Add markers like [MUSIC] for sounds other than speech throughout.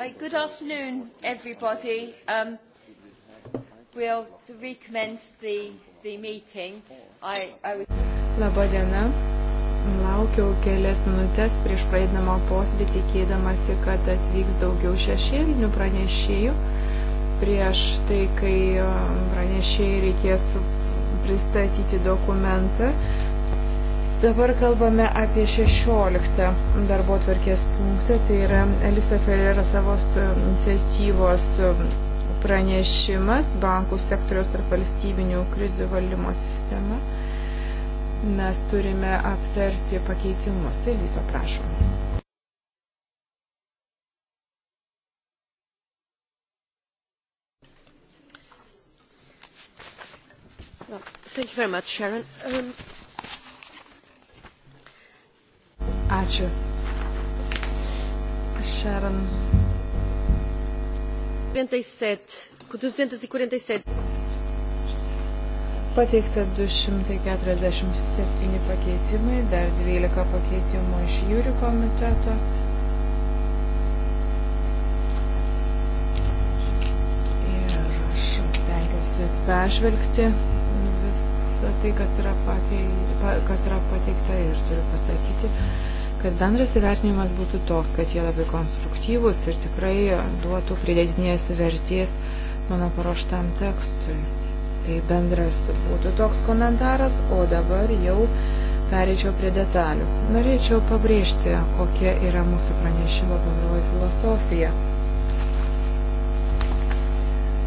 Hi, good afternoon, everybody. Um, we'll recommence the, the meeting. I, I was... Labą dieną. Laukiau kelias minutės prieš praeidamą posėdį, tikėdamasi, kad atvyks daugiau šešėlinių pranešėjų. Prieš tai, kai um, pranešėjai reikės pristatyti dokumentą, uh, Dabar kalbame apie 16 darbo tvarkės punktą, tai yra Elisa Ferreira savos e, iniciatyvos e, pranešimas bankų sektoriaus ir valstybinių krizių valdymo sistema. Mes turime aptarti pakeitimus. Tai Elisa, prašom. Thank you very much, Sharon. Um, Ačiū. Sharon. 47, 247. Pateikta 247 pakeitimai, dar 12 pakeitimų iš jūrių komiteto. Ir aš stengiuosi peržvelgti visą tai, kas yra, pakei, kas yra pateikta ir turiu pasakyti, kad bendras įvertinimas būtų toks, kad jie labai konstruktyvūs ir tikrai duotų pridėtinės vertės mano paruoštam tekstui. Tai bendras būtų toks komentaras, o dabar jau pereičiau prie detalių. Norėčiau pabrėžti, kokia yra mūsų pranešimo bendroji filosofija.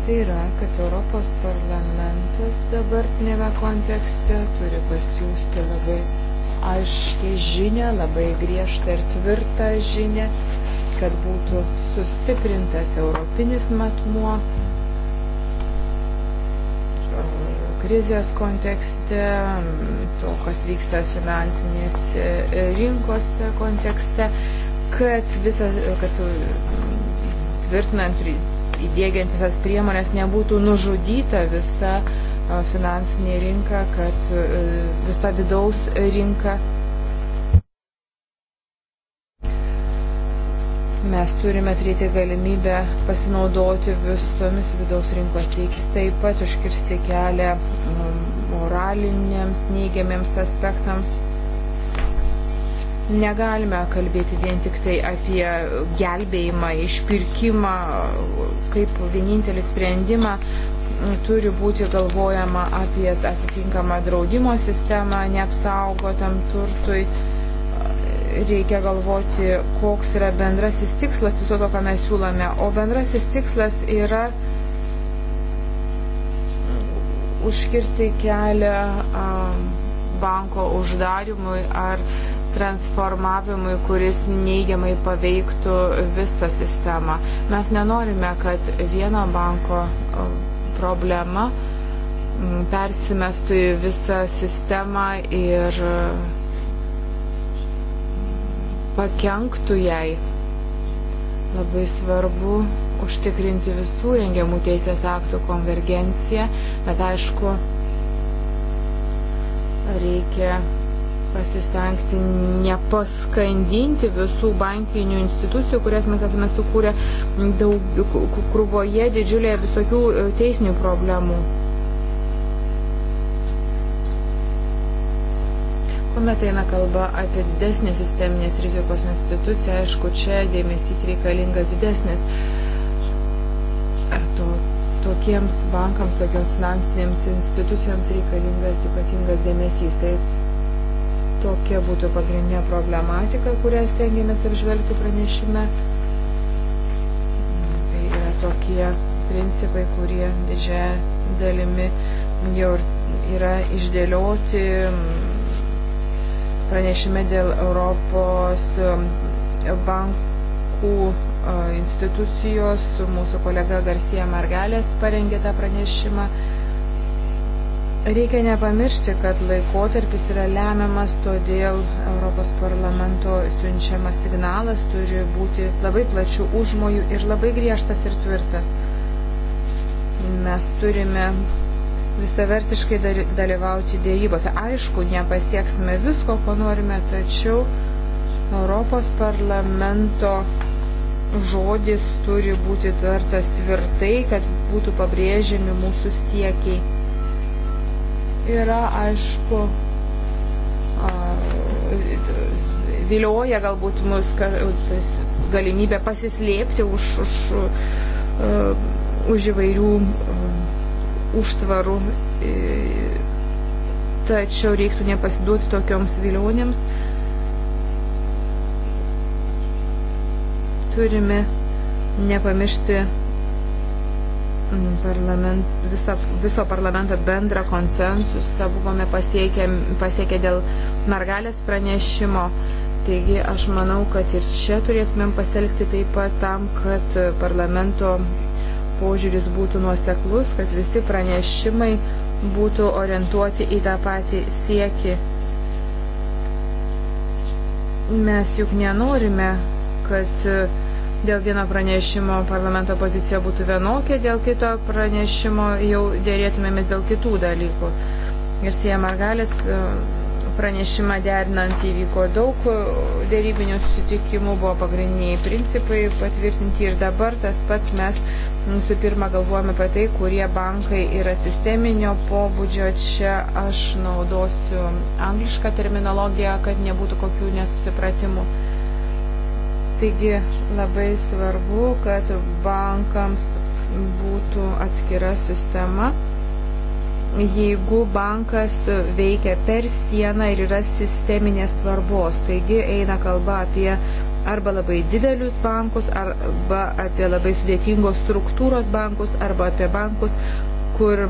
Tai yra, kad Europos parlamentas dabartinėme kontekste turi pasiūsti labai aiškiai žinę, labai griežtą ir tvirtą žinę, kad būtų sustiprintas europinis matmuo krizės kontekste, to, kas vyksta finansinės rinkose kontekste, kad, visa, kad tvirtinant įdėgiant visas priemonės nebūtų nužudyta visa uh, finansinė rinka, kad e, visa vidaus rinka. Mes turime turėti galimybę pasinaudoti visomis vidaus rinkos teikis, taip pat užkirsti kelią moraliniams neigiamiems aspektams. Negalime kalbėti vien tik tai apie gelbėjimą, išpirkimą kaip vienintelį sprendimą turi būti galvojama apie atitinkamą draudimo sistemą neapsaugotam turtui. Reikia galvoti, koks yra bendrasis tikslas viso to, ką mes siūlome. O bendrasis tikslas yra užkirsti kelią banko uždarimui ar transformavimui, kuris neigiamai paveiktų visą sistemą. Mes nenorime, kad vieno banko problema mm, persimestų į visą sistemą ir mm, pakenktų jai. Labai svarbu užtikrinti visų rengiamų teisės aktų konvergenciją, bet aišku, reikia pasistengti nepaskandinti visų bankinių institucijų, kurias mes esame sukūrę daug, krūvoje didžiulėje visokių e, teisinių problemų. Kuomet eina kalba apie didesnės sisteminės rizikos instituciją, aišku, čia dėmesys reikalingas didesnis. To, tokiems bankams, tokioms finansinėms institucijoms reikalingas ypatingas dėmesys. Tai Tokia būtų pagrindinė problematika, kurią stengiamės apžvelgti pranešime. Tai yra tokie principai, kurie didžiąją dalimi jau yra išdėlioti pranešime dėl Europos um, bankų uh, institucijos. Mūsų kolega Garcija Margalės parengė tą pranešimą. Reikia nepamiršti, kad laikotarpis yra lemiamas, todėl Europos parlamento siunčiamas signalas turi būti labai plačių užmojų ir labai griežtas ir tvirtas. Mes turime visavertiškai dalyvauti dėrybose. Aišku, nepasieksime visko, ko norime, tačiau Europos parlamento žodis turi būti tvirtas tvirtai, kad būtų pabrėžiami mūsų siekiai yra, aišku, vilioja galbūt mus galimybę pasislėpti už, už, už įvairių užtvarų. E, tačiau reiktų nepasiduoti tokioms vilionėms. Turime nepamiršti parlament, viso, viso parlamento bendrą konsensusą buvome pasiekę, pasiekę dėl mergalės pranešimo. Taigi aš manau, kad ir čia turėtumėm pasielgti taip pat tam, kad parlamento požiūris būtų nuoseklus, kad visi pranešimai būtų orientuoti į tą patį siekį. Mes juk nenorime, kad uh, dėl vieno pranešimo parlamento pozicija būtų vienokia, dėl kito pranešimo jau dėrėtumėmės dėl kitų dalykų. Ir Sija Margalis e, pranešimą derinant įvyko daug e, dėrybinių susitikimų, buvo pagrindiniai principai patvirtinti ir dabar tas pats mes visų pirma galvojame apie tai, kurie bankai yra sisteminio pobūdžio. Čia aš naudosiu anglišką terminologiją, kad nebūtų kokių nesusipratimų. Taigi labai svarbu, kad bankams būtų atskira sistema. Jeigu bankas veikia per sieną ir yra sisteminės svarbos, taigi eina kalba apie arba labai didelius bankus, arba apie labai sudėtingos struktūros bankus, arba apie bankus, kur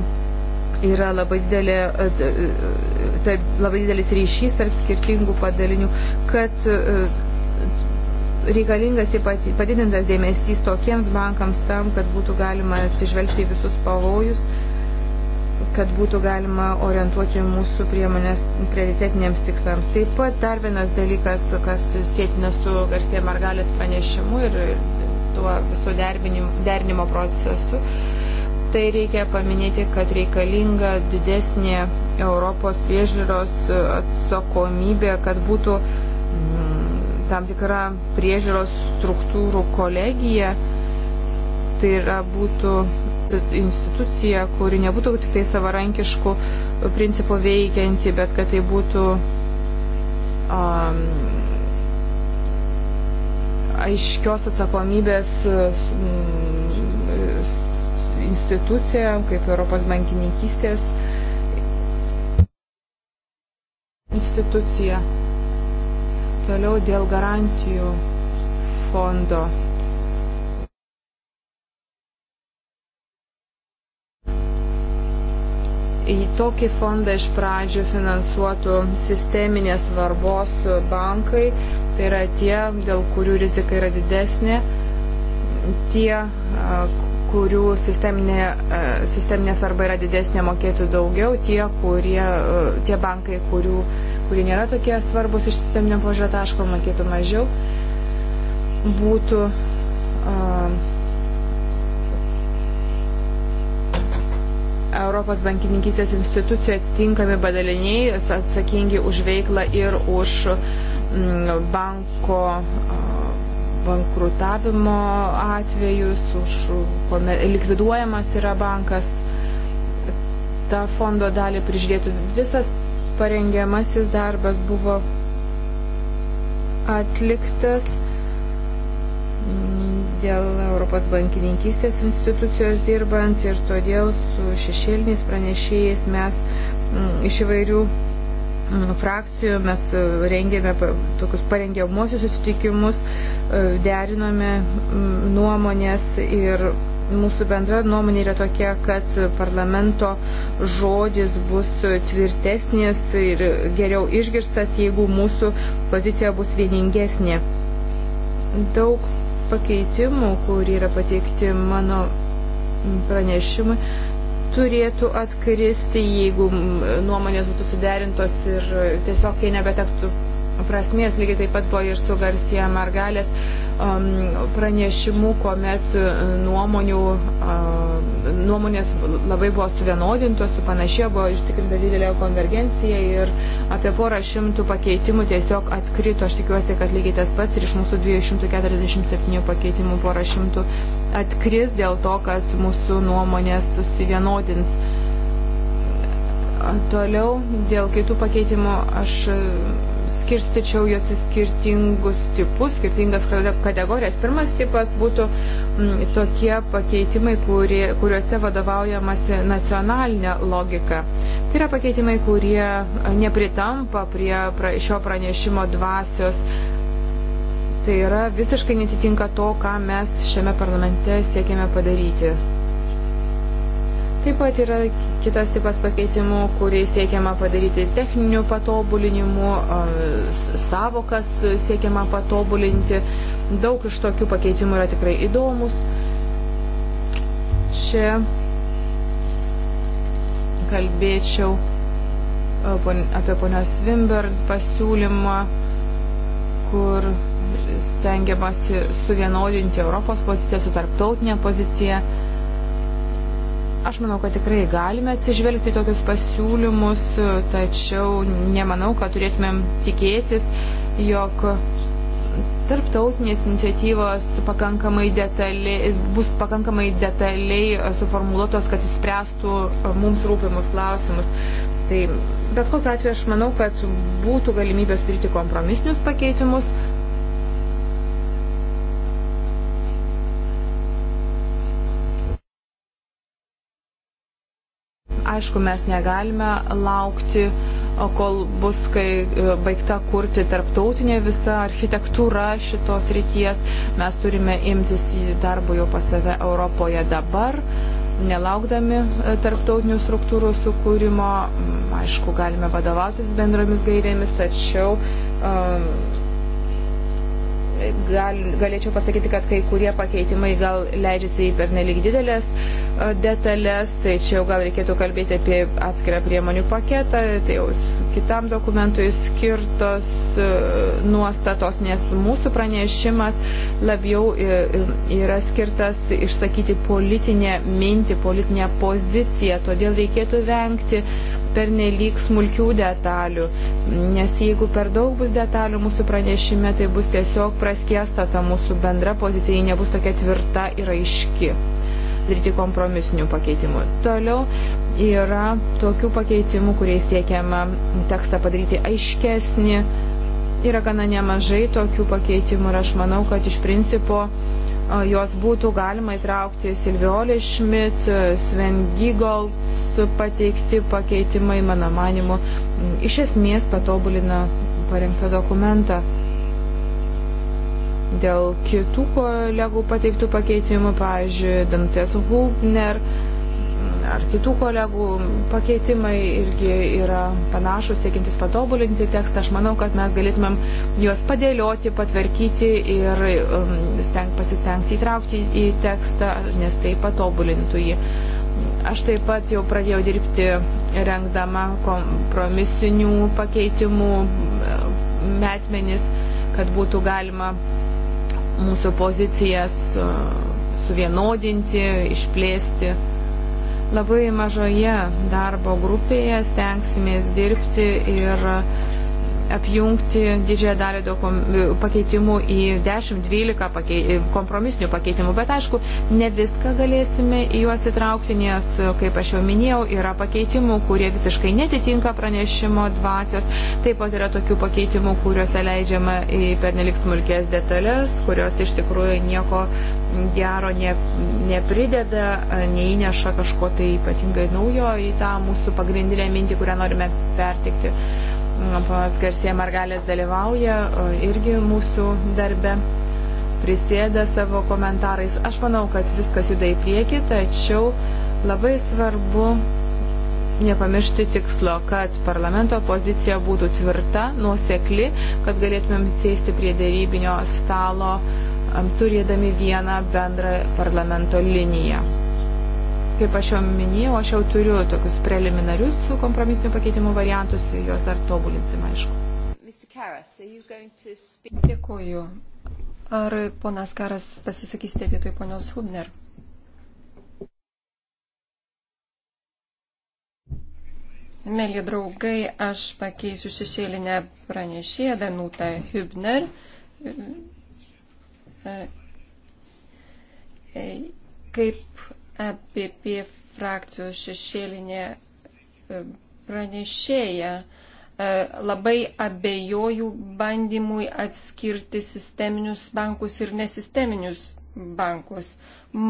yra labai, didelė, e, e, e, tarp, labai didelis ryšys tarp skirtingų padalinių, kad reikalingas ir padidintas dėmesys tokiems bankams tam, kad būtų galima atsižvelgti į visus pavojus, kad būtų galima orientuoti mūsų priemonės prioritetiniams tikslams. Taip pat dar vienas dalykas, kas skėtina su Garsė Margalės pranešimu ir, ir tuo visų derinimo procesu, tai reikia paminėti, kad reikalinga didesnė Europos priežiūros atsakomybė, kad būtų mm, tam tikra priežiūros struktūrų kolegija. Tai yra būtų institucija, kuri nebūtų tik tai savarankiškų principų veikianti, bet kad tai būtų um, aiškios atsakomybės mm, institucija, kaip Europos bankininkystės institucija. Toliau dėl garantijų fondo. Į tokį fondą iš pradžių finansuotų sisteminės svarbos bankai, tai yra tie, dėl kurių rizika yra didesnė, tie, kurių sisteminė, sisteminės arba yra didesnė mokėtų daugiau, tie, kurie, tie bankai, kurių kurie nėra tokie svarbus iš sisteminio požiūrio taško, mokėtų mažiau, būtų uh, Europos bankininkystės institucijų atitinkami badaliniai atsakingi už veiklą ir už mm, banko uh, bankrutavimo atvejus, už kuomet likviduojamas yra bankas. Ta fondo dalį prižiūrėtų visas parengiamasis darbas buvo atliktas dėl Europos bankininkystės institucijos dirbant ir todėl su šešėliniais pranešėjais mes mm, iš įvairių mm, frakcijų mes e, rengėme tokius parengiamuosius susitikimus, e, derinome mm, nuomonės ir mūsų bendra nuomonė yra tokia, kad parlamento žodis bus tvirtesnis ir geriau išgirstas, jeigu mūsų pozicija bus vieningesnė. Daug pakeitimų, kur yra pateikti mano pranešimui, turėtų atkristi, jeigu nuomonės būtų suderintos ir tiesiog jie nebetektų prasmės, lygiai taip pat buvo ir su Garcija Margalės um, pranešimu, kuomet e, nuomonių, um, nuomonės labai buvo suvienodintos, su panašia buvo ištikrinta didelė konvergencija ir apie porą šimtų pakeitimų tiesiog atkrito. Aš tikiuosi, kad lygiai tas pats ir iš mūsų 247 pakeitimų porą šimtų atkris dėl to, kad mūsų nuomonės susivienodins toliau dėl kitų pakeitimų aš suskirstyčiau juos į skirtingus tipus, skirtingas kategorijas. Pirmas tipas būtų m, mm, tokie pakeitimai, kurie, kuriuose vadovaujamasi nacionalinė logika. Tai yra pakeitimai, kurie nepritampa prie pra, šio pranešimo dvasios. Tai yra visiškai netitinka to, ką mes šiame parlamente siekiame padaryti. Taip pat yra kitas tipas pakeitimų, kuriais siekiama padaryti techninių patobulinimų, savokas siekiama patobulinti. Daug iš tokių pakeitimų yra tikrai įdomus. Čia kalbėčiau apie ponios Wimbern pasiūlymą, kur stengiamasi suvienodinti Europos poziciją su tarptautinė pozicija. Aš manau, kad tikrai galime atsižvelgti tokius pasiūlymus, tačiau nemanau, kad turėtumėm tikėtis, jog tarptautinės iniciatyvos pakankamai detaliai, bus pakankamai detaliai suformuoluotos, kad įspręstų mums rūpimus klausimus. Tai bet kokiu atveju aš manau, kad būtų galimybė sudaryti kompromisinius pakeitimus, Aišku, mes negalime laukti, kol bus kai e, baigta kurti tarptautinė visa architektūra šitos ryties. Mes turime imtis į darbą jau pas save Europoje dabar nelaukdami e, tarptautinių struktūrų sukūrimo, mm, aišku, galime vadovautis bendromis gairėmis, tačiau um, gal, galėčiau pasakyti, kad kai kurie pakeitimai gal leidžiasi į pernelik didelės e, detalės, tai čia jau gal reikėtų kalbėti apie atskirą priemonių paketą, tai jau kitam dokumentui skirtos e, nuostatos, nes mūsų pranešimas labiau e, yra skirtas išsakyti politinę mintį, politinę poziciją, todėl reikėtų vengti pernelyg smulkių detalių, nes jeigu per daug bus detalių mūsų pranešime, tai bus tiesiog praskėsta ta mūsų bendra pozicija, ji nebus tokia tvirta ir aiški daryti kompromisinių pakeitimų. Toliau yra tokių pakeitimų, kuriais siekiama tekstą padaryti aiškesnį. Yra gana nemažai tokių pakeitimų ir aš manau, kad iš principo uh, juos būtų galima įtraukti Silviolė Šmit, Sven Gigolds pateikti pakeitimai, mano manimu, iš esmės patobulina parengtą dokumentą. Dėl kitų kolegų pateiktų pakeitimų, pavyzdžiui, Dantes Hubner, uh, ar kitų kolegų pakeitimai irgi yra panašus, siekintis patobulinti tekstą. Aš manau, kad mes galėtumėm juos padėlioti, patvarkyti ir um, steng, pasistengti įtraukti į tekstą, nes tai patobulintų jį. Aš taip pat jau pradėjau dirbti rengdama kompromisinių pakeitimų metmenis, kad būtų galima mūsų pozicijas uh, suvienodinti, išplėsti. Labai mažoje darbo grupėje stengsimės dirbti ir uh, apjungti didžiąją dalį dokum, e, pakeitimų į 10-12 pakei, e, kompromisinių pakeitimų, bet aišku, ne viską galėsime į juos įtraukti, nes, e, kaip aš jau minėjau, yra pakeitimų, kurie visiškai netitinka pranešimo dvasios, taip pat yra tokių pakeitimų, kuriuose leidžiama į pernelik smulkės detalės, kurios iš tikrųjų nieko gero ne, neprideda, neįneša kažko tai ypatingai naujo į tą mūsų pagrindinę mintį, kurią norime pertikti. Ponas Garsija Margalės dalyvauja irgi mūsų darbe, prisėda savo komentarais. Aš manau, kad viskas juda į priekį, tačiau labai svarbu nepamiršti tikslo, kad parlamento pozicija būtų tvirta, nuosekli, kad galėtumėm sėsti prie dėrybinio stalo, turėdami vieną bendrą parlamento liniją. Kaip aš jau minėjau, aš jau turiu tokius preliminarius kompromisinių pakeitimų variantus, juos dar tobulinsim, aišku. Dėkuoju. Ar ponas Karas pasisakysite vietoj ponios Hubner? Mėly draugai, aš pakeisiu šešėlinę pranešėją Danutą Hübner. E, e, kaip EPP frakcijos šešėlinė e, pranešėja. E, labai abejojų bandymui atskirti sisteminius bankus ir nesisteminius bankus.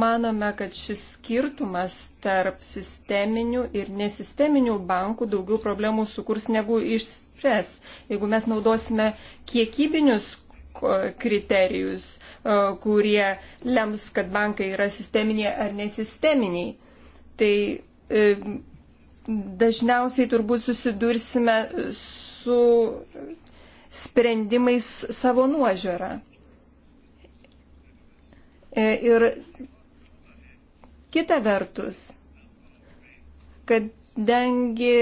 Manome, kad šis skirtumas tarp sisteminių ir nesisteminių bankų daugiau problemų sukurs negu išspręs. Jeigu mes naudosime kiekybinius kriterijus, e, kurie lems, kad bankai yra sisteminiai ar nesisteminiai. Tai e, dažniausiai turbūt susidursime su sprendimais savo nuožiūrą. E, ir kita vertus, kadangi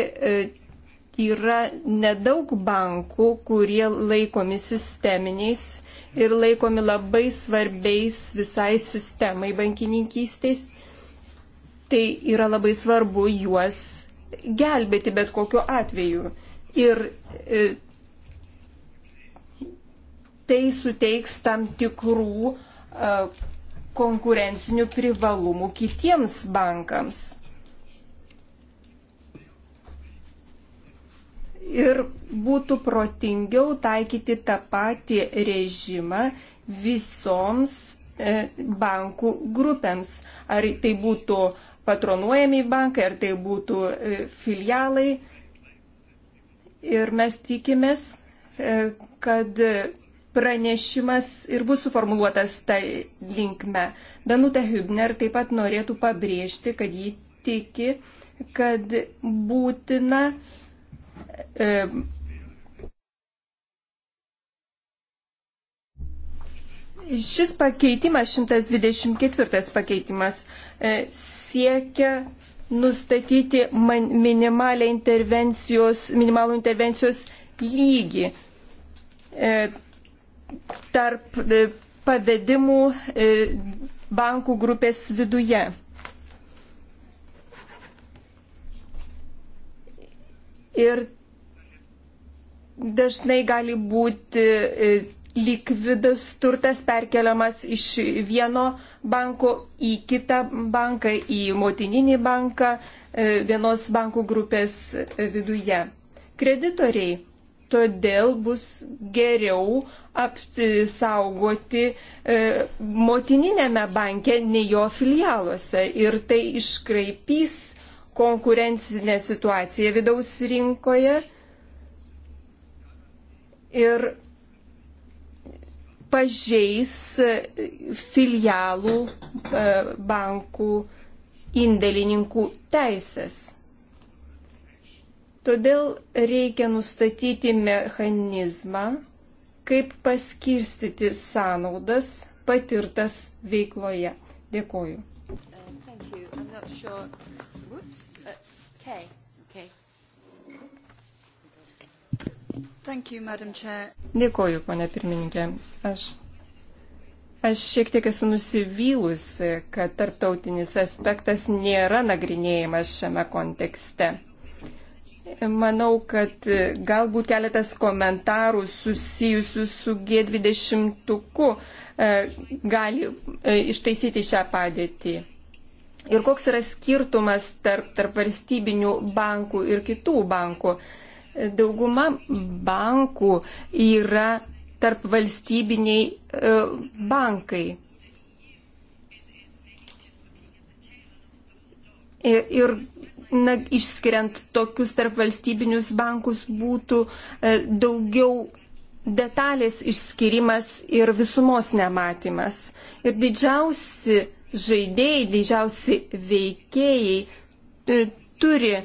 yra nedaug bankų, kurie laikomi sisteminiais ir laikomi labai svarbiais visai sistemai bankininkystės. Tai yra labai svarbu juos gelbėti bet kokiu atveju. Ir e, tai suteiks tam tikrų e, konkurencinių privalumų kitiems bankams. ir būtų protingiau taikyti tą patį režimą visoms e, bankų grupėms. Ar tai būtų patronuojami bankai, ar tai būtų e, filialai. Ir mes tikimės, e, kad pranešimas ir bus suformuluotas tą linkme. Danutė Hübner taip pat norėtų pabrėžti, kad ji tiki, kad būtina E, šis pakeitimas, 124 pakeitimas, e, siekia nustatyti minimalą intervencijos, minimalų intervencijos lygį e, tarp pavedimų bankų grupės viduje. Ir dažnai gali būti e, likvidus turtas perkeliamas iš vieno banko į kitą banką, į motininį banką e, vienos bankų grupės e, viduje. Kreditoriai todėl bus geriau apsaugoti motininėme banke, nei jo filialuose. Ir tai iškraipys konkurencinę situaciją vidaus rinkoje ir pažeis filialų e, bankų indėlininkų teisės. Todėl reikia nustatyti mechanizmą, kaip paskirstyti sąnaudas patirtas veikloje. Dėkoju. Uh, Dėkoju, ponė pirmininkė. Aš, aš šiek tiek esu nusivylusi, kad tarptautinis aspektas nėra nagrinėjimas šiame kontekste. Manau, kad galbūt keletas komentarų susijusių su G20 e, gali e, ištaisyti šią padėtį. Ir koks yra skirtumas tarp, tarp valstybinių bankų ir kitų bankų dauguma bankų yra tarp valstybiniai e, bankai. Ir, ir na, išskiriant tokius tarp valstybinius bankus būtų e, daugiau detalės išskirimas ir visumos nematymas. Ir didžiausi žaidėjai, didžiausi veikėjai e, turi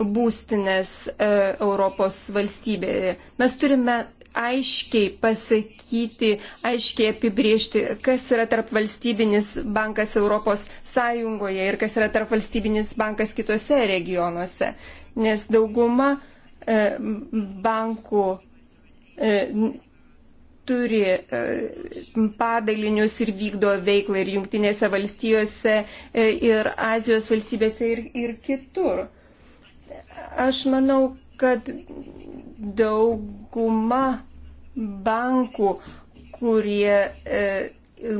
būstinės e, Europos valstybėje. Mes turime aiškiai pasakyti, aiškiai apibriežti, kas yra tarp valstybinis bankas Europos Sąjungoje ir kas yra tarp valstybinis bankas kitose regionuose. Nes dauguma e, bankų e, turi e, padalinius ir vykdo veiklą ir jungtinėse valstijose, e, ir Azijos valstybėse, ir, ir kitur. E, Aš manau, kad dauguma bankų, kurie e,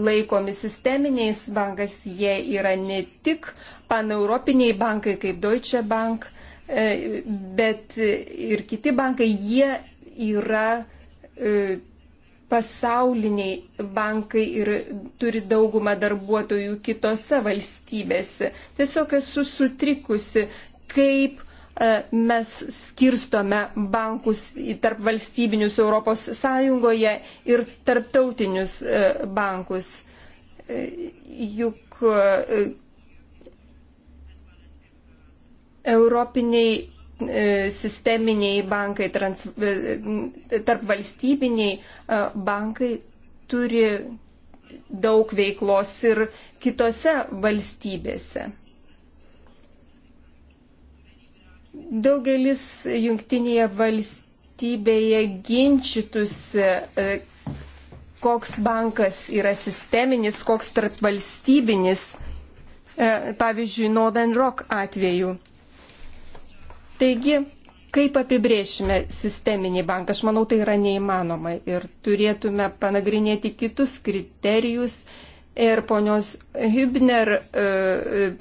laikomi sisteminiais bankais, jie yra ne tik paneuropiniai bankai kaip Deutsche Bank, e, bet ir kiti bankai, jie yra e, pasauliniai bankai ir turi daugumą darbuotojų kitose valstybėse. Tiesiog esu sutrikusi, kaip E, mes skirstome bankus į tarp valstybinius Europos Sąjungoje ir tarptautinius e, bankus. E, juk europiniai sisteminiai bankai, trans, tarp valstybiniai bankai turi daug veiklos ir kitose valstybėse. Daugelis jungtinėje valstybėje ginčytųsi, e, koks bankas yra sisteminis, koks tarpvalstybinis, e, pavyzdžiui, Northern Rock atveju. Taigi, kaip apibrėšime sisteminį banką, aš manau, tai yra neįmanoma ir turėtume panagrinėti kitus kriterijus, ir ponios Hübner e,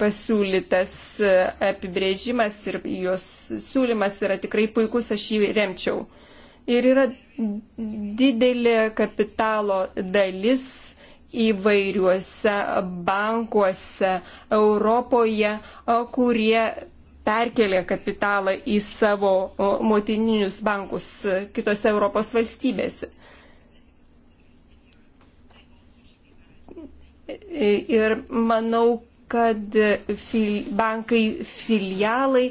pasiūlytas e, apibrėžimas ir jos siūlymas yra tikrai puikus, aš jį remčiau. Ir yra didelė kapitalo dalis įvairiuose bankuose Europoje, kurie perkelia kapitalą į savo motininius bankus e, kitose Europos valstybėse. Ir manau, kad fil, bankai filialai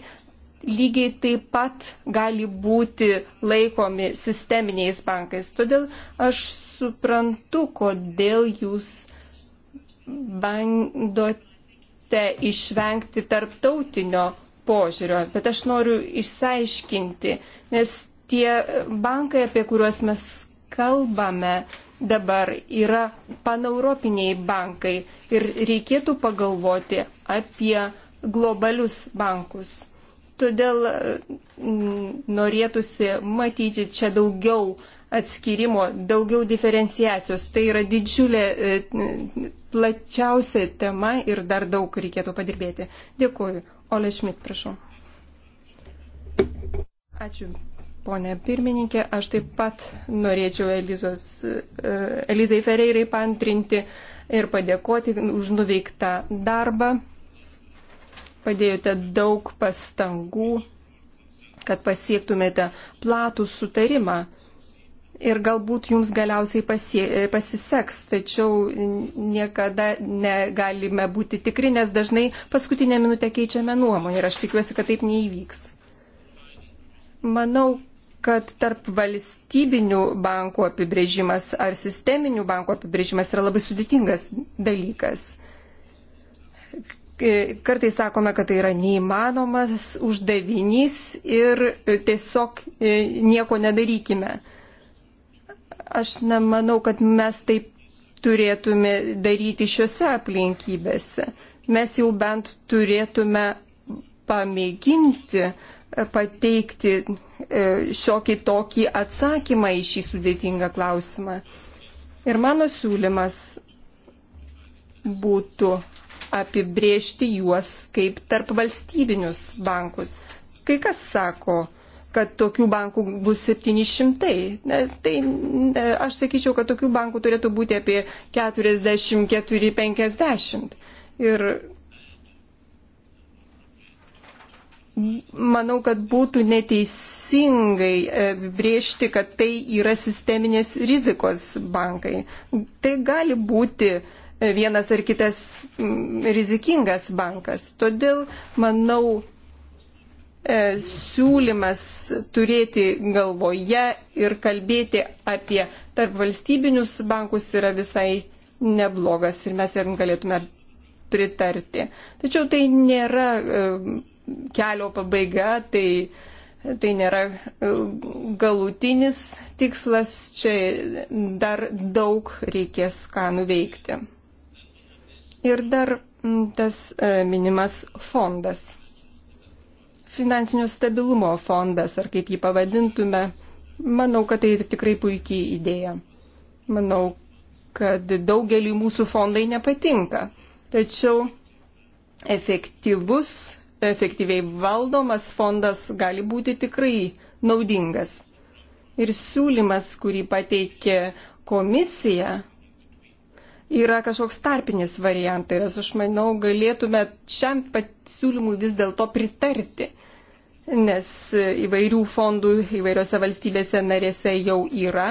lygiai taip pat gali būti laikomi sisteminiais bankais. Todėl aš suprantu, kodėl jūs bandote išvengti tarptautinio požiūrio, bet aš noriu išsiaiškinti, nes tie bankai, apie kuriuos mes kalbame, dabar yra paneuropiniai bankai ir reikėtų pagalvoti apie globalius bankus. Todėl mm, norėtųsi matyti čia daugiau atskirimo, daugiau diferenciacijos. Tai yra didžiulė, e, plačiausia tema ir dar daug reikėtų padirbėti. Dėkuoju. Ole Šmit, prašau. Ačiū, Pone pirmininkė, aš taip pat norėčiau Elizos, e, Elizai Ferreirai pantrinti ir padėkoti už nuveiktą darbą. Padėjote daug pastangų, kad pasiektumėte platų sutarimą. Ir galbūt jums galiausiai pasie, e, pasiseks, tačiau niekada negalime būti tikri, nes dažnai paskutinę minutę keičiame nuomonę ir aš tikiuosi, kad taip neįvyks. Manau, kad tarp valstybinių bankų apibrėžimas ar sisteminių bankų apibrėžimas yra labai sudėtingas dalykas. Kartais sakome, kad tai yra neįmanomas uždavinys ir tiesiog e, nieko nedarykime. Aš nemanau, kad mes taip turėtume daryti šiuose aplinkybėse. Mes jau bent turėtume pamėginti uh, pateikti e, šiokį tokį atsakymą į šį sudėtingą klausimą. Ir mano siūlymas būtų apibriežti juos kaip tarp valstybinius bankus. Kai kas sako, kad tokių bankų bus 700. Ne, tai ne, aš sakyčiau, kad tokių bankų turėtų būti apie 44-50. Ir manau, kad būtų neteisingai e, brėžti, kad tai yra sisteminės rizikos bankai. Tai gali būti e, vienas ar kitas rizikingas bankas. Todėl, manau, e, siūlymas turėti galvoje ir kalbėti apie tarp valstybinius bankus yra visai neblogas ir mes jam galėtume pritarti. Tačiau tai nėra kelio pabaiga, tai, tai nėra e, galutinis tikslas, čia dar daug reikės ką nuveikti. Ir dar tas e, minimas fondas. Finansinio stabilumo fondas, ar kaip jį pavadintume, manau, kad tai tikrai puikiai idėja. Manau, kad daugeliu mūsų fondai nepatinka. Tačiau efektyvus efektyviai valdomas fondas gali būti tikrai naudingas. Ir siūlymas, kurį pateikė komisija, yra kažkoks tarpinis variantas. Aš manau, galėtume šiam pasiūlymui vis dėlto pritarti, nes įvairių fondų įvairiose valstybėse narėse jau yra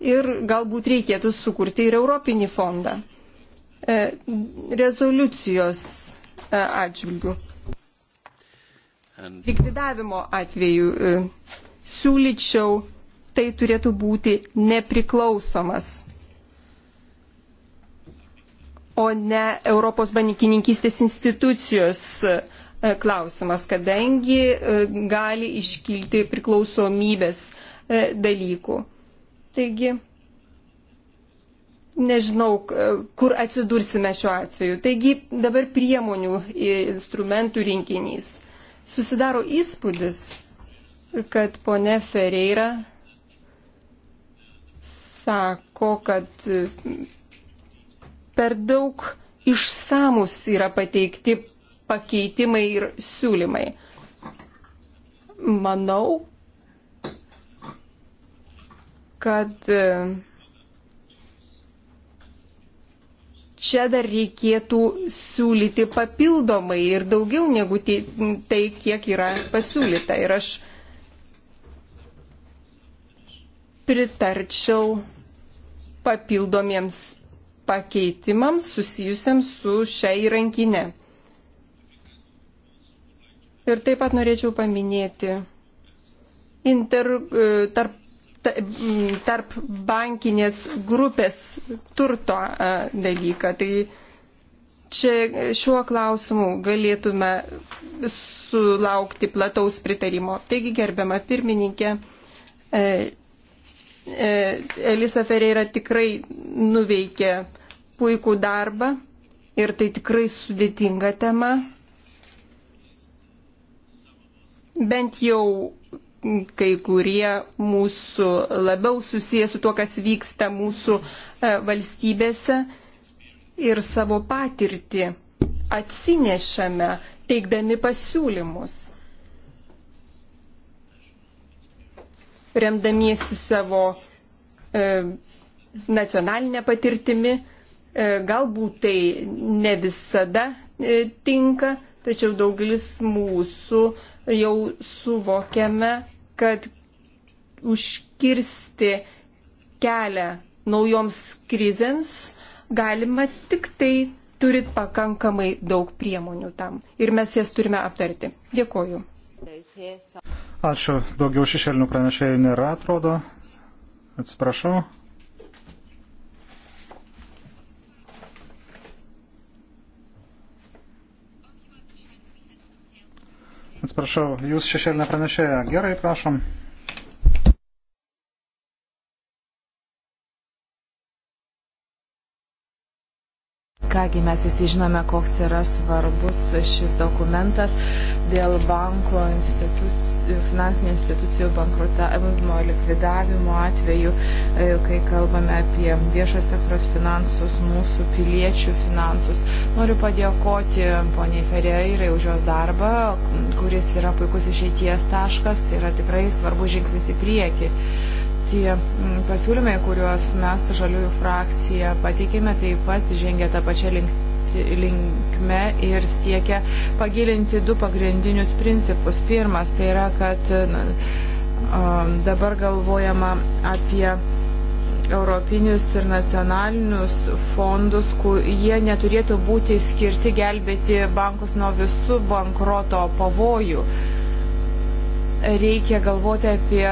ir galbūt reikėtų sukurti ir Europinį fondą e, rezoliucijos e, atžvilgių. Likvidavimo atveju e, siūlyčiau, tai turėtų būti nepriklausomas, o ne Europos bankininkystės institucijos e, klausimas, kadangi e, gali iškilti priklausomybės dalykų. Taigi, nežinau, kur atsidursime šiuo atveju. Taigi, dabar priemonių instrumentų rinkinys. Susidaro įspūdis, kad ponė Ferreira sako, kad per daug išsamus yra pateikti pakeitimai ir siūlymai. Manau, kad Čia dar reikėtų siūlyti papildomai ir daugiau negu tai, kiek yra pasiūlyta. Ir aš pritarčiau papildomiems pakeitimams susijusiams su šia įrankinė. Ir taip pat norėčiau paminėti inter, tarp Mm, tarp bankinės grupės turto dalyką. Tai čia šiuo klausimu galėtume sulaukti plataus pritarimo. Taigi, gerbiama pirmininkė, e, e, Elisa Ferreira tikrai nuveikė puikų darbą ir tai tikrai sudėtinga tema. Bent jau kai kurie mūsų labiau susijęs su tuo, kas vyksta mūsų e, valstybėse ir savo patirtį atsinešame, teikdami pasiūlymus. Remdamiesi savo e, nacionalinę patirtimi, e, galbūt tai ne visada e, tinka, tačiau daugelis mūsų jau suvokiame, kad užkirsti kelią naujoms krizėms galima tik tai turit pakankamai daug priemonių tam. Ir mes jas turime aptarti. Dėkoju. Ačiū. Daugiau šešėlinių pranešėjų nėra, atrodo. Atsiprašau. Atsiprašau, jūs šešėlinė pranešėja. Gerai, prašom. Kągi mes visi žinome, koks yra svarbus šis dokumentas dėl banko institucijų, finansinių institucijų bankrutavimo, likvidavimo atveju, e, kai kalbame apie viešo sektoriaus finansus, mūsų piliečių finansus. Noriu padėkoti poniai Ferreirai už jos darbą, kuris yra puikus išeities taškas, tai yra tikrai svarbus žingsnis į priekį tie mm, pasiūlymai, kuriuos mes žaliųjų frakcija pateikėme, taip pat žengia tą pačią linkmę linkme ir siekia pagilinti du pagrindinius principus. Pirmas tai yra, kad dabar galvojama apie europinius ir nacionalinius fondus, kur jie neturėtų būti skirti gelbėti bankus nuo visų bankroto pavojų. Reikia galvoti apie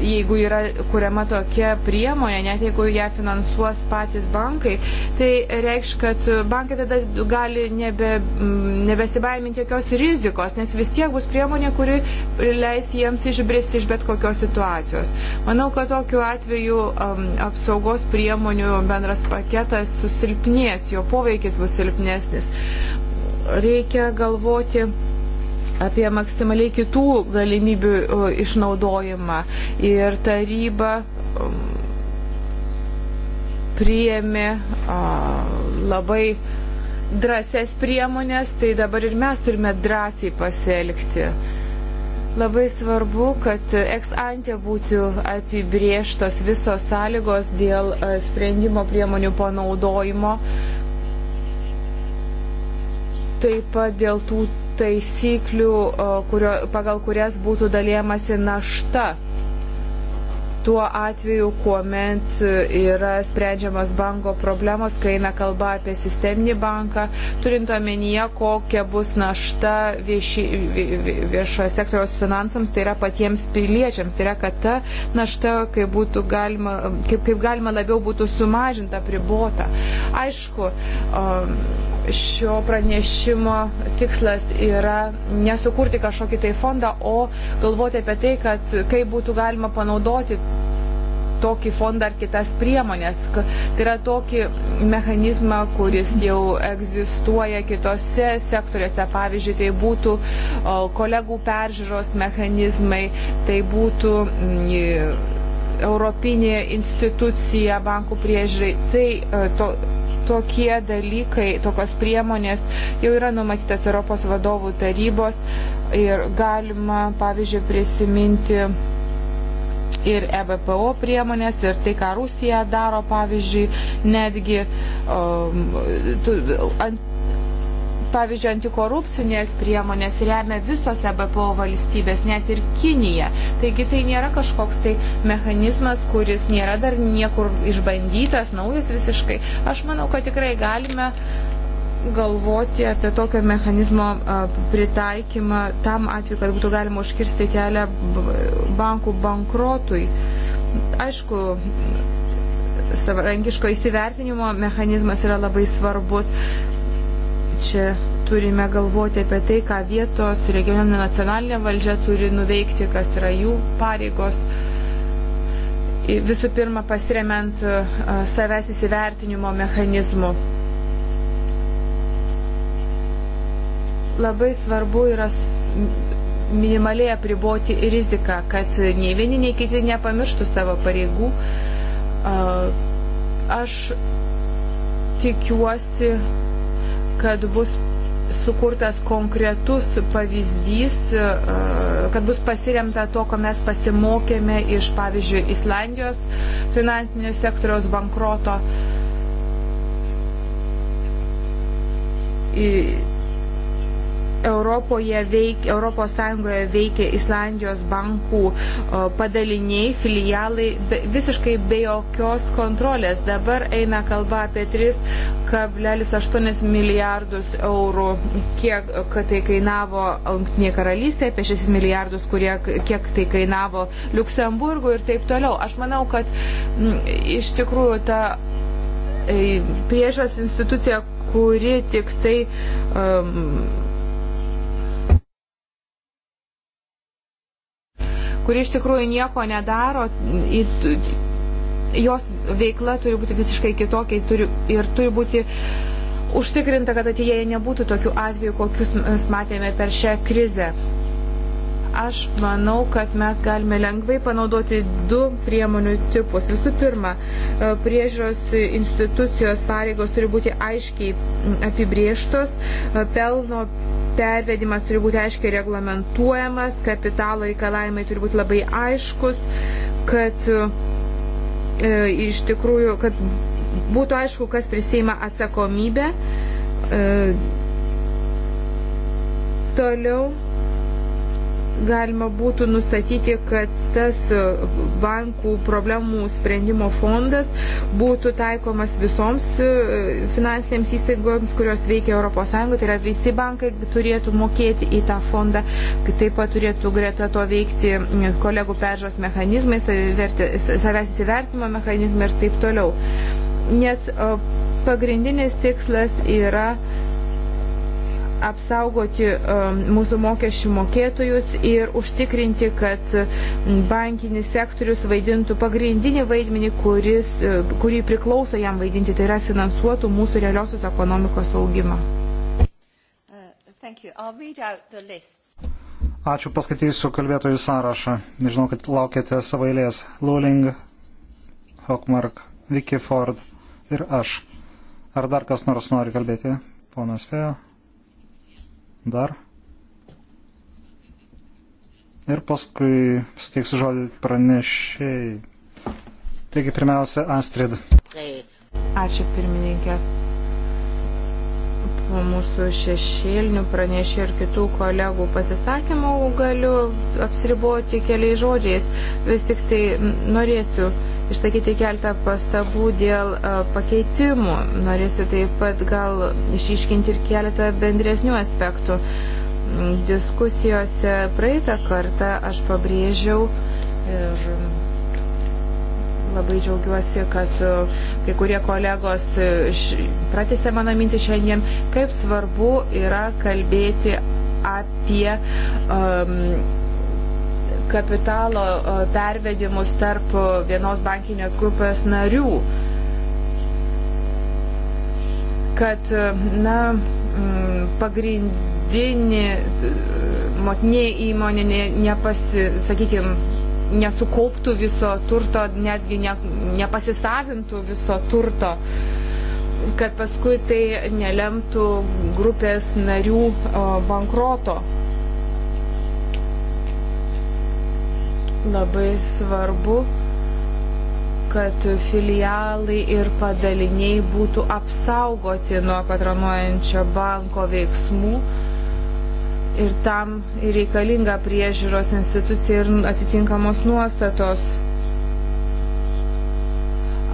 jeigu yra kuriama tokia priemonė, net jeigu ją finansuos patys bankai, tai reikš, kad bankai tada gali nebe, mm, nebesibaiminti jokios rizikos, nes vis tiek bus priemonė, kuri leis jiems išbristi iš bet kokios situacijos. Manau, kad tokiu atveju um, apsaugos priemonių bendras paketas susilpnės, jo poveikis bus silpnesnis. Reikia galvoti apie maksimaliai kitų galimybių išnaudojimą. Ir taryba um, priėmė labai drąsias priemonės, tai dabar ir mes turime drąsiai pasielgti. Labai svarbu, kad ex ante būtų apibrieštos visos sąlygos dėl sprendimo priemonių panaudojimo, taip pat dėl tų taisyklių, kurio, pagal kurias būtų dalyjamasi našta tuo atveju, kuomet yra sprendžiamas banko problemos, kai eina kalba apie sisteminį banką, turint omenyje, kokia bus našta vieši, viešojo sektoriaus finansams, tai yra patiems piliečiams, tai yra, kad ta našta, kaip, galima, kaip, kaip galima labiau būtų sumažinta, pribota. Aišku, um, šio pranešimo tikslas yra nesukurti kažkokį tai fondą, o galvoti apie tai, kad kaip būtų galima panaudoti tokį fondą ar kitas priemonės. Tai yra tokį mechanizmą, kuris jau egzistuoja kitose sektoriuose. Pavyzdžiui, tai būtų kolegų peržiūros mechanizmai, tai būtų Europinė institucija bankų priežiūrai. Tai e, to, tokie dalykai, tokios priemonės jau yra numatytas Europos vadovų tarybos ir galima, pavyzdžiui, prisiminti ir EBPO priemonės, ir tai, ką Rusija daro, pavyzdžiui, netgi um, tu, ant, pavyzdžiui, antikorupcinės priemonės remia visos EBPO valstybės, net ir Kinija. Taigi tai nėra kažkoks tai mechanizmas, kuris nėra dar niekur išbandytas, naujas visiškai. Aš manau, kad tikrai galime galvoti apie tokio mechanizmo pritaikymą tam atveju, kad būtų galima užkirsti kelią bankų bankrotui. Aišku, savarankiško įsivertinimo mechanizmas yra labai svarbus. Čia turime galvoti apie tai, ką vietos regioninė nacionalinė valdžia turi nuveikti, kas yra jų pareigos. Visų pirma, pasiremiant savęs įsivertinimo mechanizmu. labai svarbu yra minimaliai apriboti riziką, kad nei vieni, nei kiti nepamirštų savo pareigų. Aš tikiuosi, kad bus sukurtas konkretus pavyzdys, kad bus pasiremta to, ko mes pasimokėme iš, pavyzdžiui, Islandijos finansinio sektoriaus bankroto. I Europoje veik, Europos Sąjungoje veikia Islandijos bankų padaliniai, filialai be, visiškai be jokios kontrolės. Dabar eina kalba apie 3,8 milijardus eurų, kiek tai kainavo Junktinėje karalystėje, apie 6 milijardus, kurie, kiek tai kainavo Luksemburgų ir taip toliau. Aš manau, kad m, iš tikrųjų ta e, priežas institucija, kuri tik tai um, kuri iš tikrųjų nieko nedaro, jos veikla turi būti visiškai kitokia turi, ir turi būti užtikrinta, kad ateityje nebūtų tokių atvejų, kokius mes matėme per šią krizę. Aš manau, kad mes galime lengvai panaudoti du priemonių tipus. Visų pirma, e, priežiūros institucijos pareigos turi būti aiškiai apibrieštos, e, pelno pervedimas turi būti aiškiai reglamentuojamas, kapitalo reikalavimai turi būti labai aiškus, kad e, iš tikrųjų, kad būtų aišku, kas prisėima atsakomybę. E, toliau galima būtų nustatyti, kad tas e, bankų problemų sprendimo fondas būtų taikomas visoms e, finansinėms įstaigoms, kurios veikia ES, tai yra visi bankai turėtų mokėti į tą fondą, taip pat turėtų greta to veikti kolegų peržos mechanizmai, savęs įsivertimo mechanizmai ir taip toliau. Nes e, pagrindinis tikslas yra uh, apsaugoti um, mūsų mokesčių mokėtojus ir užtikrinti, kad bankinis sektorius vaidintų pagrindinį vaidmenį, kuris, e, kurį priklauso jam vaidinti, tai yra finansuotų mūsų realiosios ekonomikos augimą. Uh, Ačiū, paskaitysiu kalbėtojų sąrašą. Nežinau, kad laukėte savo eilės. Luling, Hockmark, Vicky Ford ir aš. Ar dar kas nors nori kalbėti? Ponas Fejo dar. Ir paskui suteiksiu žodį pranešėjai. Taigi pirmiausia, Astrid. Ačiū pirmininkė mūsų šešėlinių pranešė ir kitų kolegų pasisakymų galiu apsiriboti keliais žodžiais. Vis tik tai norėsiu išsakyti keltą pastabų dėl e, pakeitimų. Norėsiu taip pat gal išiškinti ir keletą bendresnių aspektų. Diskusijose praeitą kartą aš pabrėžiau ir Labai džiaugiuosi, kad e, kai kurie kolegos e, pratėsi mano mintį šiandien, kaip svarbu yra kalbėti apie um, kapitalo e, pervedimus tarp vienos bankinės grupės narių. Kad, na, pagrindinė motinė įmonė nepasi, sakykime, nesukauptų viso turto, netgi ne, nepasisavintų viso turto kad paskui tai nelemtų grupės narių bankroto. Labai svarbu, kad filialai ir padaliniai būtų apsaugoti nuo patronuojančio banko veiksmų ir tam reikalinga priežiūros institucija ir atitinkamos nuostatos.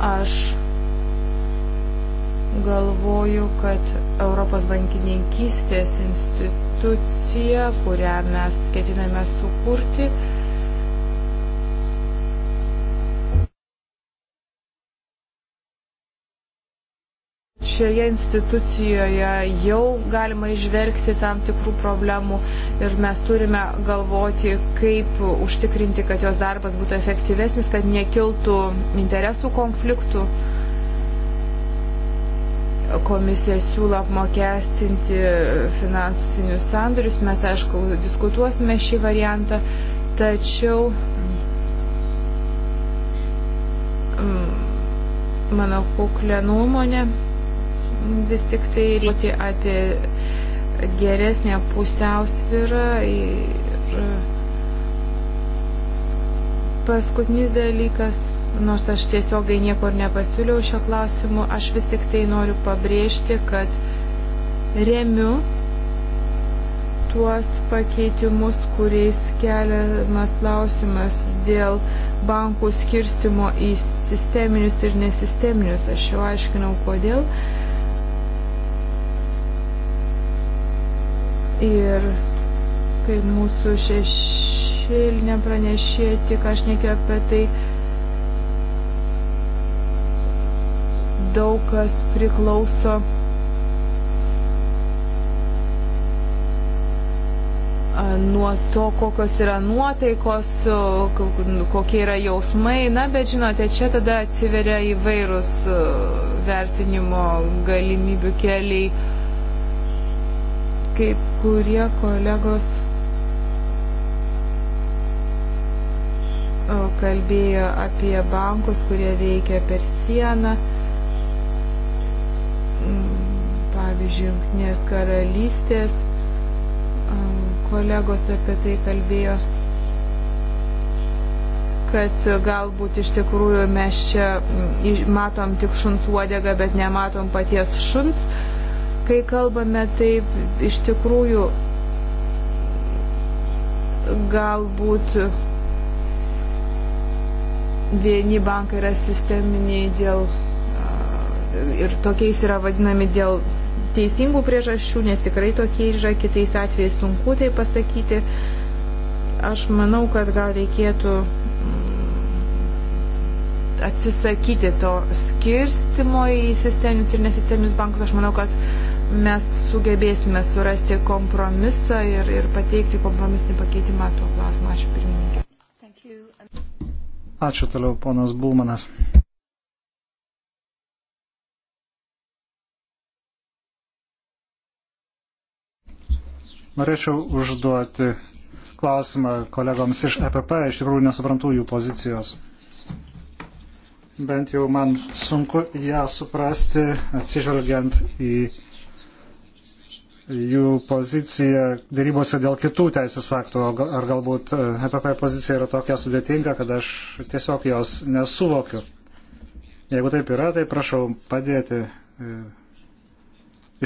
Aš galvoju, kad Europos bankininkystės institucija, kurią mes ketiname sukurti, šioje institucijoje jau galima išvelgti tam tikrų problemų ir mes turime galvoti, kaip užtikrinti, kad jos darbas būtų efektyvesnis, kad nekiltų interesų konfliktų. Komisija siūlo apmokestinti finansinius sandorius, mes aišku diskutuosime šį variantą, tačiau mm, mano kuklę nuomonę vis tik tai būti apie geresnę pusiausvyrą ir paskutinis dalykas, nors aš tiesiogai niekur nepasiūliau šio klausimu, aš vis tik tai noriu pabrėžti, kad remiu tuos pakeitimus, kuriais keliamas klausimas dėl bankų skirstimo į sisteminius ir nesisteminius. Aš jau aiškinau, kodėl. Uh, Ir kai mūsų šešėlinė pranešė, tik aš nekiu apie tai, daug kas priklauso nuo to, kokios yra nuotaikos, kokie yra jausmai. Na, bet žinote, čia tada atsiveria įvairūs vertinimo galimybių keliai kai kurie kolegos kalbėjo apie bankus, kurie veikia per sieną, mm, pavyzdžiui, Junktinės karalystės, kolegos apie tai kalbėjo, kad galbūt iš tikrųjų mes čia mm, matom tik šuns uodegą, bet nematom paties šuns Kai kalbame taip, iš tikrųjų galbūt vieni bankai yra sisteminiai dėl ir tokiais yra vadinami dėl teisingų priežasčių, nes tikrai tokie yra, kitais atvejais sunku tai pasakyti. Aš manau, kad gal reikėtų mm, atsisakyti to skirstimo į sisteminius ir nesisteminius bankus. Aš manau, kad uh, mes sugebėsime surasti kompromisą ir, ir pateikti kompromisinį pakeitimą tuo klausimu. Ačiū pirmininkė. Ačiū toliau, ponas Bulmanas. Norėčiau užduoti klausimą kolegoms iš EPP, iš tikrųjų nesuprantu jų pozicijos. Bent jau man sunku ją suprasti, atsižvelgiant į jų pozicija dėrybose dėl kitų teisės aktų, ar galbūt e, EPP pozicija yra tokia sudėtinga, kad aš tiesiog jos nesuvokiu. Jeigu taip yra, tai prašau padėti e,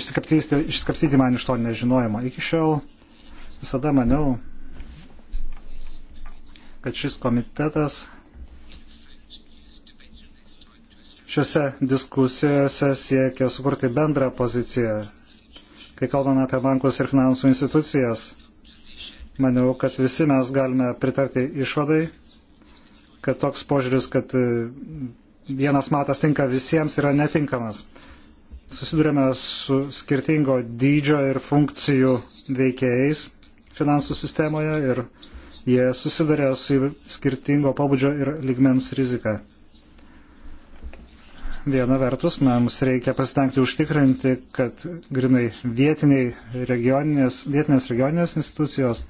išsikapstyti, išsikapstyti man iš to nežinojimo. Iki šiol visada maniau, kad šis komitetas šiuose diskusijose siekia sukurti bendrą poziciją Kai kalbame apie bankus ir finansų institucijas, maniau, kad visi mes galime pritarti išvadai, kad toks požiūris, kad e, vienas matas tinka visiems, yra netinkamas. Susidurėme su skirtingo dydžio ir funkcijų veikėjais finansų sistemoje ir jie susidarė su skirtingo pabudžio ir ligmens rizika viena vertus mums reikia pasitengti užtikrinti, kad grinai vietiniai regioninės, vietinės regioninės institucijos,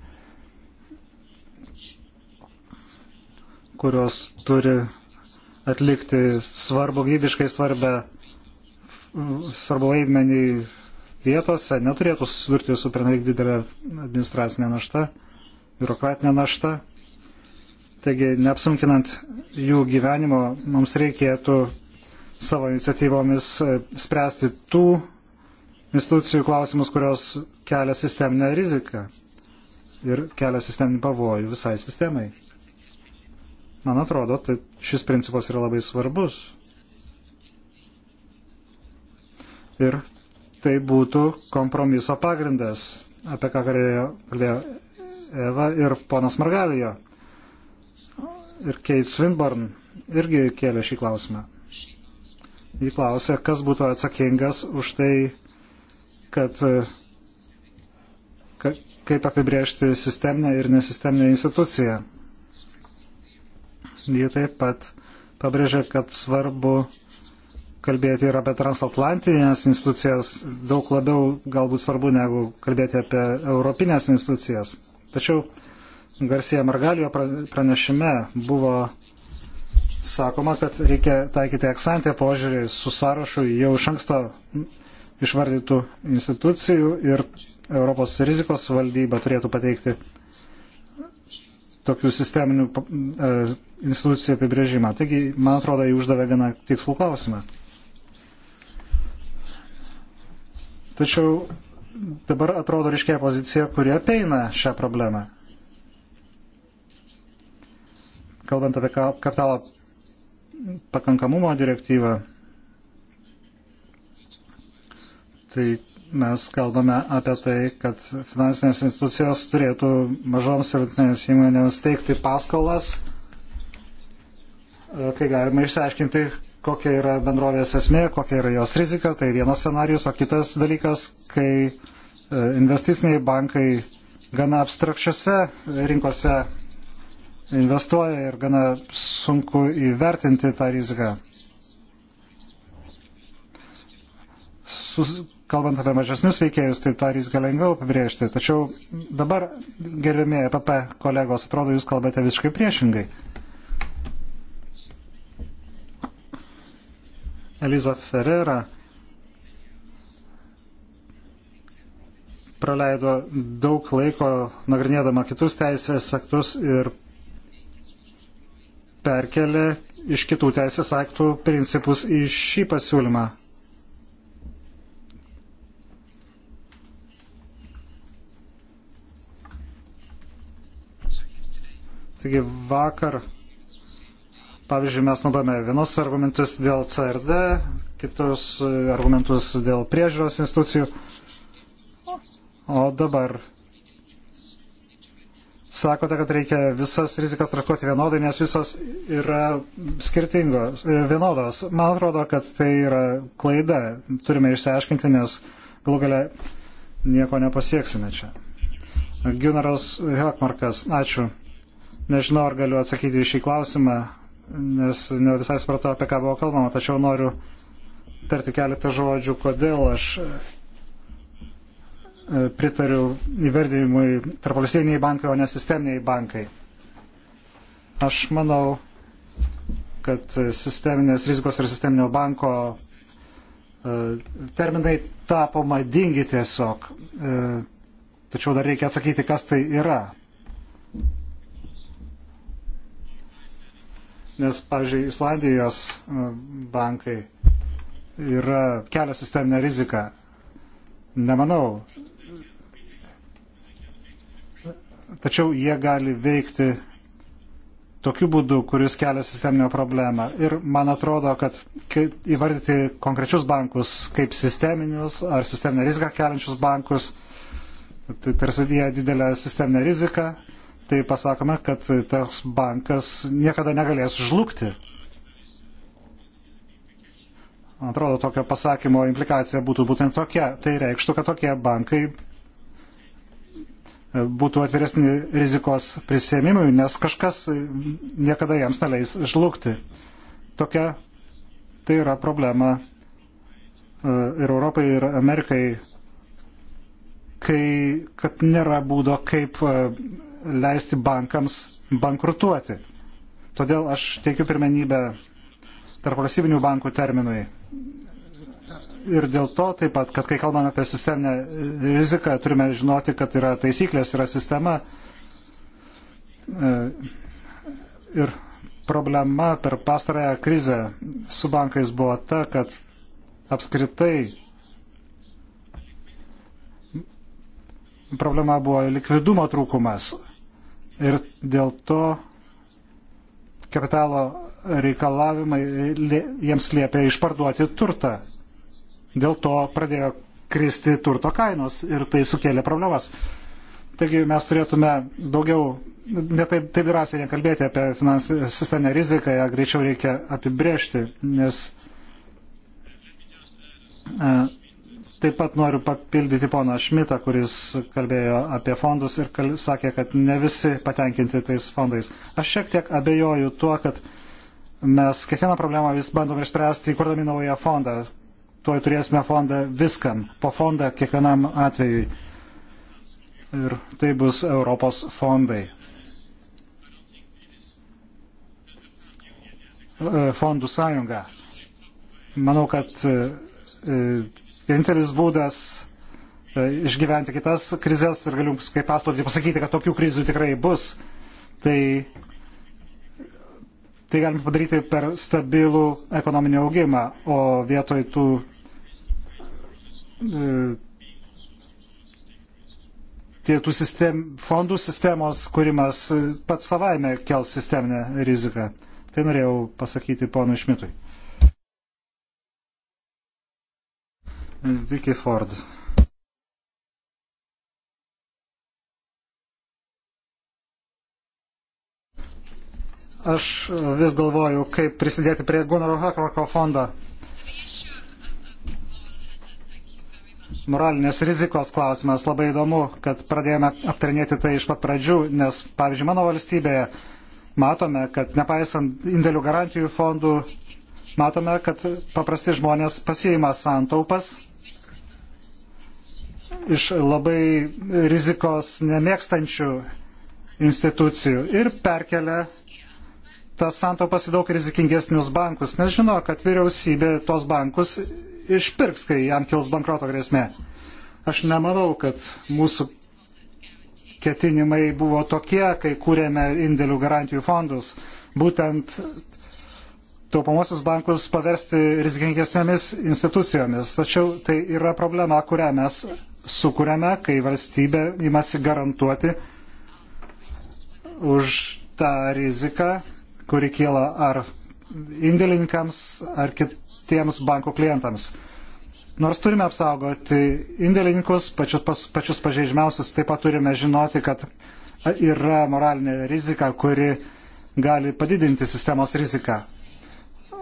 kurios turi atlikti svarbu, gydiškai svarbę, svarbu vaidmenį vietose, neturėtų susidurti su pernaik didelė administracinė našta, biurokratinė našta. Taigi, neapsunkinant jų gyvenimo, mums reikėtų savo iniciatyvomis e, spręsti tų institucijų klausimus, kurios kelia sisteminę riziką ir kelia sisteminį pavojų visai sistemai. Man atrodo, tai šis principas yra labai svarbus. Ir tai būtų kompromiso pagrindas, apie ką kalbėjo Eva ir ponas Margalijo. Ir Kate Swinburne irgi kėlė šį klausimą. Jį klausė, kas būtų atsakingas už tai, kad e, ka, kaip apibriežti sisteminę ir nesisteminę instituciją. Jie taip pat pabrėžė, kad svarbu kalbėti ir apie transatlantinės institucijas, daug labiau galbūt svarbu negu kalbėti apie europinės institucijas. Tačiau Garsija Margalio pranešime buvo sakoma, kad reikia taikyti eksantę požiūrį su sąrašu jau iš anksto išvardytų institucijų ir Europos rizikos valdyba turėtų pateikti tokių sisteminių e, institucijų apibrėžimą. Taigi, man atrodo, jį uždavė gana tikslų klausimą. Tačiau dabar atrodo ryškėja pozicija, kuri apeina šią problemą. Kalbant apie kapitalo pakankamumo direktyvą, tai mes kalbame apie tai, kad finansinės institucijos turėtų mažoms ir vidutinėms įmonėms teikti paskolas, e, kai galima išsiaiškinti, kokia yra bendrovės esmė, kokia yra jos rizika, tai vienas scenarius, o kitas dalykas, kai e, investiciniai bankai gana abstrakčiose rinkose investuoja ir gana sunku įvertinti tą riziką. Sus, kalbant apie mažesnius veikėjus, tai tą riziką lengviau apibriežti. Tačiau dabar, gerbėmėjai PP e kolegos, atrodo, jūs kalbate visiškai priešingai. Eliza Ferrera praleido daug laiko nagrinėdama kitus teisės aktus ir perkelia iš kitų teisės aktų principus į šį pasiūlymą. Taigi vakar, pavyzdžiui, mes naudojame vienus argumentus dėl CRD, kitus argumentus dėl priežiūros institucijų, o dabar sakote, kad reikia visas rizikas traktuoti vienodai, nes visos yra skirtingos, e, vienodos. Man atrodo, kad tai yra klaida. Turime išsiaiškinti, nes galų gale nieko nepasieksime čia. Gunaras Hekmarkas, ačiū. Nežinau, ar galiu atsakyti į šį klausimą, nes ne visai supratau, apie ką buvo kalbama, tačiau noriu tarti keletą žodžių, kodėl aš pritariu įvardinimui tarpvalstybiniai bankai, o ne sisteminiai bankai. Aš manau, kad sisteminės rizikos ir sisteminio banko e, terminai tapo madingi tiesiog. E, tačiau dar reikia atsakyti, kas tai yra. Nes, pavyzdžiui, Islandijos e, bankai yra kelia sisteminę riziką. Nemanau, tačiau jie gali veikti tokiu būdu, kuris kelia sisteminę problemą. Ir man atrodo, kad įvardyti konkrečius bankus kaip sisteminius ar sisteminę riziką keliančius bankus, tai tarsi jie didelę sisteminę riziką, tai pasakome, kad toks bankas niekada negalės žlugti. Atrodo, tokio pasakymo implikacija būtų būtent tokia. Tai reikštų, kad tokie bankai būtų atviresni rizikos prisėmimui, nes kažkas niekada jiems neleis žlugti. Tokia tai yra problema e, ir Europai, ir Amerikai, kai, kad nėra būdo, kaip e, leisti bankams bankrutuoti. Todėl aš teikiu pirmenybę tarp valstybinių bankų terminui ir dėl to taip pat, kad kai kalbame apie sisteminę riziką, turime žinoti, kad yra taisyklės, yra sistema. E, ir problema per pastarąją krizę su bankais buvo ta, kad apskritai problema buvo likvidumo trūkumas. Ir dėl to kapitalo reikalavimai jiems liepia išparduoti turtą. Dėl to pradėjo kristi turto kainos ir tai sukėlė problemas. Taigi mes turėtume daugiau, ne taip, taip drąsiai nekalbėti apie finansinę sisteminę riziką, ją greičiau reikia apibrėžti, nes e, taip pat noriu papildyti poną Šmitą, kuris kalbėjo apie fondus ir kal, sakė, kad ne visi patenkinti tais fondais. Aš šiek tiek abejoju tuo, kad mes kiekvieną problemą vis bandome išspręsti, įkurdami naują fondą tuoj turėsime fondą viskam, po fondą kiekvienam atvejui. Ir tai bus Europos fondai. E, fondų sąjunga. Manau, kad e, e, vienintelis būdas išgyventi kitas krizės ir galiu kaip paslapti pasakyti, kad tokių krizių tikrai bus, tai Tai galime padaryti per stabilų ekonominį augimą, o vietoj tų e, tų sistem, fondų sistemos kūrimas pats savaime kels sisteminę riziką. Tai norėjau pasakyti ponui Šmitui. Vicky Ford. Aš vis galvoju, kaip prisidėti prie Gunaro Hakroko fondo. Moralinės rizikos klausimas labai įdomu, kad pradėjome aptarinėti tai iš pat pradžių, nes, pavyzdžiui, mano valstybėje matome, kad nepaisant indėlių garantijų fondų, matome, kad paprasti žmonės pasiima santaupas iš labai rizikos nemėgstančių institucijų ir perkelia tas santopas į daug rizikingesnius bankus, nes žino, kad vyriausybė tos bankus išpirks, kai jam kils bankroto grėsmė. Aš nemanau, kad mūsų ketinimai buvo tokie, kai kūrėme indėlių garantijų fondus, būtent taupomosius bankus paversti rizikingesnėmis institucijomis. Tačiau tai yra problema, kurią mes sukūrėme, kai valstybė imasi garantuoti už tą riziką kuri kyla ar indėlininkams, ar kitiems bankų klientams. Nors turime apsaugoti indėlininkus, pačius, pas, pačius pažeidžiamiausius, taip pat turime žinoti, kad yra moralinė rizika, kuri gali padidinti sistemos riziką.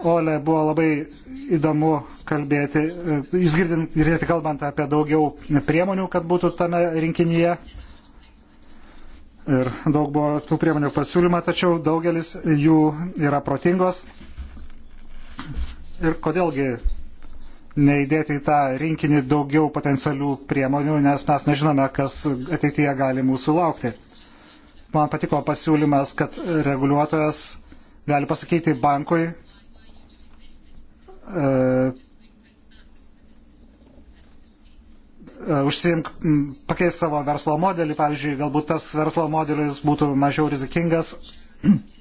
Ole buvo labai įdomu kalbėti, e, jūs girdėti kalbant apie daugiau priemonių, kad būtų tame rinkinyje ir daug buvo tų priemonių pasiūlyma, tačiau daugelis jų yra protingos. Ir kodėlgi neįdėti į tą rinkinį daugiau potencialių priemonių, nes mes nežinome, kas ateityje gali mūsų laukti. Man patiko pasiūlymas, kad reguliuotojas gali pasakyti bankui, e, E, užsiimk, pakeis savo verslo modelį, pavyzdžiui, galbūt tas verslo modelis būtų mažiau rizikingas.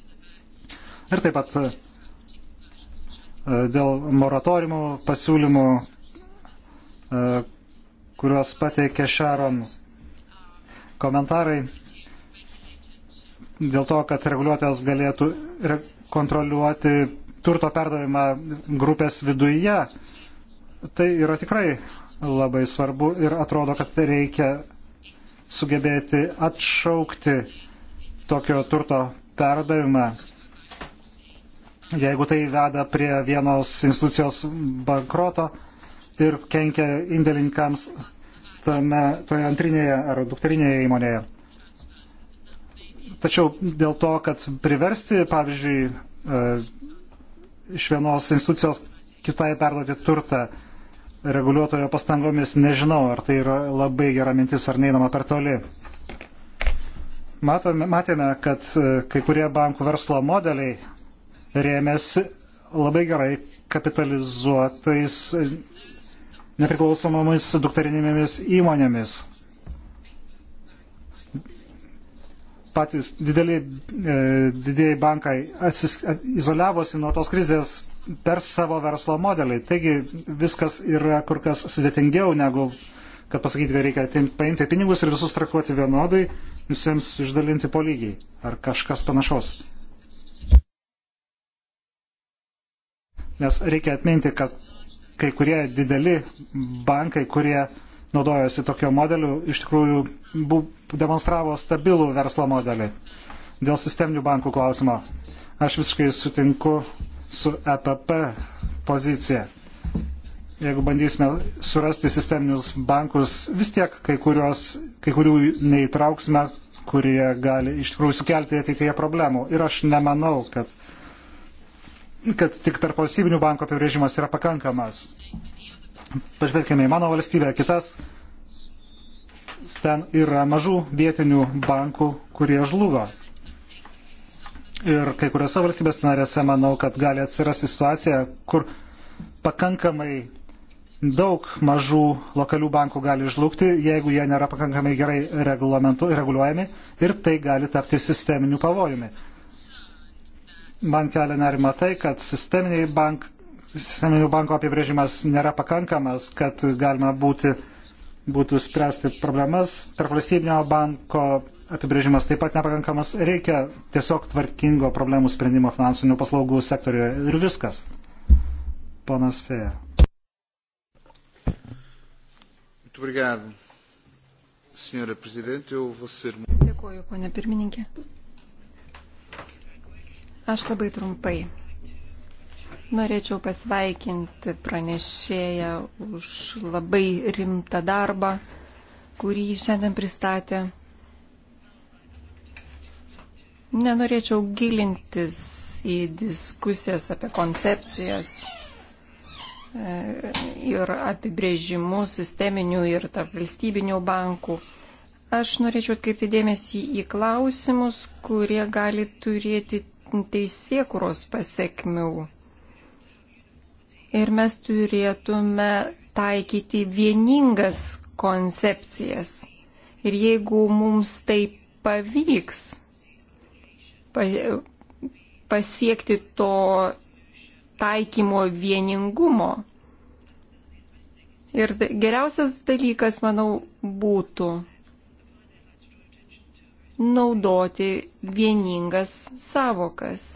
[CLEARS THROAT] Ir taip pat e, dėl moratorimų pasiūlymų, e, kuriuos pateikė Sharon komentarai, dėl to, kad reguliuotojas galėtų kontroliuoti turto perdavimą grupės viduje, tai yra tikrai labai svarbu ir atrodo, kad reikia sugebėti atšaukti tokio turto perdavimą, jeigu tai veda prie vienos institucijos bankroto ir kenkia indėlinkams tame, toje antrinėje ar dukterinėje įmonėje. Tačiau dėl to, kad priversti, pavyzdžiui, e, iš vienos institucijos kitai perduoti turtą, reguliuotojo pastangomis, nežinau, ar tai yra labai gera mintis, ar neįdama per toli. Matome, matėme, kad e, kai kurie bankų verslo modeliai rėmėsi labai gerai kapitalizuotais nepriklausomomis dukterinėmis įmonėmis. Patys dideli, e, didėjai bankai atsis, izoliavosi nuo tos krizės per savo verslo modelį. Taigi viskas yra kur kas sudėtingiau negu, kad pasakyti, kad reikia atimti, paimti pinigus ir visus traktuoti vienodai, visiems išdalinti po lygiai ar kažkas panašaus. Nes reikia atminti, kad kai kurie dideli bankai, kurie naudojasi tokio modeliu, iš tikrųjų bu, demonstravo stabilų verslo modelį. Dėl sisteminių bankų klausimo. Aš visiškai sutinku su EPP pozicija. Jeigu bandysime surasti sisteminius bankus, vis tiek kai, kurios, kai kurių neįtrauksime, kurie gali iš tikrųjų sukelti ateityje problemų. Ir aš nemanau, kad, kad tik tarp valstybinių banko apibrėžimas yra pakankamas. Pažvelkime į mano valstybę, kitas. Ten yra mažų vietinių bankų, kurie žlugo. Ir kai kuriuose valstybės narėse manau, kad gali atsirasti situacija, kur pakankamai daug mažų lokalių bankų gali žlugti, jeigu jie nėra pakankamai gerai reguliuojami ir tai gali tapti sisteminiu pavojumi. Man kelia nerima tai, kad bank, sisteminių bankų apibrėžimas nėra pakankamas, kad galima būti, būtų spręsti problemas. Tarp valstybinio banko apibrėžimas taip pat nepakankamas. Reikia tiesiog tvarkingo problemų sprendimo finansinių paslaugų sektorijoje ir viskas. Ponas Feja. Dėkuoju, ponė pirmininkė. Aš labai trumpai. Norėčiau pasveikinti pranešėją už labai rimtą darbą, kurį šiandien pristatė. Nenorėčiau gilintis į diskusijas apie koncepcijas e, ir apibrėžimų sisteminių ir tarp valstybinių bankų. Aš norėčiau atkreipti dėmesį į klausimus, kurie gali turėti teisėkuros pasiekmių. Ir mes turėtume taikyti vieningas koncepcijas. Ir jeigu mums tai pavyks, pasiekti to taikymo vieningumo. Ir geriausias dalykas, manau, būtų naudoti vieningas savokas.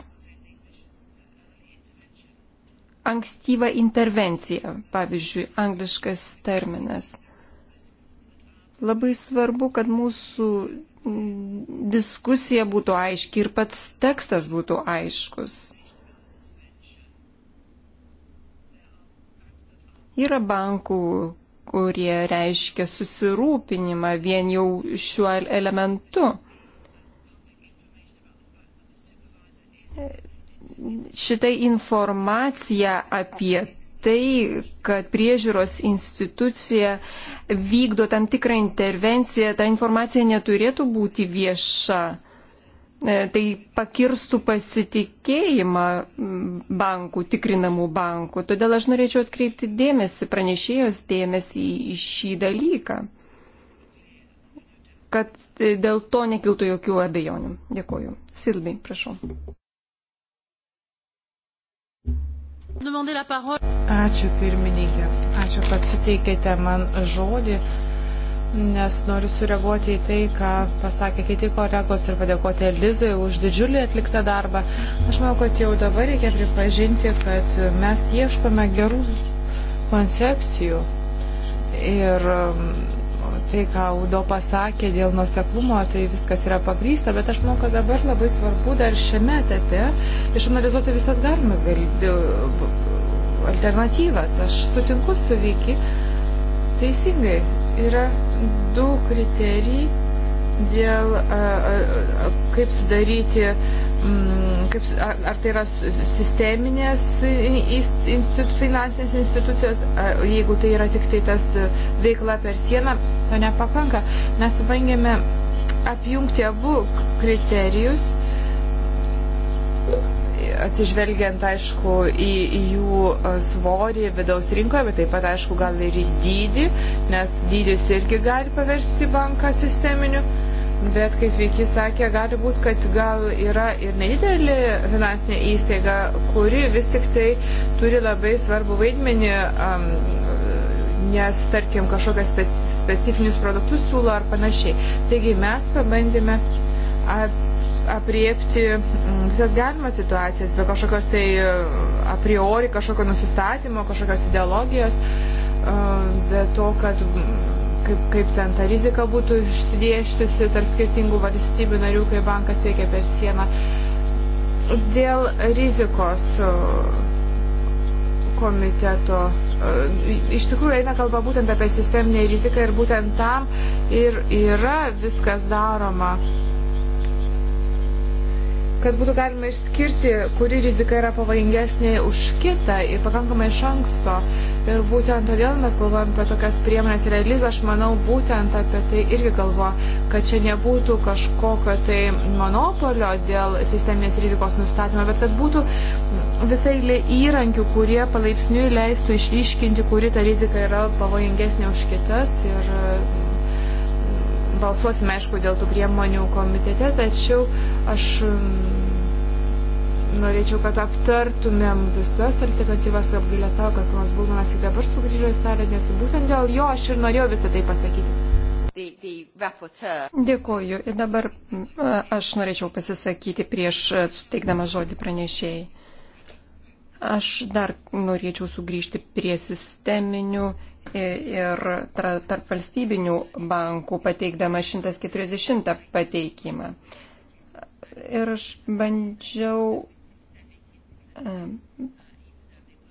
Ankstyva intervencija, pavyzdžiui, angliškas terminas. Labai svarbu, kad mūsų diskusija būtų aiški ir pats tekstas būtų aiškus. Yra bankų, kurie reiškia susirūpinimą vien jau šiuo elementu. Šitą informaciją apie tai, kad priežiūros institucija vykdo tam tikrą intervenciją, ta informacija neturėtų būti vieša. E, tai pakirstų pasitikėjimą bankų, tikrinamų bankų. Todėl aš norėčiau atkreipti dėmesį, pranešėjos dėmesį į šį dalyką, kad e, dėl to nekiltų jokių abejonių. Dėkuoju. Silbi, prašau. Ačiū pirmininkė, ačiū, kad suteikėte man žodį, nes noriu sureaguoti į tai, ką pasakė kiti kolegos ir padėkoti Elizai už didžiulį atliktą darbą. Aš manau, kad jau dabar reikia pripažinti, kad mes ieškome gerų koncepcijų ir tai, ką Udo pasakė dėl nuseklumo, tai viskas yra pagrysta, bet aš manau, kad dabar labai svarbu dar šiame etape išanalizuoti visas galimas gal, alternatyvas. Aš sutinku su Viki, teisingai, yra du kriterijai dėl, a, a, a, kaip sudaryti. M, mm, kaip, ar, ar tai yra sisteminės institu, finansinės institucijos, jeigu tai yra tik tai tas e, veikla per sieną, to nepakanka. Mes pabandėme apjungti abu kriterijus atsižvelgiant, aišku, į, į jų e, svorį vidaus rinkoje, bet taip pat, aišku, gal ir į dydį, nes dydis irgi gali paversti banką sisteminiu. Uh, Bet, kaip Viki sakė, gali būti, kad gal yra ir nedidelė finansinė įstaiga, kuri vis tik tai turi labai svarbų vaidmenį, um, nes, tarkim, kažkokias specifinius produktus siūlo ar panašiai. Taigi mes pabandėme apriepti visas galimas situacijas, be kažkokios tai a priori, kažkokio nusistatymo, kažkokios ideologijos, be to, kad kaip, kaip ten ta rizika būtų išsidėštusi tarp skirtingų valstybių narių, kai bankas veikia per sieną. Dėl rizikos komiteto. Iš tikrųjų eina kalba būtent apie sisteminę riziką ir būtent tam ir yra viskas daroma kad būtų galima išskirti, kuri rizika yra pavojingesnė už kitą ir pakankamai iš anksto. Ir būtent todėl mes galvojam apie tokias priemonės ir Eliza, aš manau, būtent apie tai irgi galvo, kad čia nebūtų kažkokio tai monopolio dėl sisteminės rizikos nustatymo, bet kad būtų visai įrankių, kurie palaipsniui leistų išryškinti, kuri ta rizika yra pavojingesnė už kitas. Ir, balsuosime, aišku, dėl tų priemonių komitete, tačiau aš mm, norėčiau, kad aptartumėm visas alternatyvas apgailę savo, kad ponas Bulmanas tik dabar sugrįžo į salę, nes būtent dėl jo aš ir norėjau visą tai pasakyti. Dėkuoju. Ir dabar mm, aš norėčiau pasisakyti prieš suteikdama žodį pranešėjai. Aš dar norėčiau sugrįžti prie sisteminių ir tarp valstybinių bankų pateikdama 140 pateikimą. Ir aš bandžiau e,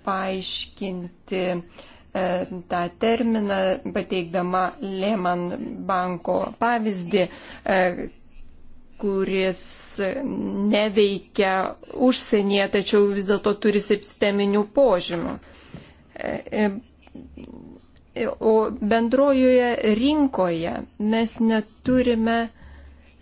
paaiškinti e, tą terminą, pateikdama Lehman banko pavyzdį, e, kuris neveikia užsienyje, tačiau vis dėlto turi sisteminių požymų O bendrojoje rinkoje mes neturime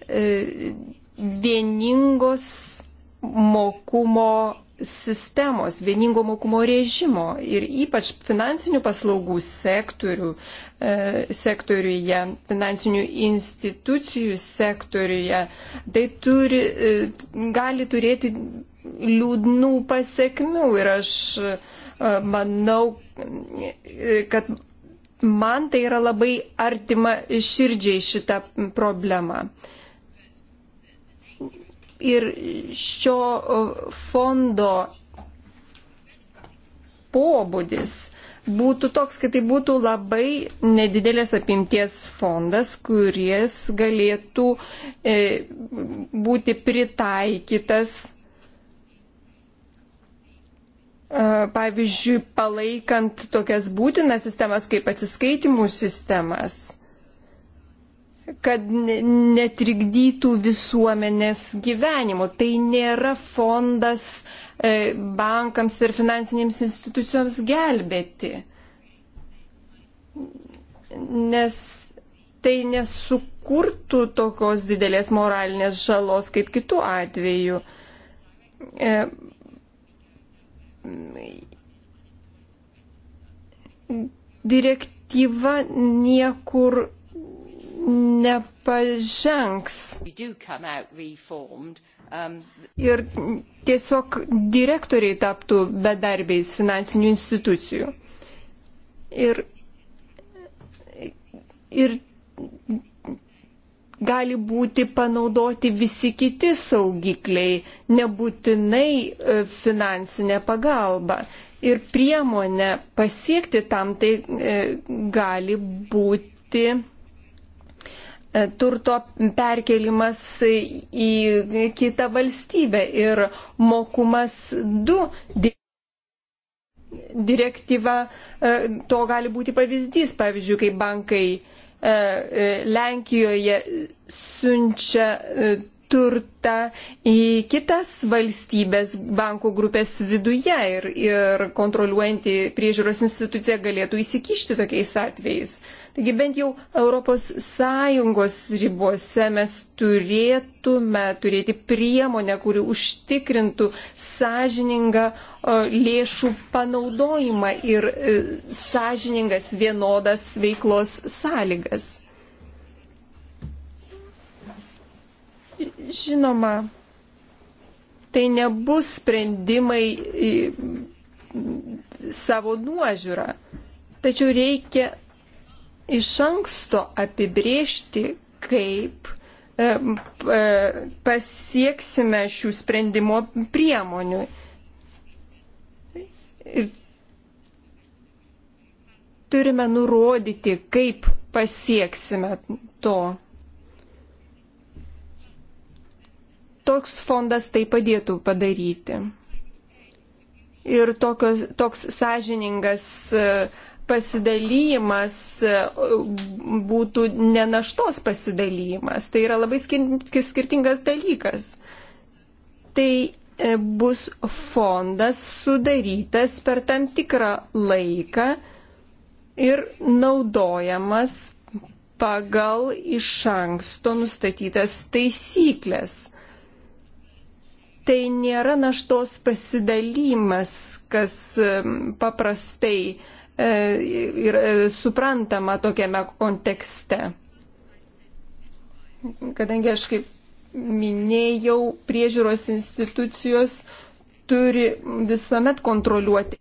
e, vieningos mokumo sistemos, vieningo mokumo režimo ir ypač finansinių paslaugų sektorių, e, sektoriuje, finansinių institucijų sektoriuje, tai turi, e, gali turėti liūdnų pasiekmių ir aš manau, kad man tai yra labai artima širdžiai šita problema. Ir šio fondo pobūdis būtų toks, kad tai būtų labai nedidelės apimties fondas, kuris galėtų e, būti pritaikytas E, pavyzdžiui, palaikant tokias būtinas sistemas kaip atsiskaitimų sistemas, kad netrikdytų visuomenės gyvenimo. Tai nėra fondas e, bankams ir finansinėms institucijoms gelbėti, nes tai nesukurtų tokios didelės moralinės žalos kaip kitų atveju e, direktyva niekur nepažengs. Um, ir tiesiog direktoriai taptų bedarbiais finansinių institucijų. Ir, ir gali būti panaudoti visi kiti saugikliai, nebūtinai e, finansinė pagalba. Ir priemonė pasiekti tam tai e, gali būti e, turto perkelimas į kitą valstybę ir mokumas 2 direktyva to gali būti pavyzdys, pavyzdžiui, kai bankai E, e, Lenkijoje siunčia e, turtą į kitas valstybės bankų grupės viduje ir, ir kontroliuojanti priežiūros institucija galėtų įsikišti tokiais atvejais. Taigi bent jau ES ribose mes turėtume turėti priemonę, kuri užtikrintų sąžiningą lėšų panaudojimą ir e, sąžiningas vienodas veiklos sąlygas. Žinoma, tai nebus sprendimai savo nuožiūrą, tačiau reikia iš anksto apibriežti, kaip e, e, pasieksime šių sprendimo priemonių. Ir turime nurodyti, kaip pasieksime to. toks fondas tai padėtų padaryti. Ir tokios, toks sąžiningas e, pasidalymas e, būtų nenaštos pasidalymas. Tai yra labai skirtingas dalykas. Tai e, bus fondas sudarytas per tam tikrą laiką ir naudojamas pagal iš anksto nustatytas taisyklės tai nėra naštos pasidalymas, kas paprastai e, ir e, suprantama tokiame kontekste. Kadangi aš kaip minėjau, priežiūros institucijos turi visuomet kontroliuoti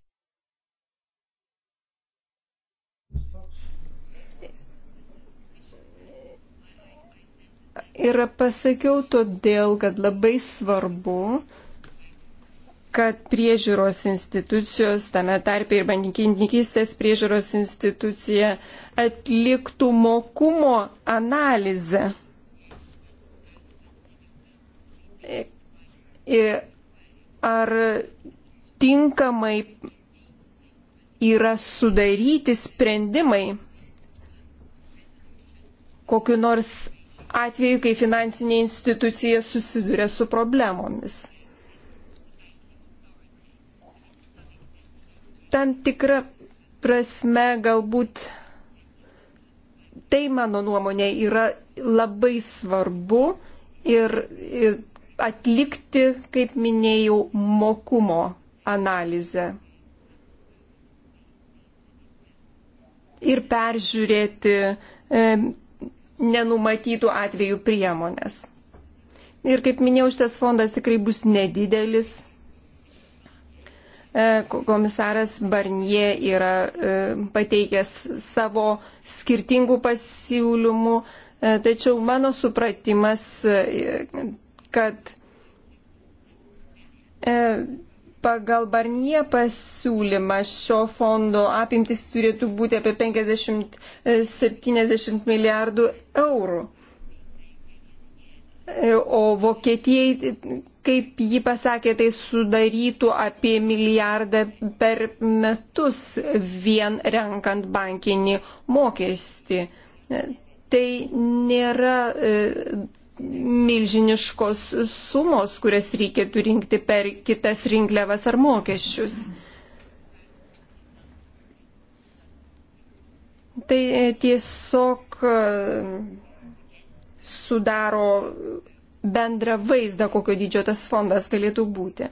Ir pasakiau todėl, kad labai svarbu, kad priežiūros institucijos, tame tarpe ir bankininkystės priežiūros institucija, atliktų mokumo analizę. Ar tinkamai yra sudaryti sprendimai kokiu nors atveju, kai finansinė institucija susiduria su problemomis. Tam tikra prasme galbūt tai mano nuomonė yra labai svarbu ir, ir atlikti, kaip minėjau, mokumo analizę. Ir peržiūrėti e, nenumatytų atvejų priemonės. Ir kaip minėjau, šitas fondas tikrai bus nedidelis. E, komisaras Barnie yra e, pateikęs savo skirtingų pasiūlymų, e, tačiau mano supratimas, kad Pagal Barnie pasiūlymą šio fondo apimtis turėtų būti apie 50-70 e, milijardų eurų. E, o Vokietijai, e, kaip ji pasakė, tai sudarytų apie milijardą per metus vien renkant bankinį mokestį. Tai nėra milžiniškos sumos, kurias reikėtų rinkti per kitas rinkliavas ar mokesčius. Tai e, tiesiog e, sudaro bendrą vaizdą, kokio dydžio tas fondas galėtų būti.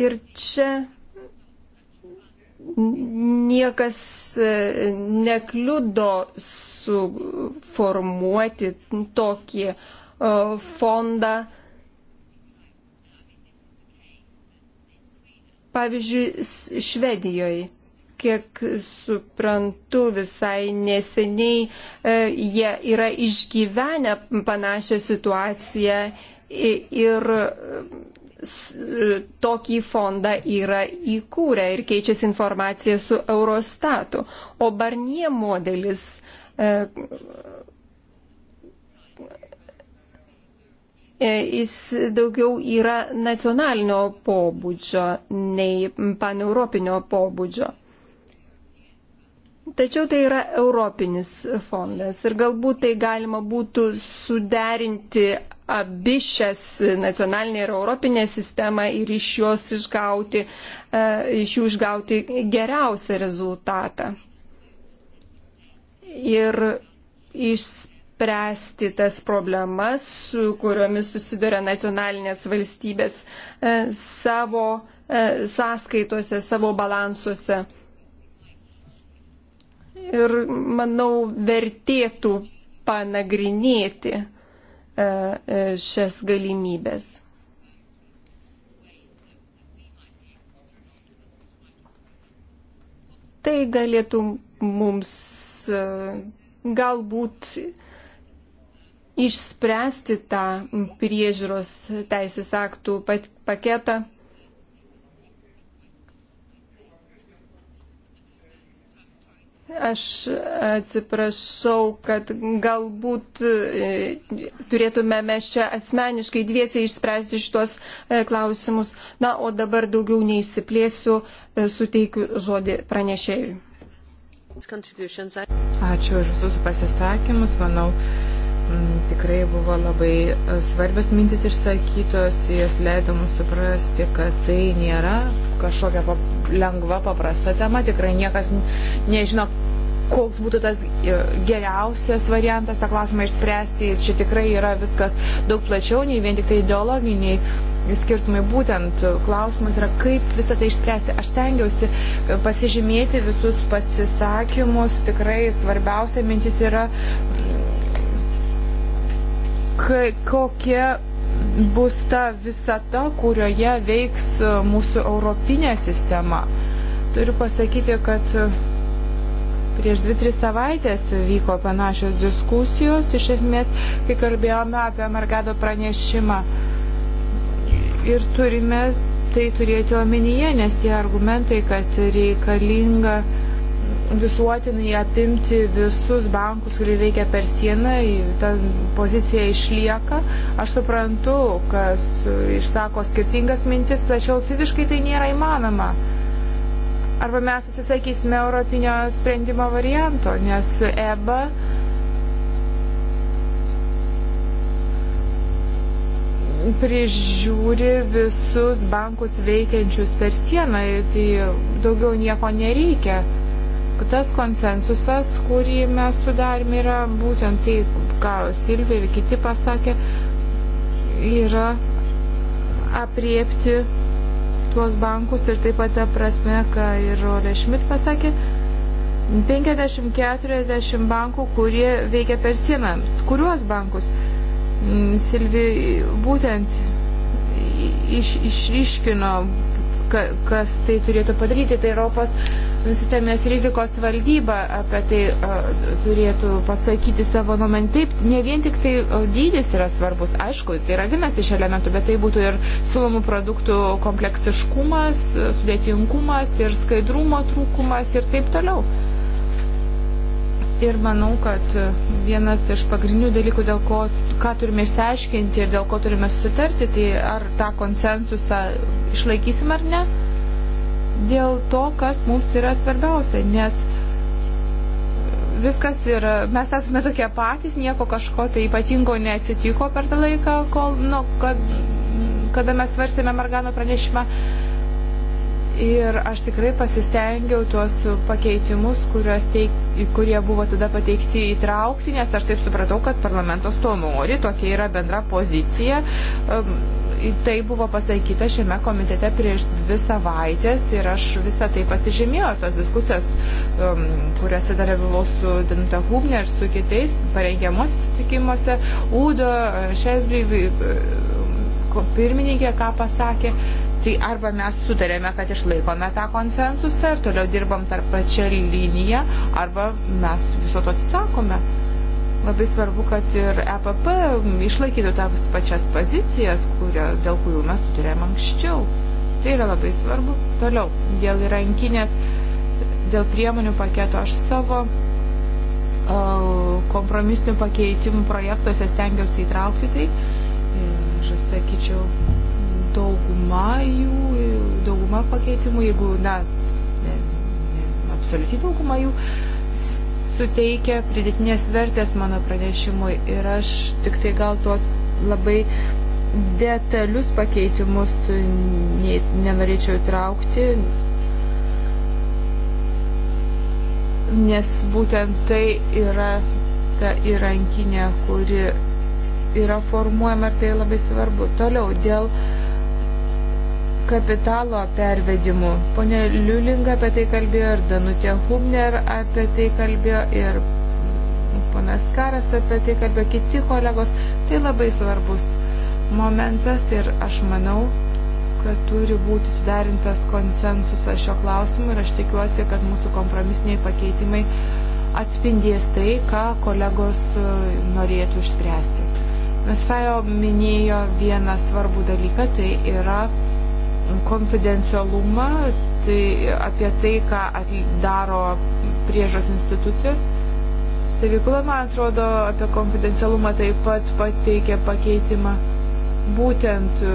Ir čia niekas e, nekliudo suformuoti tokį e, fondą. Pavyzdžiui, Švedijoje, kiek suprantu, visai neseniai e, jie yra išgyvenę panašią situaciją ir E, tokį fondą yra įkūrę ir keičiasi informacija su Eurostatu. O Barnie modelis e, e, jis daugiau yra nacionalinio pobūdžio nei paneuropinio pobūdžio. Tačiau tai yra europinis fondas ir galbūt tai galima būtų suderinti abi šias nacionalinę ir europinę sistemą ir iš jos išgauti, e, iš jų išgauti geriausią rezultatą. Ir išspręsti tas problemas, su kuriomis susiduria nacionalinės valstybės e, savo e, sąskaitose, savo balansuose. Ir manau, vertėtų panagrinėti E, e, šias galimybės. Tai galėtų mums e, galbūt išspręsti tą priežiūros teisės aktų paketą Aš atsiprašau, kad galbūt e, turėtume mes čia asmeniškai dviesiai išspręsti šitos e, klausimus. Na, o dabar daugiau neišsiplėsiu, e, suteikiu žodį pranešėjui. Ačiū už visus pasisakymus. Manau, Mm, tikrai buvo labai e, svarbios mintis išsakytos, jas leido mums suprasti, kad tai nėra kažkokia pap lengva, paprasta tema. Tikrai niekas nežino, koks būtų tas e, geriausias variantas tą klausimą išspręsti. Ir čia tikrai yra viskas daug plačiau nei vien tik tai ideologiniai skirtumai būtent klausimas yra, kaip visą tai išspręsti. Aš tengiausi e, pasižymėti visus pasisakymus, tikrai svarbiausia mintis yra kokia bus ta visata, kurioje veiks e, mūsų europinė sistema. Turiu pasakyti, kad e, prieš 2-3 savaitės vyko panašios diskusijos, iš esmės, kai kalbėjome apie Margado pranešimą. Ir turime tai turėti omenyje, nes tie argumentai, kad reikalinga uh, visuotinai apimti visus bankus, kurie veikia per sieną, ta pozicija išlieka. Aš suprantu, kas išsako skirtingas mintis, tačiau fiziškai tai nėra įmanoma. Arba mes atsisakysime europinio sprendimo varianto, nes EBA prižiūri visus bankus veikiančius per sieną, tai daugiau nieko nereikia tas konsensusas, kurį mes sudarėme, yra būtent tai, ką Silvė ir kiti pasakė, yra apriepti tuos bankus ir taip pat ta prasme, ką ir Ole Schmidt pasakė, 50-40 bankų, kurie veikia per sieną. Kuriuos bankus? Mm, Silvi būtent iš, išryškino, kas tai turėtų padaryti. Tai Europos sisteminės rizikos valdyba apie tai turėtų pasakyti savo nuomonę. Taip, ne vien tik tai dydis yra svarbus, aišku, tai yra vienas iš elementų, bet tai būtų ir siūlomų produktų kompleksiškumas, sudėtingumas ir skaidrumo trūkumas ir taip toliau. Ir manau, kad vienas iš pagrindinių dalykų, dėl ko ką turime išsiaiškinti ir dėl ko turime sutarti, tai ar tą konsensusą išlaikysim ar ne dėl to, kas mums yra svarbiausia, nes viskas ir mes esame tokie patys, nieko kažko tai ypatingo neatsitiko per tą laiką, kol, nu, kad, kada mes svarstėme Margano pranešimą. Ir aš tikrai pasistengiau tuos pakeitimus, teik, kurie buvo tada pateikti įtraukti, nes aš taip supratau, kad parlamentas to nori, tokia yra bendra pozicija. Um, tai buvo pasakyta šiame komitete prieš dvi savaitės ir aš visą tai pasižymėjau, tas diskusijas, um, kuriuose dalyvavau su Danuta Hubne ir su kitais pareigiamuose sutikimuose, Udo, Šedbry, pirmininkė ką pasakė, tai arba mes sutarėme, kad išlaikome tą konsensusą ir toliau dirbam tarp pačią liniją, arba mes viso to atsisakome. Labai svarbu, kad ir EPP išlaikytų tas pačias pozicijas, kurio, dėl kurių mes sutarėm anksčiau. Tai yra labai svarbu. Toliau, dėl įrankinės, dėl priemonių paketo aš savo e, kompromisinių pakeitimų projektuose stengiausi įtraukti tai ir sakyčiau, dauguma jų, dauguma pakeitimų, jeigu, na, ne, ne, absoliuti dauguma jų suteikia pridėtinės vertės mano pranešimui ir aš tik tai gal tuos labai detalius pakeitimus nenorėčiau įtraukti, nes būtent tai yra ta įrankinė, kuri yra formuojama ir tai labai svarbu. Toliau, dėl kapitalo pervedimų. Pone Liulinga apie tai kalbėjo ir Danutė Hubner apie tai kalbėjo ir ponas Karas apie tai kalbėjo, kiti kolegos. Tai labai svarbus momentas ir aš manau, kad turi būti sudarintas konsensusas šio klausimu ir aš tikiuosi, kad mūsų kompromisiniai pakeitimai atspindės tai, ką kolegos e, norėtų išspręsti. Vesfajo minėjo vieną svarbų dalyką, tai yra konfidencialumą, tai apie tai, ką daro priežos institucijos. Savykula, man atrodo, apie konfidencialumą taip pat pateikė pakeitimą. Būtent e,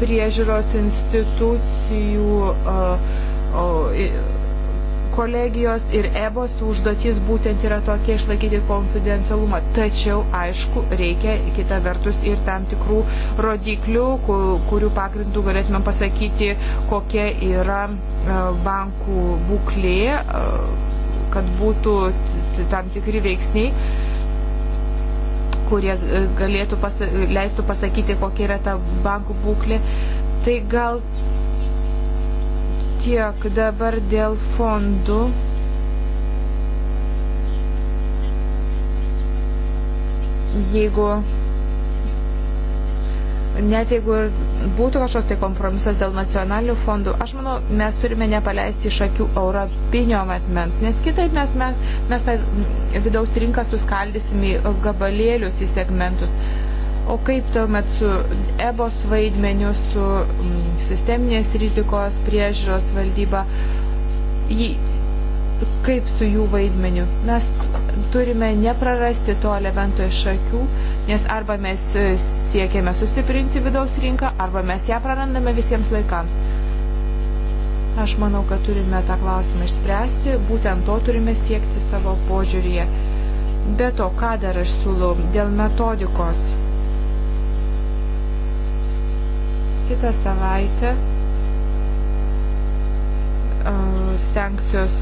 priežiūros institucijų uh, uh, kolegijos ir EBOS užduotis būtent yra tokia išlaikyti konfidencialumą. Tačiau, aišku, reikia kita vertus ir tam tikrų rodiklių, kurių pagrindų galėtumėm pasakyti, kokia yra e, bankų būklė, e, kad būtų tam tikri veiksniai kurie e, galėtų pasa leistų pasakyti, kokia yra ta bankų būklė. Tai gal tiek dabar dėl fondų. Jeigu net jeigu ir būtų kažkoks tai kompromisas dėl nacionalinių fondų, aš manau, mes turime nepaleisti iš akių europinio matmens, nes kitaip mes, mes, mes tą vidaus rinką suskaldysim į gabalėlius, į segmentus. O kaip tuomet su EBOS vaidmeniu, su mm, sisteminės rizikos priežiūros valdyba, kaip su jų vaidmeniu? Mes turime neprarasti to elemento iš akių, nes arba mes e, siekiame sustiprinti vidaus rinką, arba mes ją prarandame visiems laikams. Aš manau, kad turime tą klausimą išspręsti, būtent to turime siekti savo požiūrėje. Be to, ką dar aš siūlau dėl metodikos kitą savaitę stengsiuos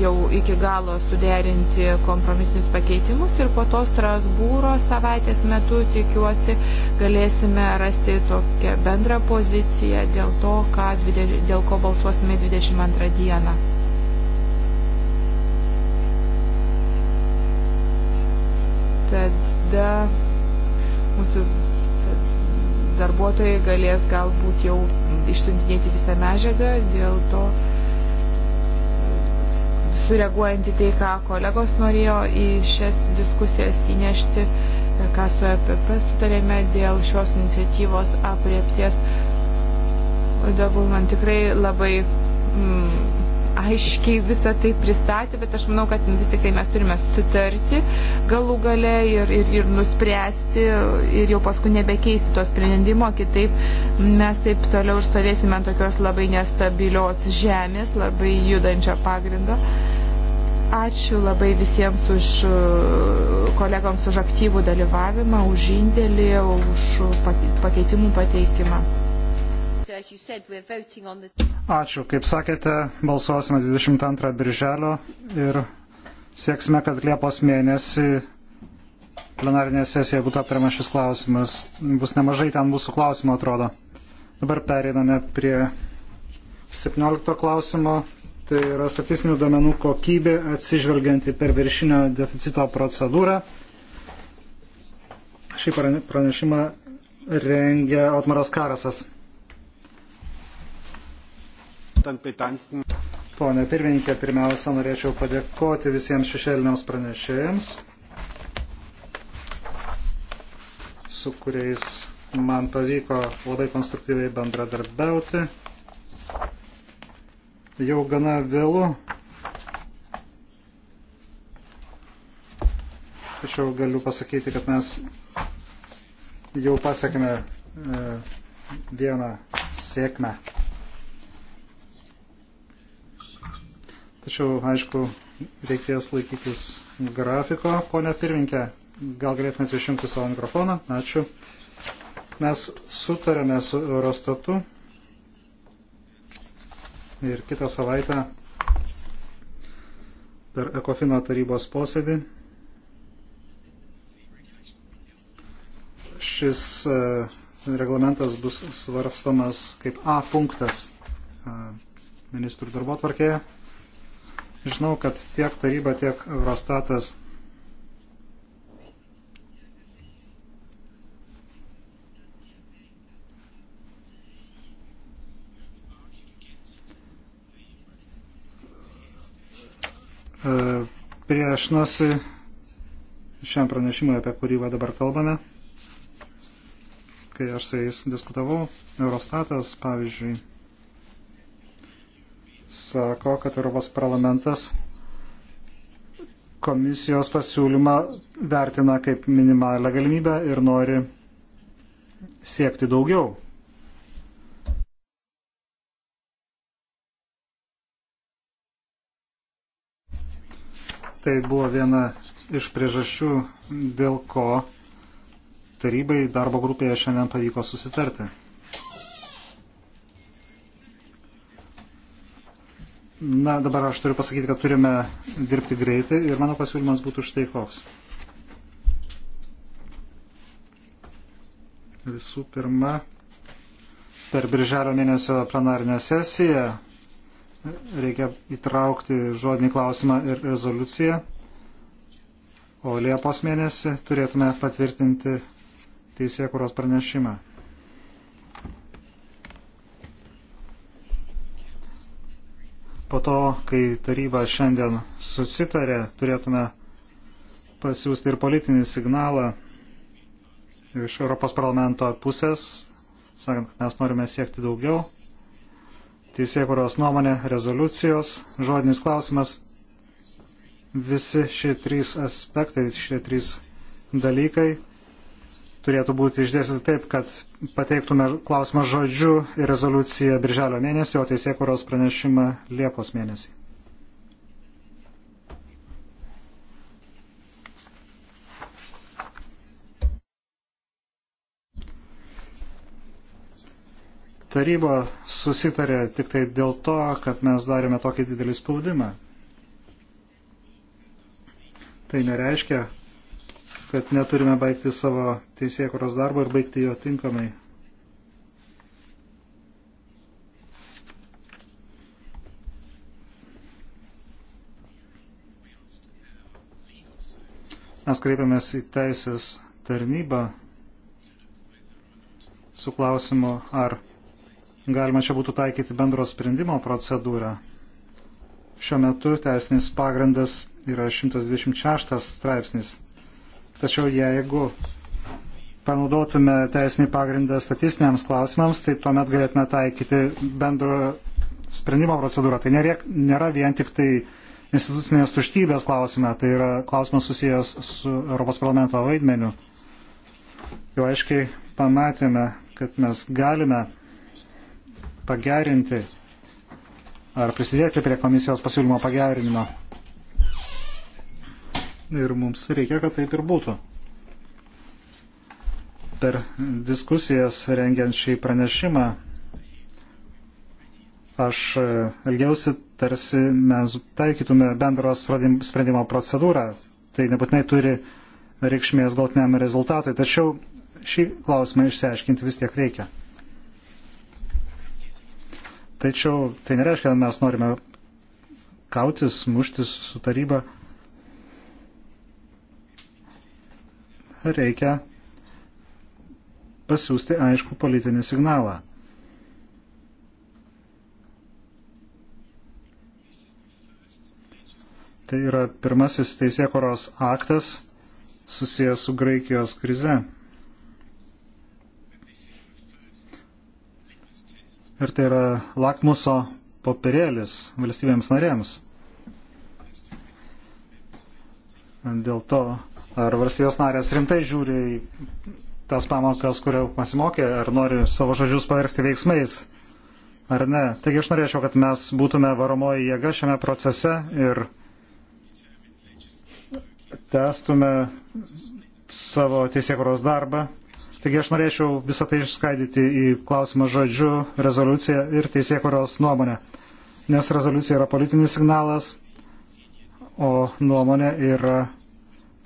jau iki galo suderinti kompromisinius pakeitimus ir po to Strasbūro savaitės metu tikiuosi galėsime rasti tokią bendrą poziciją dėl to, ką, dėl ko balsuosime 22 dieną. Tada darbuotojai galės galbūt jau išsiuntinėti visą medžiagą, dėl to sureaguojant į tai, ką kolegos norėjo į šias diskusijas įnešti ir ką su EPP sutarėme dėl šios iniciatyvos apriepties, dabar man tikrai labai mm, aiškiai visą tai pristatė, bet aš manau, kad vis tik tai mes turime sutarti galų gale ir, ir, ir nuspręsti ir jau paskui nebekeisti to sprendimo, kitaip mes taip toliau ir stovėsime ant tokios labai nestabilios žemės, labai judančio pagrindo. Ačiū labai visiems už kolegams už aktyvų dalyvavimą, už indėlį, už pakeitimų pateikimą. Ačiū. Kaip sakėte, balsuosime 22 birželio ir sieksime, kad Liepos mėnesį plenarinėje sesijoje būtų aptariamas šis klausimas. Bus nemažai ten mūsų klausimų, atrodo. Dabar pereiname prie 17 klausimo. Tai yra statistinių duomenų kokybė atsižvelgiant į perviršinio deficito procedūrą. Šį pranešimą rengia Otmaras Karasas. Pone pirmininkė, pirmiausia, norėčiau padėkoti visiems šešėliniams pranešėjams, su kuriais man pavyko labai konstruktyviai bendradarbiauti. Jau gana vėlu, tačiau galiu pasakyti, kad mes jau pasiekime e, vieną sėkmę. Tačiau, aišku, reikės laikytis grafiko. Pone pirminkė, gal galėtumėte išjungti savo mikrofoną? Ačiū. Mes sutarėme su Eurostatu ir kitą savaitę per Ekofino tarybos posėdį šis e, reglamentas bus svarstomas kaip A punktas e, ministrų darbo tvarkėje. Žinau, kad tiek taryba, tiek Eurostatas e, priešinosi šiam pranešimui, apie kurį dabar kalbame. Kai aš su jais diskutavau, Eurostatas, pavyzdžiui, sako, kad Europos parlamentas komisijos pasiūlymą vertina kaip minimalią galimybę ir nori siekti daugiau. Tai buvo viena iš priežasčių, dėl ko tarybai darbo grupėje šiandien pavyko susitarti. Na, dabar aš turiu pasakyti, kad turime dirbti greitai ir mano pasiūlymas būtų štai koks. Visų pirma, per birželio mėnesio plenarinę sesiją reikia įtraukti žodinį klausimą ir rezoliuciją, o Liepos mėnesį turėtume patvirtinti teisėkuros pranešimą. po to, kai taryba šiandien susitarė, turėtume pasiūsti ir politinį signalą iš Europos parlamento pusės, sakant, kad mes norime siekti daugiau. Teisėkuros nuomonė, rezoliucijos, žodinis klausimas. Visi šie trys aspektai, šie trys dalykai turėtų būti išdėstyta taip, kad pateiktume klausimą žodžiu ir rezoliuciją birželio mėnesį, o teisėkuros pranešimą Liepos mėnesį. Taryba susitarė tik tai dėl to, kad mes darėme tokį didelį spaudimą. Tai nereiškia, kad neturime baigti savo teisėkuros darbo ir baigti jo tinkamai. Mes kreipiamės į teisės tarnybą su klausimu, ar galima čia būtų taikyti bendro sprendimo procedūrą. Šiuo metu teisinis pagrindas yra 126 straipsnis Tačiau jeigu panaudotume teisinį pagrindą statistiniams klausimams, tai tuomet galėtume taikyti bendro sprendimo procedūrą. Tai nėra, nėra vien tik tai institucinės tuštybės klausime, tai yra klausimas susijęs su Europos parlamento vaidmeniu. Jau aiškiai pamatėme, kad mes galime pagerinti ar prisidėti prie komisijos pasiūlymo pagerinimo ir mums reikia, kad taip ir būtų. Per diskusijas rengiant šį pranešimą aš e, elgiausi tarsi mes taikytume bendro sprendimo procedūrą. Tai nebūtinai turi reikšmės galtiniam rezultatui, tačiau šį klausimą išsiaiškinti vis tiek reikia. Tačiau tai nereiškia, kad mes norime kautis, muštis su taryba. reikia pasiūsti aišku politinį signalą. Tai yra pirmasis teisėkoros aktas susijęs su Graikijos krize. Ir tai yra lakmuso popierėlis valstybėms narėms. Dėl to Ar valstybės narės rimtai žiūri į tas pamokas, kurio pasimokė, ar nori savo žodžius paversti veiksmais, ar ne. Taigi aš norėčiau, kad mes būtume varomoji jėga šiame procese ir testume savo teisėkuros darbą. Taigi aš norėčiau visą tai išskaidyti į klausimą žodžiu, rezoliuciją ir teisėkuros nuomonę. Nes rezoliucija yra politinis signalas, o nuomonė yra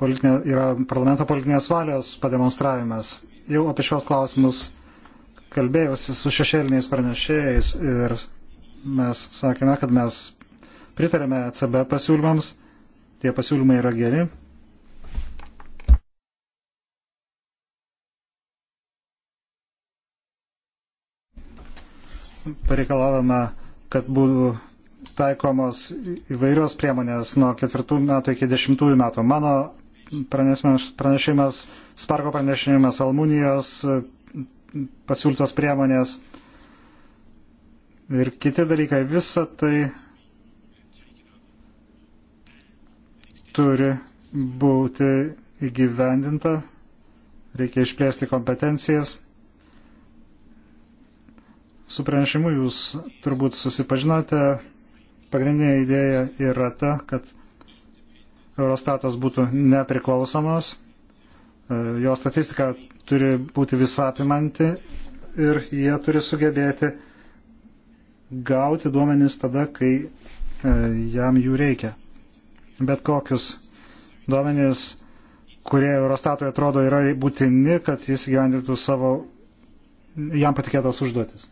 politinė, yra parlamento politinės valios pademonstravimas. Jau apie šios klausimus kalbėjusi su šešėliniais pranešėjais ir mes sakėme, kad mes pritarėme ECB pasiūlymams. Tie pasiūlymai yra geri. Pareikalavome, kad būtų taikomos įvairios priemonės nuo ketvirtų metų iki dešimtųjų metų. Mano pranešimas, Sparko pranešimas Almunijos pasiūlytos priemonės ir kiti dalykai. Visa tai turi būti įgyvendinta, reikia išplėsti kompetencijas. Su pranešimu jūs turbūt susipažinote, pagrindinė idėja yra ta, kad Eurostatas būtų nepriklausomos, e, jo statistika turi būti visapimanti ir jie turi sugebėti gauti duomenys tada, kai e, jam jų reikia. Bet kokius duomenys, kurie Eurostatui atrodo yra būtini, kad jis gyvendintų savo jam patikėtas užduotis.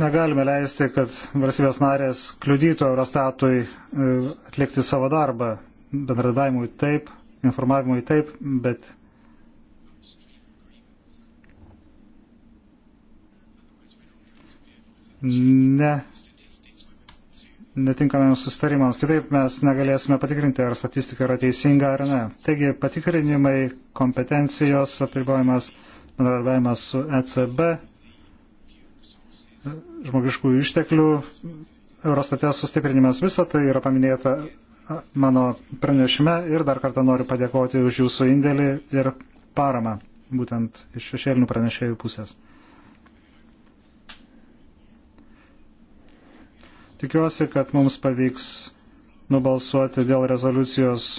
negalime leisti, kad valstybės narės kliudytų Eurostatui e, atlikti savo darbą bendradavimui taip, informavimui taip, bet ne netinkamiems sustarimams. Kitaip mes negalėsime patikrinti, ar statistika yra teisinga ar ne. Taigi patikrinimai, kompetencijos, apribojimas, bendradarbiavimas su ECB žmogiškų išteklių, Eurostate sustiprinimas, visa tai yra paminėta mano pranešime ir dar kartą noriu padėkoti už jūsų indėlį ir paramą, būtent iš šešėlinių pranešėjų pusės. Tikiuosi, kad mums pavyks nubalsuoti dėl rezoliucijos e,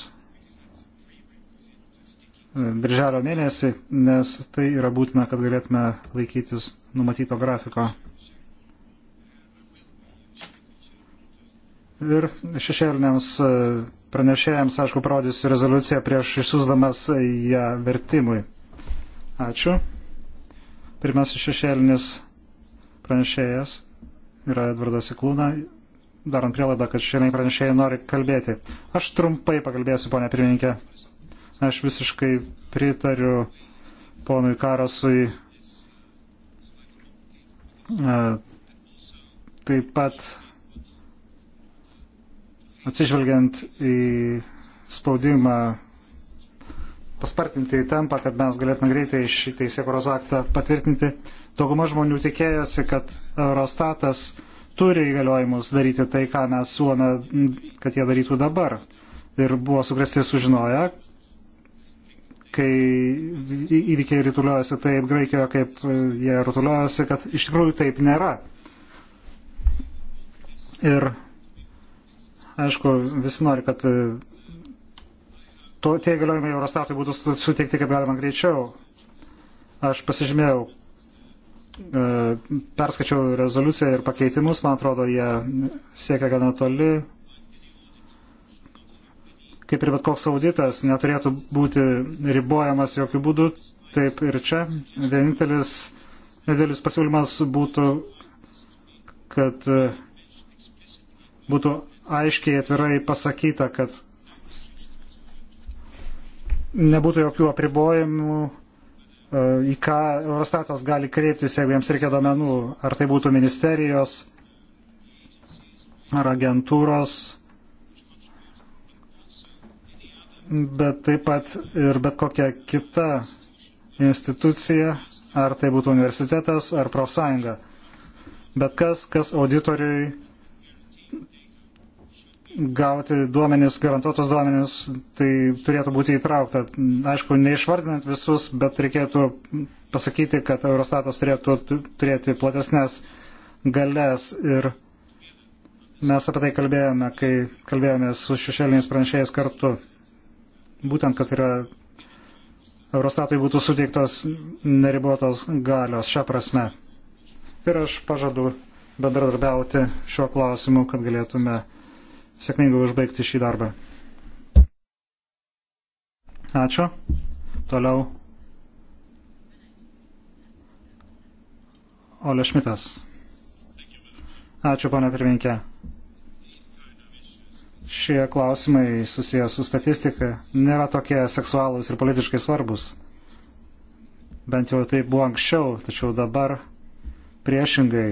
birželio mėnesį, nes tai yra būtina, kad galėtume laikytis numatyto grafiko. Ir šešėliniams e, pranešėjams, aišku, parodysiu rezoliuciją prieš išsiusdamas ją vertimui. Ačiū. Pirmasis šešėlinis pranešėjas yra Edvardas Iklūna, darant prielaidą, kad šiandien pranešėjai nori kalbėti. Aš trumpai pakalbėsiu, ponia pirmininkė. Aš visiškai pritariu ponui Karasui. E, Taip pat atsižvelgiant į spaudimą paspartinti į tempą, kad mes galėtume greitai šį teisėkuros aktą patvirtinti. Dauguma žmonių tikėjosi, kad Eurostatas turi įgaliojimus daryti tai, ką mes siūlome, kad jie darytų dabar. Ir buvo sugresti sužinoję, kai įvykiai rutuliuojasi taip Graikijoje, kaip jie rutuliuojasi, kad iš tikrųjų taip nėra. Ir Aišku, visi nori, kad e, to, tie galiojimai Eurostatui būtų suteikti kaip galima greičiau. Aš pasižymėjau, e, perskačiau rezoliuciją ir pakeitimus, man atrodo, jie siekia gana toli. Kaip ir bet koks auditas neturėtų būti ribojamas jokių būdų, taip ir čia. Vienintelis nedėlis pasiūlymas būtų, kad e, būtų aiškiai atvirai pasakyta, kad nebūtų jokių apribojimų, e, į ką Eurostatas gali kreiptis, jeigu jiems reikia domenų, ar tai būtų ministerijos, ar agentūros, bet taip pat ir bet kokia kita institucija, ar tai būtų universitetas, ar profsąjunga. Bet kas, kas auditoriui gauti duomenis, garantuotus duomenis, tai turėtų būti įtraukta. Aišku, neišvardinant visus, bet reikėtų pasakyti, kad Eurostatas turėtų turėti platesnės galės ir mes apie tai kalbėjome, kai kalbėjome su šešėliniais pranešėjais kartu. Būtent, kad yra Eurostatui būtų suteiktos neribotos galios šią prasme. Ir aš pažadu bendradarbiauti šiuo klausimu, kad galėtume sėkmingai užbaigti šį darbą. Ačiū. Toliau. Ole Šmitas. Ačiū, pana pirminkė. Šie klausimai susijęs su statistika nėra tokie seksualūs ir politiškai svarbus. Bent jau tai buvo anksčiau, tačiau dabar priešingai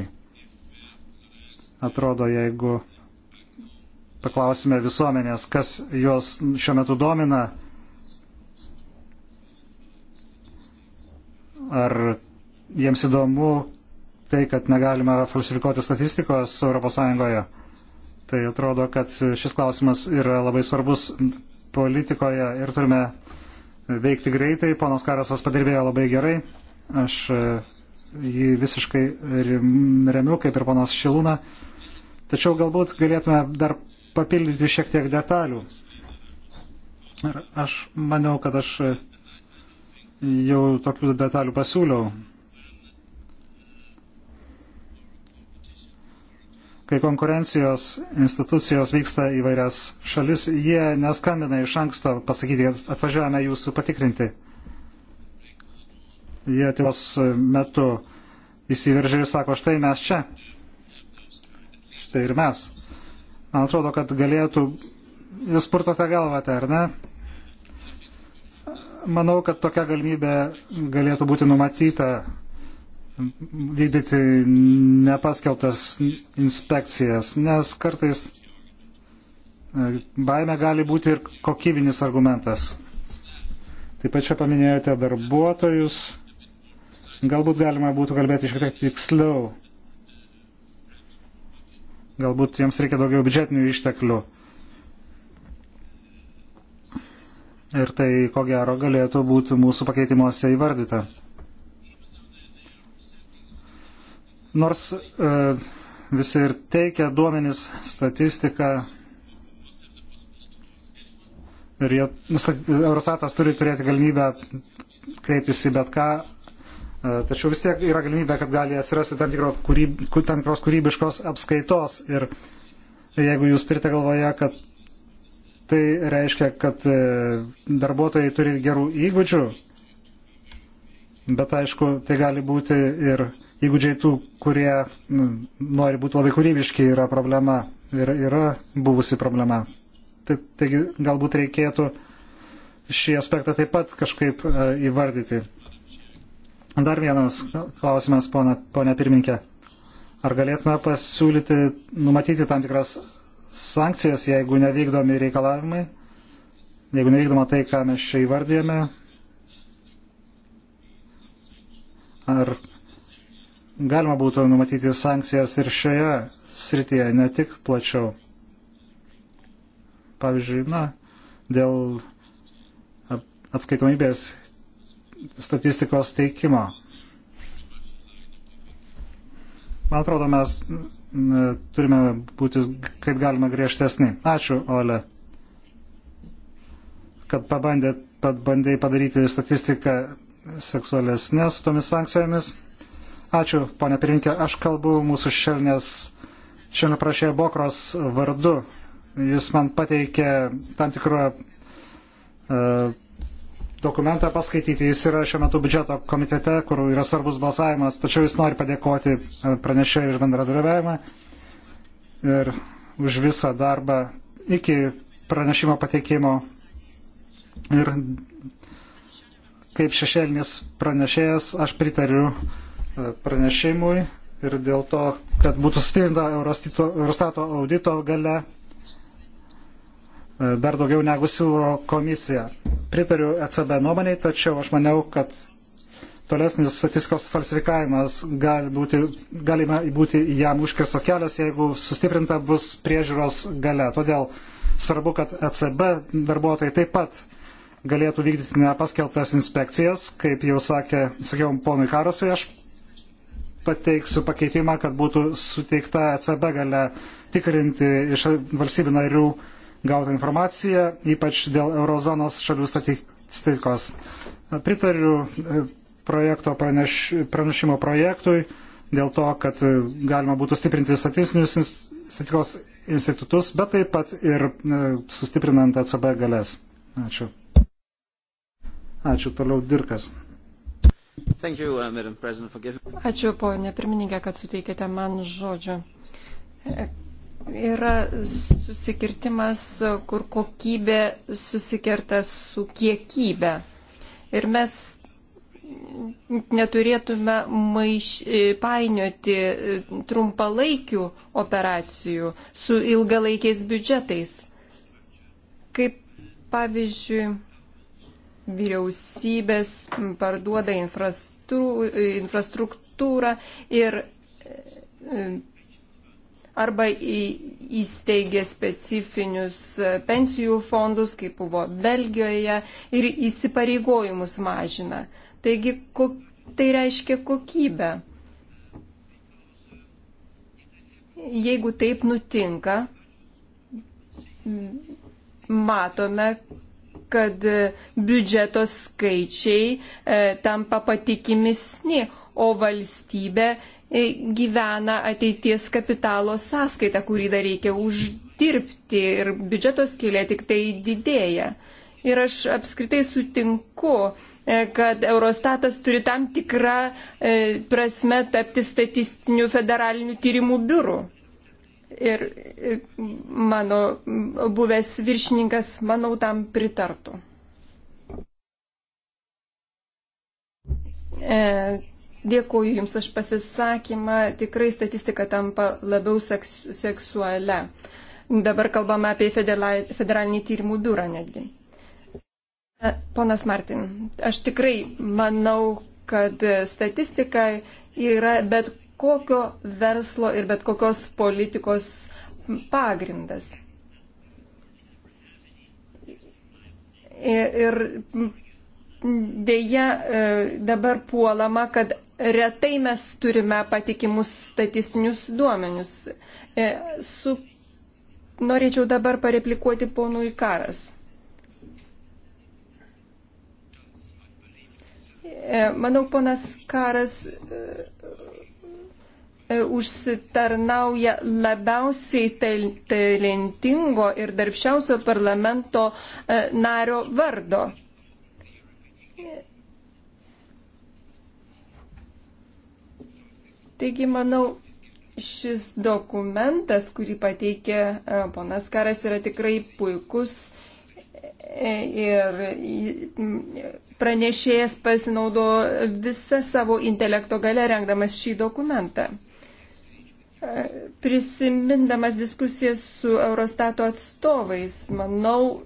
atrodo, jeigu paklausime visuomenės, kas juos šiuo metu domina, ar jiems įdomu tai, kad negalima falsifikuoti statistikos ES. Tai atrodo, kad šis klausimas yra labai svarbus politikoje ir turime veikti greitai. Ponas Karasas padirbėjo labai gerai. Aš e, jį visiškai remiu, kaip ir ponas Šilūna. Tačiau galbūt galėtume dar papildyti šiek tiek detalių. Ir aš maniau, kad aš e, jau tokių detalių pasiūliau. Kai konkurencijos institucijos vyksta į vairias šalis, jie neskambina iš anksto pasakyti, kad atvažiuojame jūsų patikrinti. Jie tos metu įsiveržia ir sako, štai mes čia. Štai ir mes. Man atrodo, kad galėtų, jūs purtote galvą, tai ar ne? Manau, kad tokia galimybė galėtų būti numatyta vykdyti nepaskeltas inspekcijas, nes kartais e, baime gali būti ir kokybinis argumentas. Taip pat čia paminėjote darbuotojus. Galbūt galima būtų kalbėti šiek tiek tiksliau galbūt jiems reikia daugiau biudžetinių išteklių. Ir tai, ko gero, galėtų būti mūsų pakeitimuose įvardyta. Nors e, visi ir teikia duomenis, statistiką, ir jie, Eurostatas turi turėti galimybę kreiptis į bet ką, E, tačiau vis tiek yra galimybė, kad gali atsirasti tam, tikro, kūryb, tam tikros kūrybiškos apskaitos. Ir jeigu jūs turite galvoje, kad tai reiškia, kad e, darbuotojai turi gerų įgūdžių, bet aišku, tai gali būti ir įgūdžiai tų, kurie nori būti labai kūrybiški, yra problema ir yra buvusi problema. Tai, taigi galbūt reikėtų šį aspektą taip pat kažkaip e, įvardyti. Dar vienas klausimas, ponia pirminkė. Ar galėtume pasiūlyti, numatyti tam tikras sankcijas, jeigu nevykdomi reikalavimai, jeigu nevykdoma tai, ką mes čia įvardėjame? Ar galima būtų numatyti sankcijas ir šioje srityje, ne tik plačiau? Pavyzdžiui, na, dėl atskaitomybės statistikos teikimo. Man atrodo, mes turime būti kaip galima griežtesni. Ačiū, Ole, kad pabandė, pabandėjai padaryti statistiką seksualesnė su tomis sankcijomis. Ačiū, ponė pirminkė. Aš kalbu mūsų šelnės šiandien prašė Bokros vardu. Jis man pateikė tam tikrą uh, dokumentą paskaityti. Jis yra šiuo metu biudžeto komitete, kur yra svarbus balsavimas, tačiau jis nori padėkoti e, pranešėjai už bendradarbiavimą ir už visą darbą iki pranešimo pateikimo. Ir kaip šešėlinis pranešėjas aš pritariu e, pranešimui ir dėl to, kad būtų stiprinta Eurostato audito gale dar daugiau negu siūlo komisija. Pritariu ECB nuomoniai, tačiau aš maniau, kad tolesnis statistikos falsifikavimas gali būti, galima būti jam užkirstas kelias, jeigu sustiprinta bus priežiūros gale. Todėl svarbu, kad ECB darbuotojai taip pat galėtų vykdyti nepaskeltas inspekcijas, kaip jau sakė, sakiau, ponui Karosui, aš pateiksiu pakeitimą, kad būtų suteikta ECB gale tikrinti iš valstybių narių uh, gautą informaciją, ypač dėl eurozonos šalių statistikos. Pritariu e, projekto praneš, pranešimo projektui dėl to, kad e, galima būtų stiprinti statistinius statistikos institutus, bet taip pat ir e, sustiprinant ECB galės. Ačiū. Ačiū. Toliau Dirkas. You, uh, Ačiū, ponė pirmininkė, kad suteikėte man žodžio yra susikirtimas, kur kokybė susikerta su kiekybė. Ir mes neturėtume maiš, painioti trumpalaikių operacijų su ilgalaikiais biudžetais. Kaip pavyzdžiui, vyriausybės parduoda infrastruktūrą ir e, arba į, įsteigė specifinius e, pensijų fondus, kaip buvo Belgijoje, ir įsipareigojimus mažina. Taigi, kok, tai reiškia kokybę. Jeigu taip nutinka, matome, kad e, biudžeto skaičiai e, tampa patikimesni, o valstybė E, gyvena ateities kapitalo sąskaita, kurį dar reikia uždirbti ir biudžeto skilė tik tai didėja. Ir aš apskritai sutinku, e, kad Eurostatas turi tam tikrą e, prasme tapti statistiniu federaliniu tyrimų biuru. Ir mano buvęs viršininkas, manau, tam pritartų. E, Dėkuoju Jums už pasisakymą. Tikrai statistika tampa labiau seks, seksualia. Dabar kalbame apie federalinį tyrimų biurą netgi. E, ponas Martin, aš tikrai manau, kad statistika yra bet kokio verslo ir bet kokios politikos pagrindas. Ir dėja e, dabar puolama, kad retai mes turime patikimus statistinius duomenius. E, su... Norėčiau dabar pareplikuoti ponui Karas. E, manau, ponas Karas užsitarnauja labiausiai talentingo ir darbščiausio parlamento nario vardo Taigi, manau, šis dokumentas, kurį pateikė e, ponas Karas, yra tikrai puikus e, ir pranešėjas pasinaudo visą savo intelekto galę rengdamas šį dokumentą. E, Prisimindamas diskusijas su Eurostato atstovais, manau,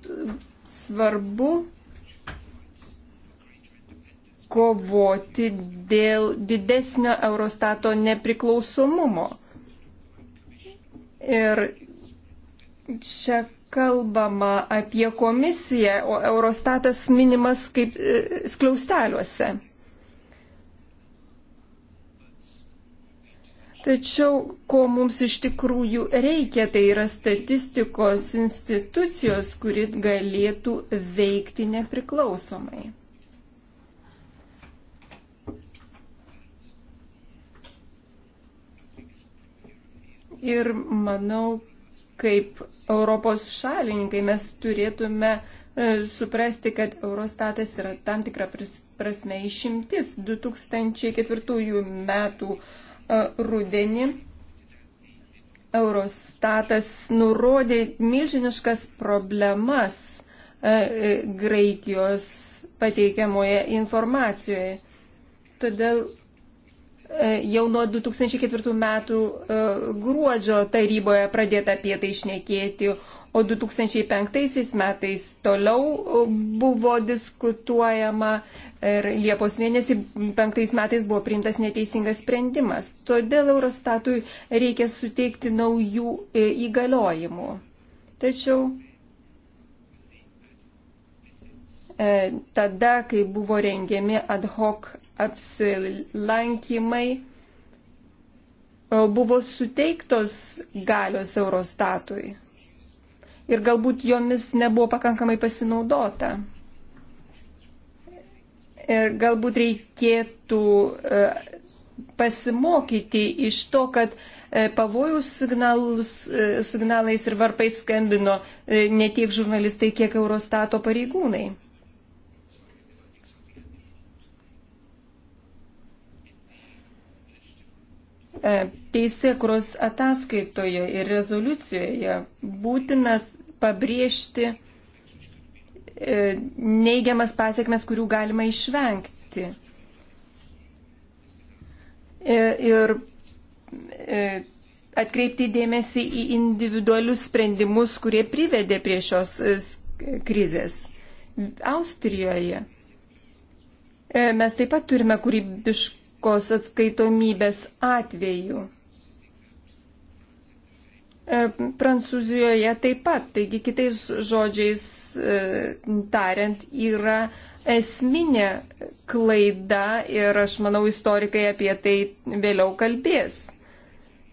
svarbu kovoti dėl didesnio Eurostato nepriklausomumo. Ir čia kalbama apie komisiją, o Eurostatas minimas kaip e, skliausteliuose. Tačiau, ko mums iš tikrųjų reikia, tai yra statistikos institucijos, kuri galėtų veikti nepriklausomai. Ir manau, kaip Europos šalininkai mes turėtume e, suprasti, kad Eurostatas yra tam tikrą prasme išimtis 2004 metų e, rudenį. Eurostatas nurodė milžiniškas problemas e, Graikijos pateikiamoje informacijoje. Todėl E, jau nuo 2004 metų e, gruodžio taryboje pradėta apie tai išnekėti, o 2005 metais toliau e, buvo diskutuojama ir Liepos mėnesį 5 metais buvo priimtas neteisingas sprendimas. Todėl Eurostatui reikia suteikti naujų įgaliojimų. Tačiau tada, kai buvo rengiami ad hoc apsilankymai buvo suteiktos galios Eurostatui ir galbūt jomis nebuvo pakankamai pasinaudota. Ir galbūt reikėtų e, pasimokyti iš to, kad e, pavojų signalus, e, signalais ir varpais skambino ne tiek žurnalistai, kiek Eurostato pareigūnai. E, teisėkros ataskaitoje ir rezoliucijoje būtinas pabrėžti e, neigiamas pasiekmes, kurių galima išvengti. E, ir atkreipti dėmesį į individualius sprendimus, kurie privedė prie šios krizės. Austrijoje mes taip pat turime kūrybiškų visiškos atskaitomybės atveju. E, Prancūzijoje taip pat, taigi kitais žodžiais e, tariant, yra esminė klaida ir aš manau istorikai apie tai vėliau kalbės.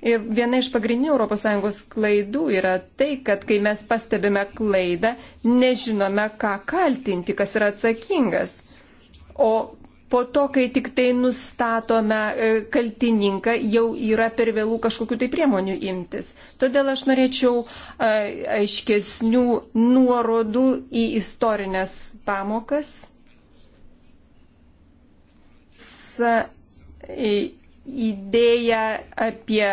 Ir viena iš pagrindinių ES klaidų yra tai, kad kai mes pastebime klaidą, nežinome, ką kaltinti, kas yra atsakingas. O po to, kai tik tai nustatome e, kaltininką, jau yra per vėlų kažkokiu tai priemonių imtis. Todėl aš norėčiau e, aiškesnių nuorodų į istorinės pamokas. E, idėja apie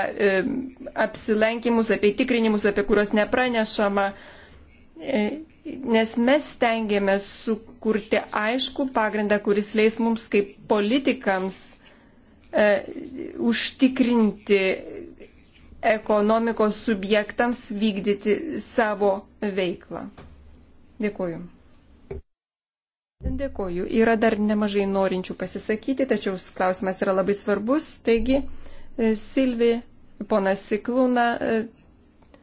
apsilankimus, apie tikrinimus, apie kuriuos nepranešama nes mes stengiamės su, kurti aišku pagrindą, kuris leis mums kaip politikams e, užtikrinti ekonomikos subjektams vykdyti savo veiklą. Dėkuoju. Dėkuoju. Yra dar nemažai norinčių pasisakyti, tačiau klausimas yra labai svarbus. Taigi, e, Silvi, ponas Siklūna, e,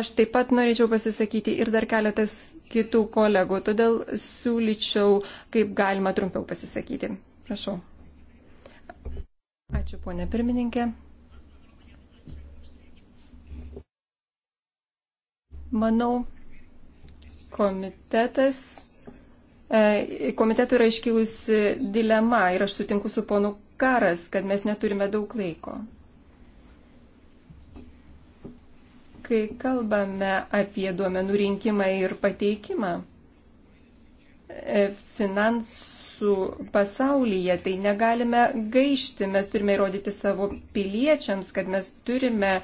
aš taip pat norėčiau pasisakyti ir dar keletas kitų kolegų, todėl siūlyčiau, kaip galima trumpiau pasisakyti. Prašau. Ačiū, ponė pirmininkė. Manau, komitetas. E, komitetų yra iškilusi dilema ir aš sutinku su ponu Karas, kad mes neturime daug laiko. kai kalbame apie duomenų rinkimą ir pateikimą e, finansų pasaulyje, tai negalime gaišti, mes turime įrodyti savo piliečiams, kad mes turime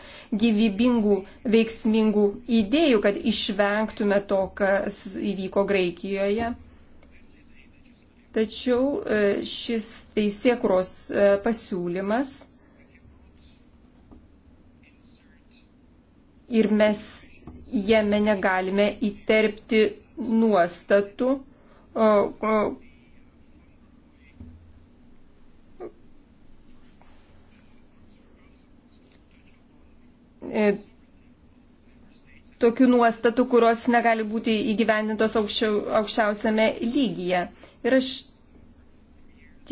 gyvybingų, veiksmingų idėjų, kad išvengtume to, kas įvyko Graikijoje. Tačiau e, šis teisėkros e, pasiūlymas ir mes jame negalime įterpti nuostatų, e, tokių nuostatų, kurios negali būti įgyvendintos aukščiau, aukščiausiame lygyje. Ir aš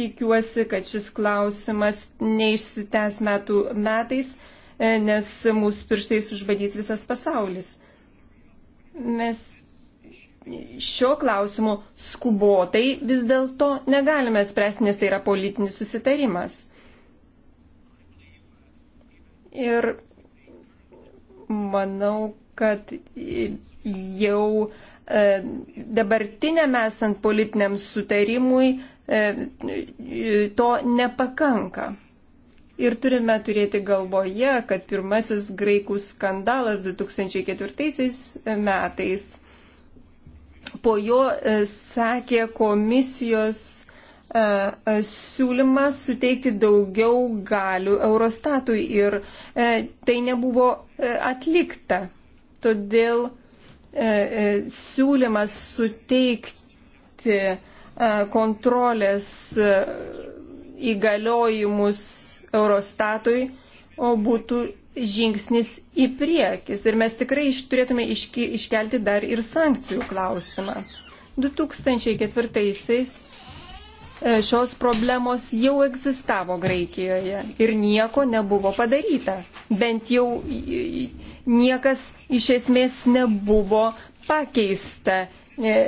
tikiuosi, kad šis klausimas neišsitęs metų metais, E, nes mūsų pirštais užbadys visas pasaulis. Mes šio klausimo skubotai vis dėlto negalime spręsti, nes tai yra politinis susitarimas. Ir manau, kad jau e, dabartiniam esant politiniam sutarimui e, to nepakanka. Ir turime turėti galvoje, kad pirmasis graikų skandalas 2004 metais po jo e, sekė komisijos e, e, siūlymas suteikti daugiau galių Eurostatui ir tai nebuvo atlikta. Todėl siūlymas suteikti kontrolės įgaliojimus Eurostatui, o būtų žingsnis į priekis. Ir mes tikrai turėtume iški, iškelti dar ir sankcijų klausimą. 2004-aisiais e, šios problemos jau egzistavo Graikijoje ir nieko nebuvo padaryta. Bent jau niekas iš esmės nebuvo pakeista, e,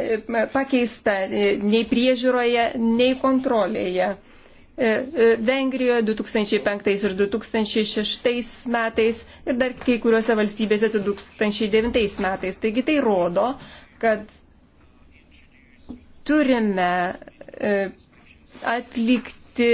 pakeista e, nei priežiūroje, nei kontrolėje. E, e, Vengrijoje 2005 ir 2006 metais ir dar kai kuriuose valstybėse 2009 metais. Taigi tai rodo, kad turime e, atlikti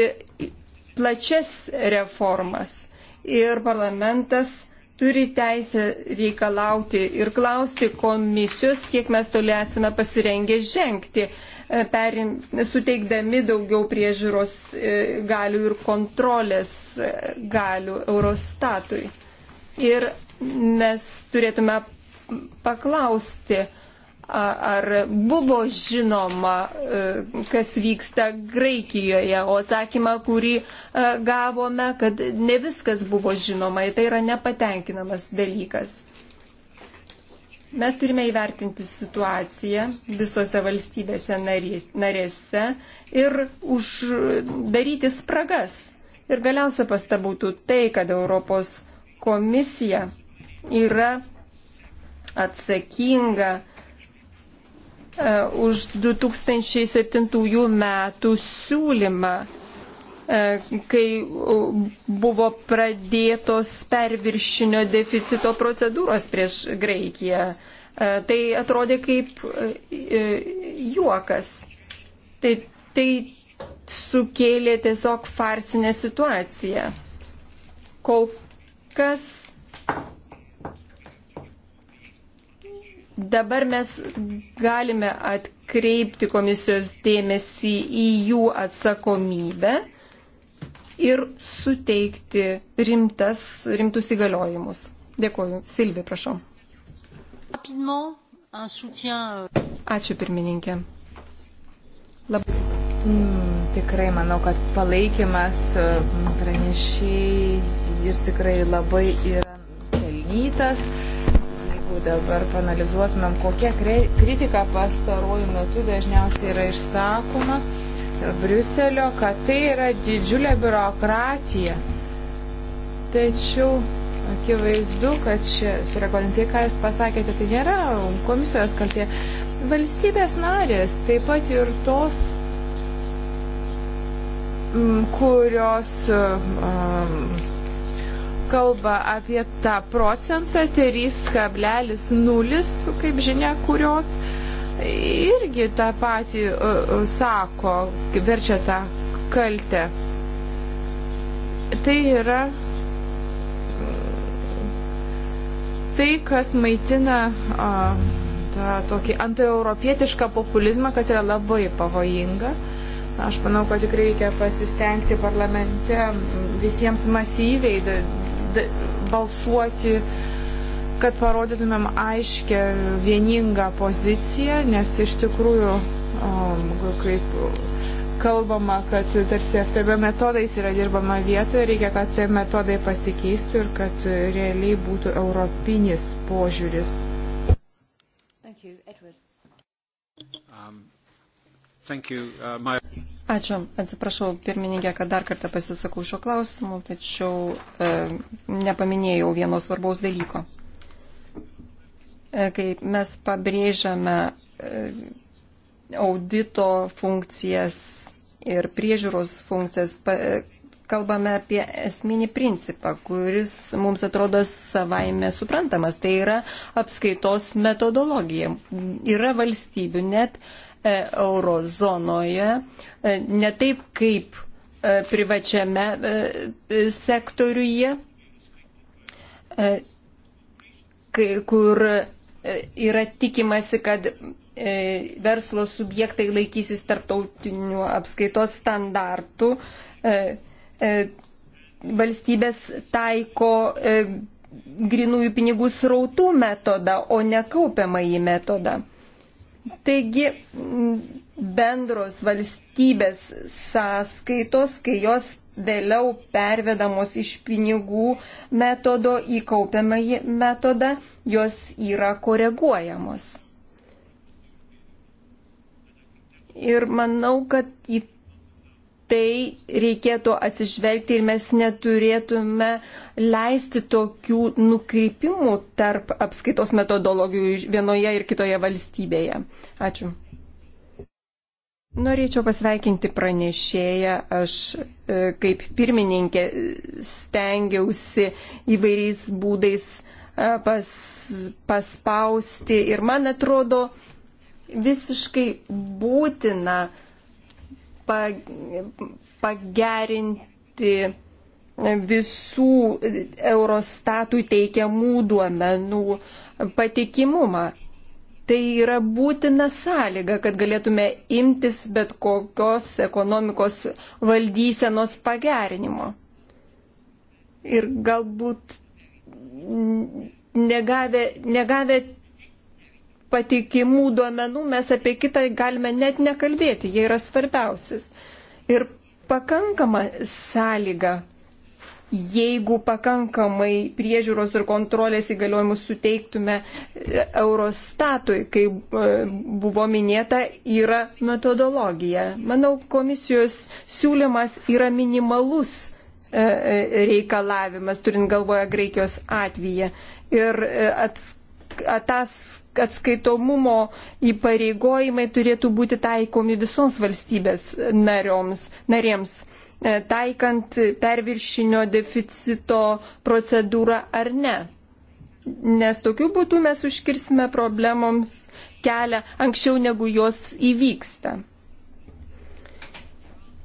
plačias reformas ir parlamentas turi teisę reikalauti ir klausti komisijos, kiek mes toli esame pasirengę žengti, e, perim, suteikdami daugiau priežiūros e, galių ir kontrolės e, galių Eurostatui. Ir mes turėtume paklausti, ar buvo žinoma, e, kas vyksta Graikijoje, o atsakymą, kurį e, gavome, kad ne viskas buvo žinoma, tai yra nepatenkinamas dalykas. Mes turime įvertinti situaciją visose valstybėse narėse ir uždaryti spragas. Ir galiausia pastabūtų tai, kad Europos komisija yra atsakinga E, už 2007 metų siūlymą, e, kai buvo pradėtos perviršinio deficito procedūros prieš Graikiją. E, tai atrodė kaip juokas. Tai, tai sukėlė tiesiog farsinę situaciją. Kol kas Dabar mes galime atkreipti komisijos dėmesį į jų atsakomybę ir suteikti rimtas, rimtus įgaliojimus. Dėkuoju. Silvi, prašau. Euh, Ačiū pirmininkė. Labai. Mm, tikrai manau, kad palaikymas uh, pranešiai ir tikrai labai yra pelnytas. Uh, jeigu dabar panalizuotumėm, kokia kritika pastaruoju metu dažniausiai yra išsakoma Briuselio, kad tai yra didžiulė biurokratija. Tačiau akivaizdu, kad čia, sureaguojant tai, ką Jūs pasakėte, tai nėra komisijos kaltė. Valstybės narės, taip pat ir tos, kurios um, kalba apie tą procentą 3,0, kaip žinia, kurios irgi tą patį e, e, sako, verčia tą kaltę. Tai yra mm, tai, kas maitina a, tą tokį antieuropietišką populizmą, kas yra labai pavojinga. Aš manau, kad tikrai reikia pasistengti parlamente visiems masyviai balsuoti, kad parodytumėm aiškę, vieningą poziciją, nes iš tikrųjų, um, kaip kalbama, kad tarsi FTB metodais yra dirbama vietoje, reikia, kad tie metodai pasikeistų ir kad realiai būtų europinis požiūris. Thank you, Edward. Um, thank you, uh, my... Ačiū. Atsiprašau, pirmininkė, kad dar kartą pasisakau šio klausimu, tačiau e, nepaminėjau vieno svarbaus dalyko. E, kai mes pabrėžiame e, audito funkcijas ir priežiūros funkcijas, pa, e, kalbame apie esminį principą, kuris mums atrodo savaime suprantamas. Tai yra apskaitos metodologija. Yra valstybių net. E, E, eurozonoje, e, ne taip kaip e, privačiame sektoriuje, kur yra tikimasi, kad verslo subjektai laikysis tarptautinių apskaitos standartų. Valstybės taiko grinųjų pinigų srautų metodą, o ne kaupiamąjį metodą. Taigi bendros valstybės sąskaitos, kai jos vėliau pervedamos iš pinigų metodo į kaupiamąjį metodą, jos yra koreguojamos. Ir manau, kad į tai reikėtų atsižvelgti ir mes neturėtume leisti tokių nukrypimų tarp apskaitos metodologijų vienoje ir kitoje valstybėje. Ačiū. Norėčiau pasveikinti pranešėją. Aš e, kaip pirmininkė stengiausi įvairiais būdais e, pas, paspausti ir man atrodo visiškai būtina uh, pagerinti visų Eurostatų teikiamų duomenų patikimumą. Tai yra būtina sąlyga, kad galėtume imtis bet kokios ekonomikos valdysenos pagerinimo. Ir galbūt negavę, negavę pateikimų duomenų mes apie kitą galime net nekalbėti, jie yra svarbiausias. Ir pakankama sąlyga, jeigu pakankamai priežiūros ir kontrolės įgaliojimus suteiktume e, Eurostatui, kaip e, buvo minėta, yra metodologija. Manau, komisijos siūlymas yra minimalus e, reikalavimas, turint galvoje Graikijos atvyje. Ir ats, atas atskaitomumo įpareigojimai turėtų būti taikomi visoms valstybės narioms, narėms, e, taikant perviršinio deficito procedūrą ar ne. Nes tokiu būdu mes užkirsime problemoms kelią anksčiau negu jos įvyksta.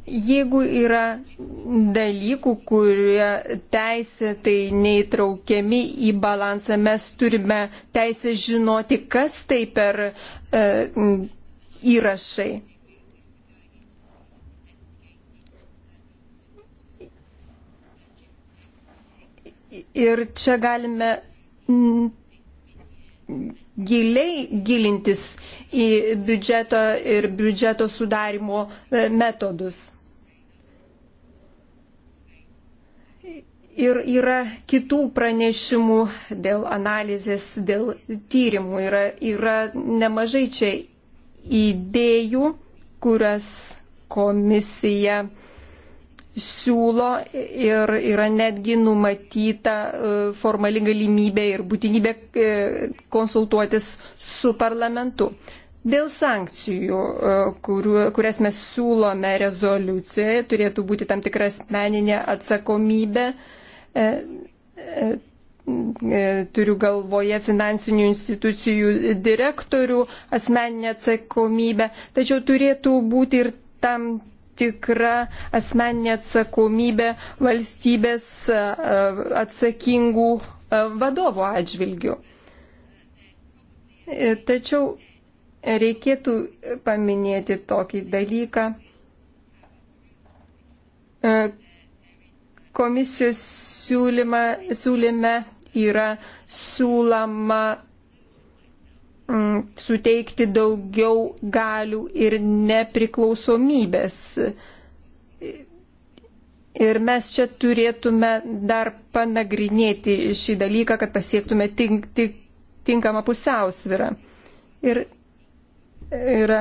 Jeigu yra dalykų, kurie teisė tai neįtraukiami į balansą, mes turime teisę žinoti, kas tai per e, įrašai. Ir čia galime giliai gilintis į biudžeto ir biudžeto sudarimo e, metodus. Ir yra kitų pranešimų dėl analizės, dėl tyrimų. Yra, yra nemažai čia idėjų, kurias komisija siūlo ir yra netgi numatyta e, formali galimybė ir būtinybė e, konsultuotis su parlamentu. Dėl sankcijų, e, kuriu, kurias mes siūlome rezoliucijoje, turėtų būti tam tikra asmeninė atsakomybė E, e, e, turiu galvoje finansinių institucijų direktorių asmeninę atsakomybę, tačiau turėtų būti ir tam tikra asmeninė atsakomybė valstybės atsakingų vadovų atžvilgių. Tačiau reikėtų paminėti tokį dalyką, Komisijos siūlyma, siūlyme yra siūloma mm, suteikti daugiau galių ir nepriklausomybės. Ir mes čia turėtume dar panagrinėti šį dalyką, kad pasiektume tink, tink, tinkamą pusiausvyrą. Ir yra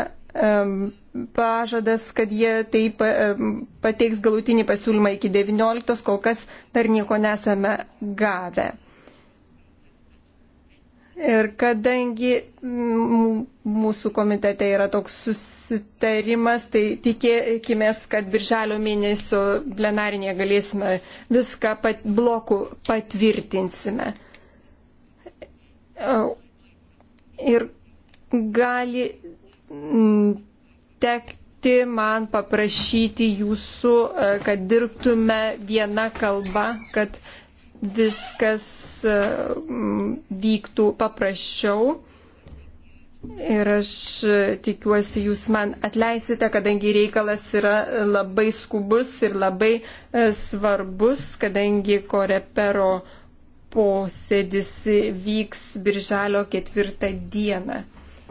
pažadas, kad jie taip pateiks galutinį pasiūlymą iki 19, kol kas dar nieko nesame gavę. Ir kadangi mūsų komitete yra toks susitarimas, tai tikėkime, kad birželio mėnesio plenarinėje galėsime viską pat, blokų patvirtinsime. Ir gali tekti man paprašyti jūsų, e, kad dirbtume vieną kalbą, kad viskas e, vyktų paprasčiau. Ir aš e, tikiuosi, jūs man atleisite, kadangi reikalas yra labai skubus ir labai svarbus, kadangi korepero posėdis vyks birželio ketvirtą dieną.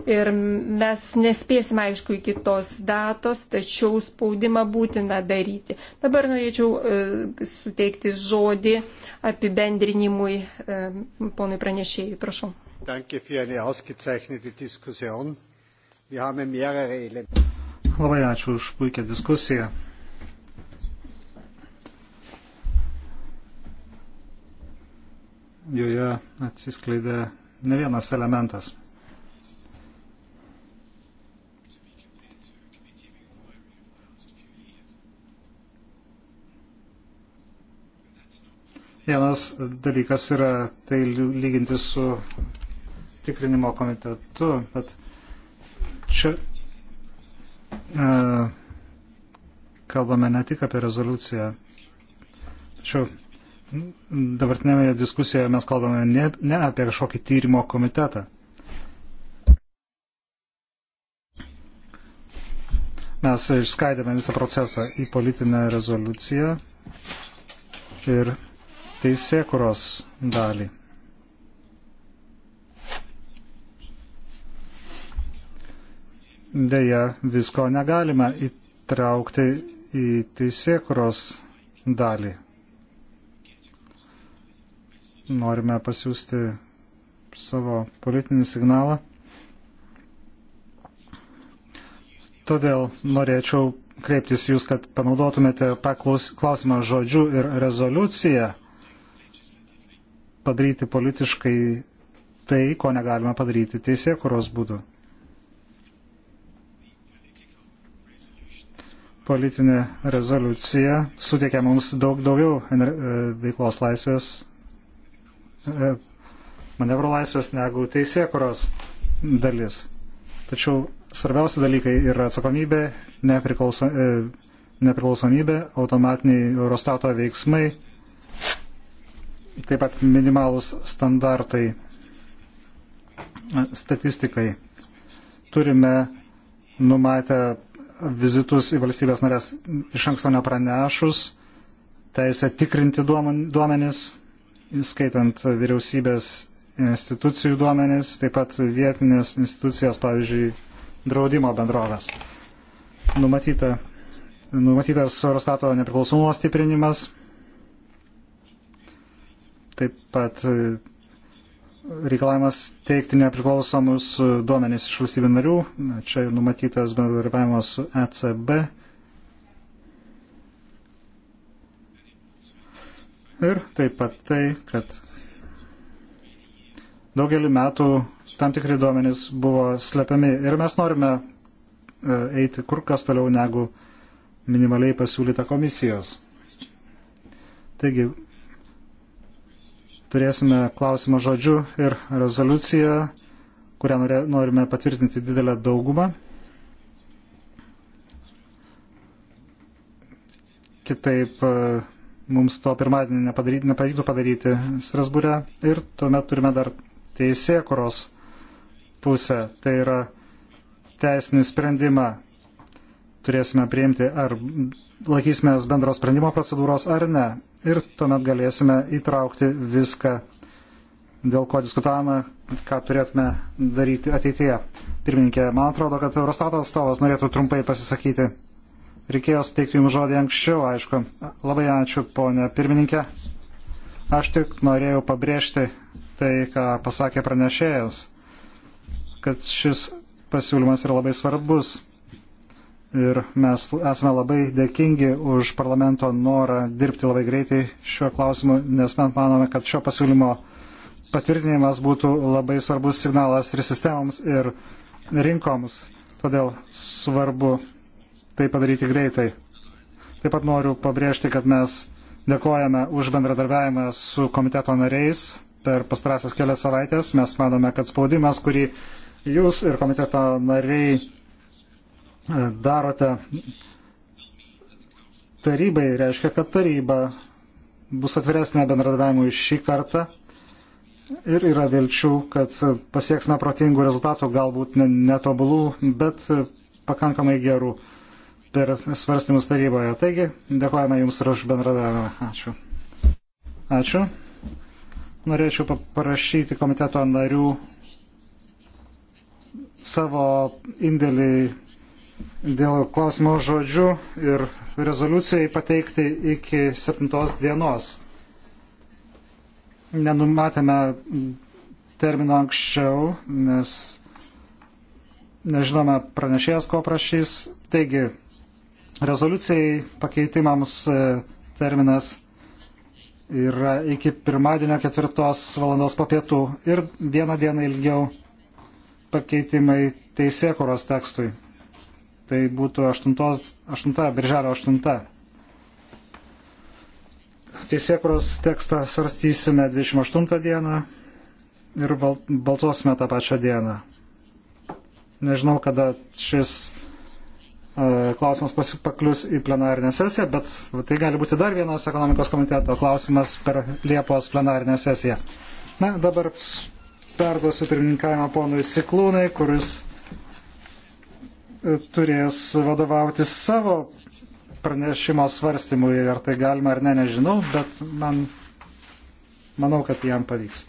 Ir mes nespėsime, aišku, iki tos datos, tačiau spaudimą būtina daryti. Dabar norėčiau e, suteikti žodį apibendrinimui e, ponui pranešėjui. Prašau. Labai ačiū už puikią diskusiją. Joje atsiskleidė ne vienas elementas. Vienas dalykas yra tai lyginti su tikrinimo komitetu, bet čia e, kalbame ne tik apie rezoliuciją. Tačiau dabartinėje diskusijoje mes kalbame ne, ne apie kažkokį tyrimo komitetą. Mes išskaidėme visą procesą į politinę rezoliuciją ir teisėkuros dalį. Deja, visko negalima įtraukti į teisėkuros dalį. Norime pasiūsti savo politinį signalą. Todėl norėčiau kreiptis jūs, kad panaudotumėte paklausimą žodžių ir rezoliuciją padaryti politiškai tai, ko negalima padaryti teisėkuros būdu. Politinė rezoliucija suteikia mums daug daugiau e, veiklos laisvės, e, manevro laisvės negu teisėkuros dalis. Tačiau svarbiausi dalykai yra atsakomybė, nepriklauso, e, nepriklausomybė, automatiniai Eurostato veiksmai taip pat minimalus standartai e, statistikai. Turime numatę vizitus į valstybės narės iš anksto nepranešus, teisę tikrinti duomenis, skaitant vyriausybės institucijų duomenis, taip pat vietinės institucijas, pavyzdžiui, draudimo bendrovės. Numatyta, numatytas Eurostato nepriklausomumo stiprinimas Taip pat e, reikalavimas teikti nepriklausomus e, duomenys iš valstybių narių. Čia numatytas bendradarbiavimas su ECB. Ir taip pat tai, kad daugelį metų tam tikri duomenys buvo slepiami. Ir mes norime e, eiti kur kas toliau negu minimaliai pasiūlyta komisijos. Taigi, turėsime klausimą žodžiu ir rezoliuciją, kurią norime patvirtinti didelę daugumą. Kitaip e, mums to pirmadienį nepadaryti, nepavyktų padaryti Strasbūre ir tuomet turime dar teisėkuros pusę, tai yra teisinį sprendimą turėsime priimti, ar laikysime bendros sprendimo procedūros ar ne. Ir tuomet galėsime įtraukti viską, dėl ko diskutavome, ką turėtume daryti ateityje. Pirmininkė, man atrodo, kad Eurostato atstovas norėtų trumpai pasisakyti. Reikėjo suteikti jums žodį anksčiau, aišku. Labai ačiū, ponė pirmininkė. Aš tik norėjau pabrėžti tai, ką pasakė pranešėjas, kad šis pasiūlymas yra labai svarbus ir mes esame labai dėkingi už parlamento norą dirbti labai greitai šiuo klausimu, nes mes manome, kad šio pasiūlymo patvirtinimas būtų labai svarbus signalas ir sistemoms, ir rinkoms. Todėl svarbu tai padaryti greitai. Taip pat noriu pabrėžti, kad mes dėkojame už bendradarbiavimą su komiteto nariais per pastarąsias kelias savaitės. Mes manome, kad spaudimas, kurį jūs ir komiteto nariai darote tarybai, reiškia, kad taryba bus atviresnė bendradarbiavimui šį kartą ir yra vilčių, kad pasieksime protingų rezultatų, galbūt netobulų, bet pakankamai gerų per svarstymus taryboje. Taigi, dėkojame Jums ir už bendradavimą. Ačiū. Ačiū. Norėčiau paprašyti komiteto narių savo indėlį dėl klausimo žodžių ir rezoliucijai pateikti iki 7 dienos. Nenumatėme termino anksčiau, nes nežinome pranešėjas, ko prašys. Taigi, rezoliucijai pakeitimams e, terminas yra iki pirmadienio 4 valandos po pietų ir vieną dieną ilgiau pakeitimai teisėkuros tekstui tai būtų 8, 8 birželio 8. Teisėkuros tekstą svarstysime 28 dieną ir balsuosime tą pačią dieną. Nežinau, kada šis e, klausimas paklius į plenarinę sesiją, bet tai gali būti dar vienas ekonomikos komiteto klausimas per Liepos plenarinę sesiją. Na, dabar perduosiu pirmininkavimą ponui Siklūnai, kuris turės vadovauti savo pranešimo svarstymui, ar tai galima ar ne, nežinau, bet man, manau, kad jam pavyks.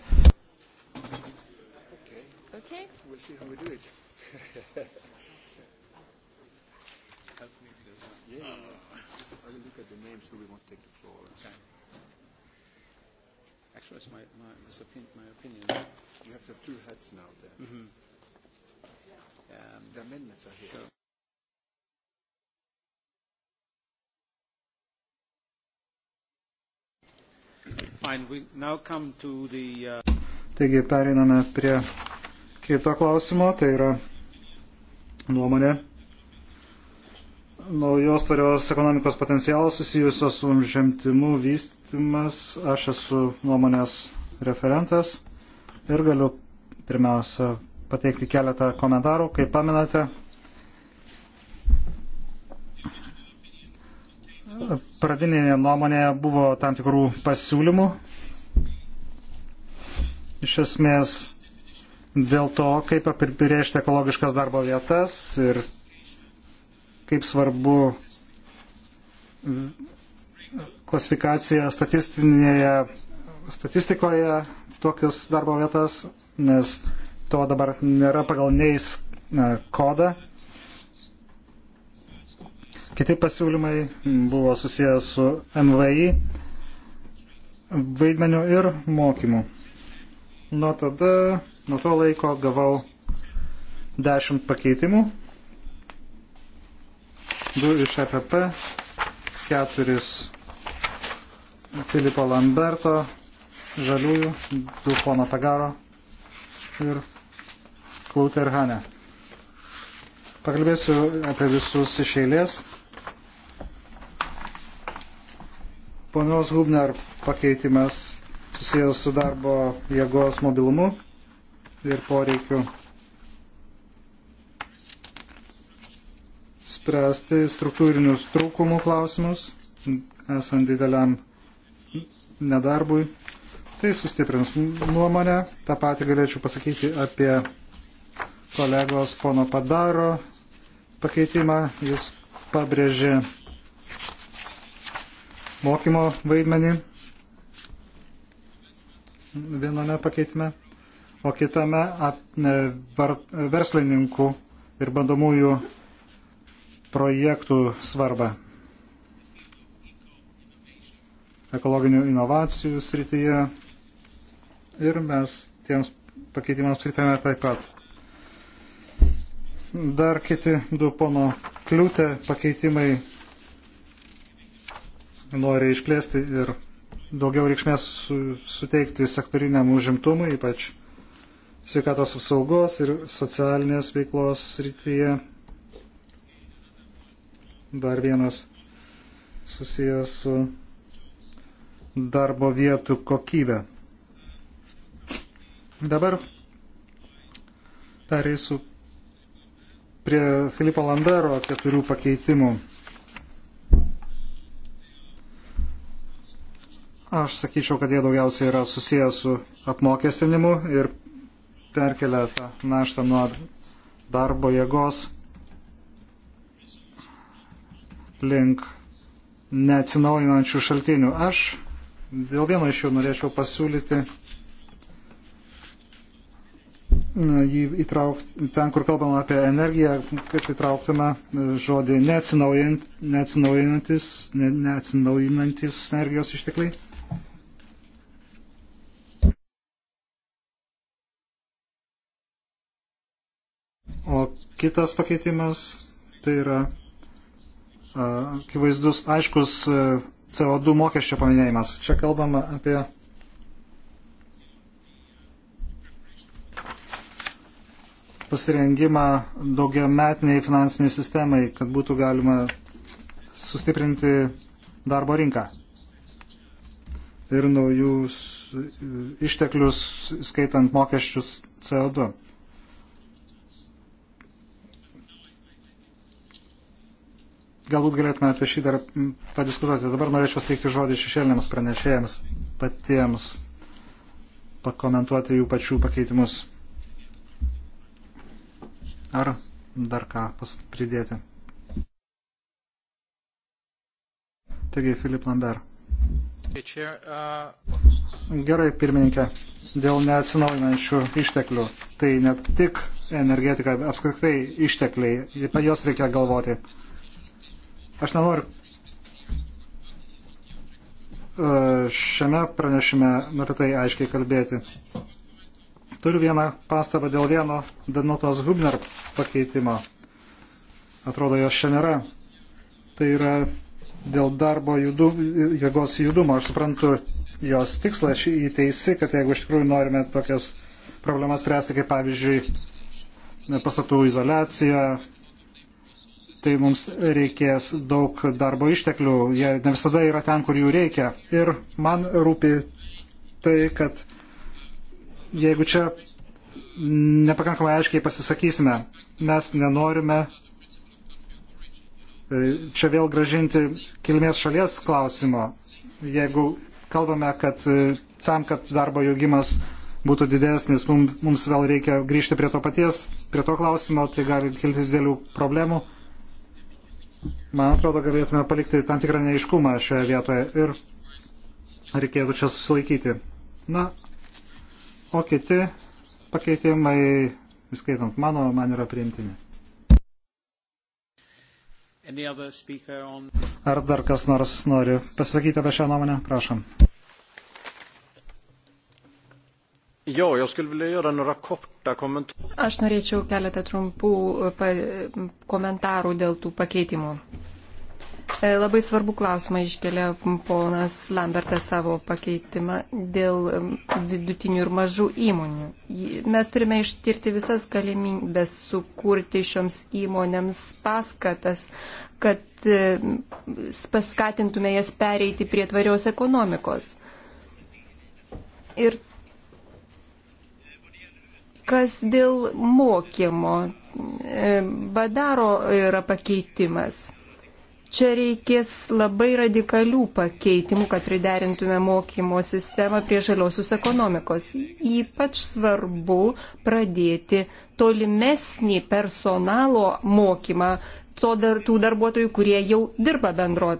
The... Uh, Taigi periname prie kito klausimo, tai yra nuomonė naujos tvarios ekonomikos potencialas susijusios su žemtimu vystimas. Aš esu nuomonės referentas ir galiu pirmiausia pateikti keletą komentarų. Kaip pamenate, pradinėje nuomonėje buvo tam tikrų pasiūlymų. Iš esmės dėl to, kaip apibrėžti ekologiškas darbo vietas ir kaip svarbu klasifikacija statistinėje statistikoje tokius darbo vietas, nes to dabar nėra pagal neis kodą. Kiti pasiūlymai buvo susijęs su MVI vaidmeniu ir mokymu. Nuo tada, nuo to laiko gavau 10 pakeitimų, 2 iš EPP, 4 Filipo Lamberto, Žaliųjų, 2 pono Pagaro ir Klauterhane. Pakalbėsiu apie visus iš eilės. Ponios Hubner pakeitimas susijęs su darbo jėgos mobilumu ir poreikiu spręsti struktūrinius trūkumų klausimus, esant dideliam nedarbui. Tai sustiprins nuomonę. Ta pati galėčiau pasakyti apie kolegos pono Padaro pakeitimą. Jis pabrėžė mokymo vaidmenį viename pakeitime, o kitame ap, ne, var, verslininkų ir bandomųjų projektų svarbą ekologinių inovacijų srityje ir mes tiems pakeitimams pritame taip pat. Dar kiti du pono kliūtė pakeitimai nori išplėsti ir daugiau reikšmės suteikti sektoriniam užimtumui, ypač sveikatos apsaugos ir socialinės veiklos srityje. Dar vienas susijęs su darbo vietų kokybė. Dabar pereisiu prie Filipo Landero keturių pakeitimų. Aš sakyčiau, kad jie daugiausiai yra susijęs su apmokestinimu ir perkelia tą naštą nuo darbo jėgos link neatsinaujinančių šaltinių. Aš dėl vieno iš jų norėčiau pasiūlyti jį įtraukti, ten, kur kalbam apie energiją, kad įtrauktume žodį neatsinaujinantis, ne, neatsinaujinantis energijos ištekliai. O kitas pakeitimas tai yra akivaizdus, aiškus e, CO2 mokesčio paminėjimas. Čia kalbama apie pasirengimą daugiametiniai finansiniai sistemai, kad būtų galima sustiprinti darbo rinką ir naujus išteklius, skaitant mokesčius CO2. galbūt galėtume apie šį dar padiskutuoti. Dabar norėčiau steikti žodį šešėliniams pranešėjams patiems pakomentuoti jų pačių pakeitimus. Ar dar ką pridėti? Taigi, Filip Lambert. Gerai, pirmininkė, dėl neatsinaujinančių išteklių. Tai ne tik energetika, apskritai ištekliai, apie juos reikia galvoti. Aš nenoriu e, šiame pranešime apie tai aiškiai kalbėti. Turiu vieną pastabą dėl vieno Danutos Hubner pakeitimo. Atrodo, jos šiandien yra. Tai yra dėl darbo judu, jėgos judumo. Aš suprantu jos tikslą, aš jį teisi, kad jeigu iš tikrųjų norime tokias problemas spręsti, kaip pavyzdžiui pastatų izolacija, tai mums reikės daug darbo išteklių, jie ne visada yra ten, kur jų reikia. Ir man rūpi tai, kad jeigu čia nepakankamai aiškiai pasisakysime, mes nenorime e, čia vėl gražinti kilmės šalies klausimo, jeigu kalbame, kad e, tam, kad darbo jėgimas būtų didesnis, mums vėl reikia grįžti prie to paties, prie to klausimo, tai gali kilti didelių problemų man atrodo, galėtume palikti tam tikrą neiškumą šioje vietoje ir reikėtų čia susilaikyti. Na, o kiti pakeitimai, viskaitant mano, man yra priimtini. On... Ar dar kas nors nori pasakyti apie šią nuomonę? Prašom. Jo, jag skulle vilja göra några korta kommentarer. Aš norėčiau keletą trumpų e, komentarų dėl tų pakeitimų. E, labai svarbu klausimą iškelia ponas Lambertas savo pakeitimą dėl e, vidutinių ir mažų įmonių. Mes turime ištirti visas galimybės sukurti šioms įmonėms paskatas, kad paskatintume jas pereiti prie tvarios ekonomikos. Ir Kas dėl mokymo, e, badaro yra pakeitimas. Čia reikės labai radikalių pakeitimų, kad priderintume mokymo sistemą prie žaliosios ekonomikos. Ypač svarbu pradėti tolimesnį personalo mokymą dar, tų darbuotojų, kurie jau dirba bendro,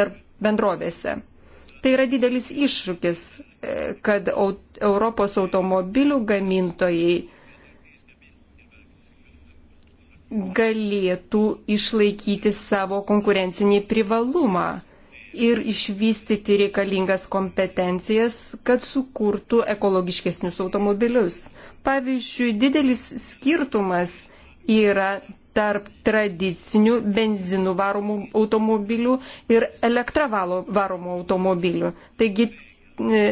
dar, bendrovėse. Tai yra didelis iššūkis, e, kad Europos automobilių gamintojai galėtų išlaikyti savo konkurencinį privalumą ir išvystyti reikalingas kompetencijas, kad sukurtų ekologiškesnius automobilius. Pavyzdžiui, didelis skirtumas yra tarp tradicinių benzinų varomų automobilių ir elektravalo varomų automobilių. Taigi e,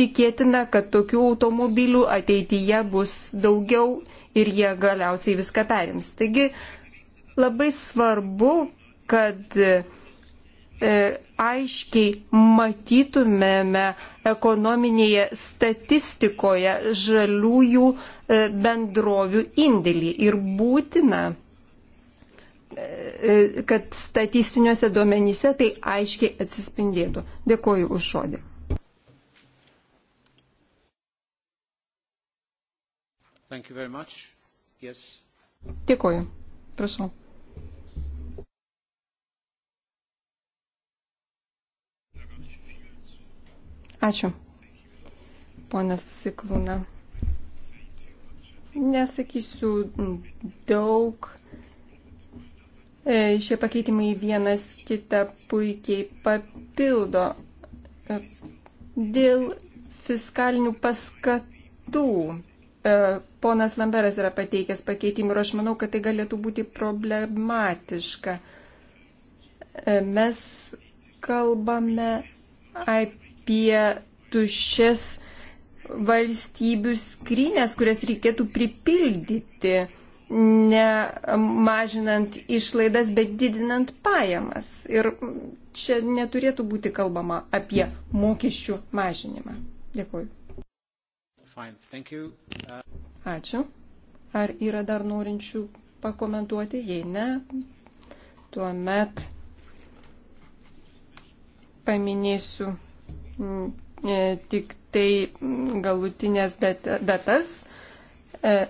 tikėtina, kad tokių automobilių ateityje bus daugiau ir jie galiausiai viską perims. Taigi labai svarbu, kad e, e, aiškiai matytumėme ekonominėje statistikoje žaliųjų bendrovių indėlį ir būtina E, kad statistiniuose duomenyse tai aiškiai atsispindėtų. Dėkuoju už žodį. Yes. Dėkuoju. Prašau. Ačiū. Ponas Siklūna. Nesakysiu daug E, šie pakeitimai vienas kitą puikiai papildo. E, dėl fiskalinių paskatų e, ponas Lamberas yra pateikęs pakeitimų ir aš manau, kad tai galėtų būti problematiška. Mes kalbame apie tušes valstybių skrynės, kurias reikėtų pripildyti nemažinant išlaidas, bet didinant pajamas. Ir čia neturėtų būti kalbama apie mokesčių mažinimą. Dėkuoju. Uh, Ačiū. Ar yra dar norinčių pakomentuoti? Jei ne, tuomet paminėsiu mm, e, tik tai galutinės datas. E,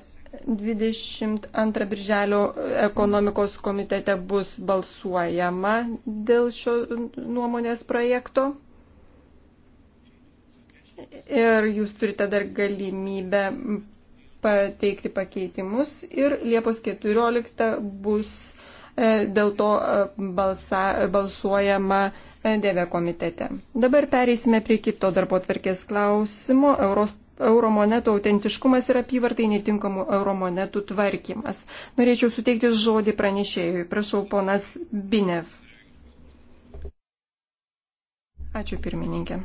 22 birželio ekonomikos komitete bus balsuojama dėl šio nuomonės projekto. Ir jūs turite dar galimybę pateikti pakeitimus ir Liepos 14 bus e, dėl to e, balsa, balsuojama e, Dėvė komitete. Dabar pereisime prie kito darbo tvarkės klausimo. Europos euro monetų autentiškumas ir apyvartai netinkamų euro monetų tvarkymas. Norėčiau suteikti žodį pranešėjui. Prašau, ponas Binev. Ačiū pirmininkė.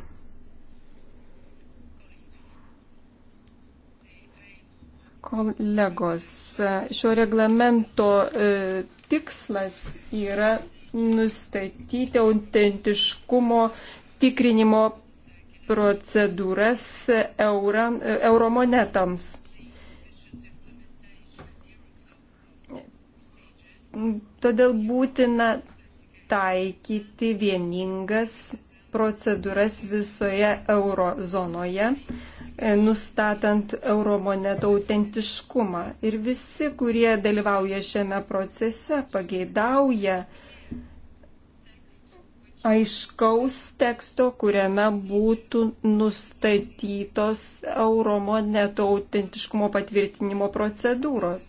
Kolegos, šio reglamento e, tikslas yra nustatyti autentiškumo tikrinimo procedūras euro, euro monetoms. Todėl būtina taikyti vieningas procedūras visoje eurozonoje, nustatant euromoneto autentiškumą. Ir visi, kurie dalyvauja šiame procese, pageidauja, aiškaus teksto, kuriame būtų nustatytos euromoneto autentiškumo patvirtinimo procedūros.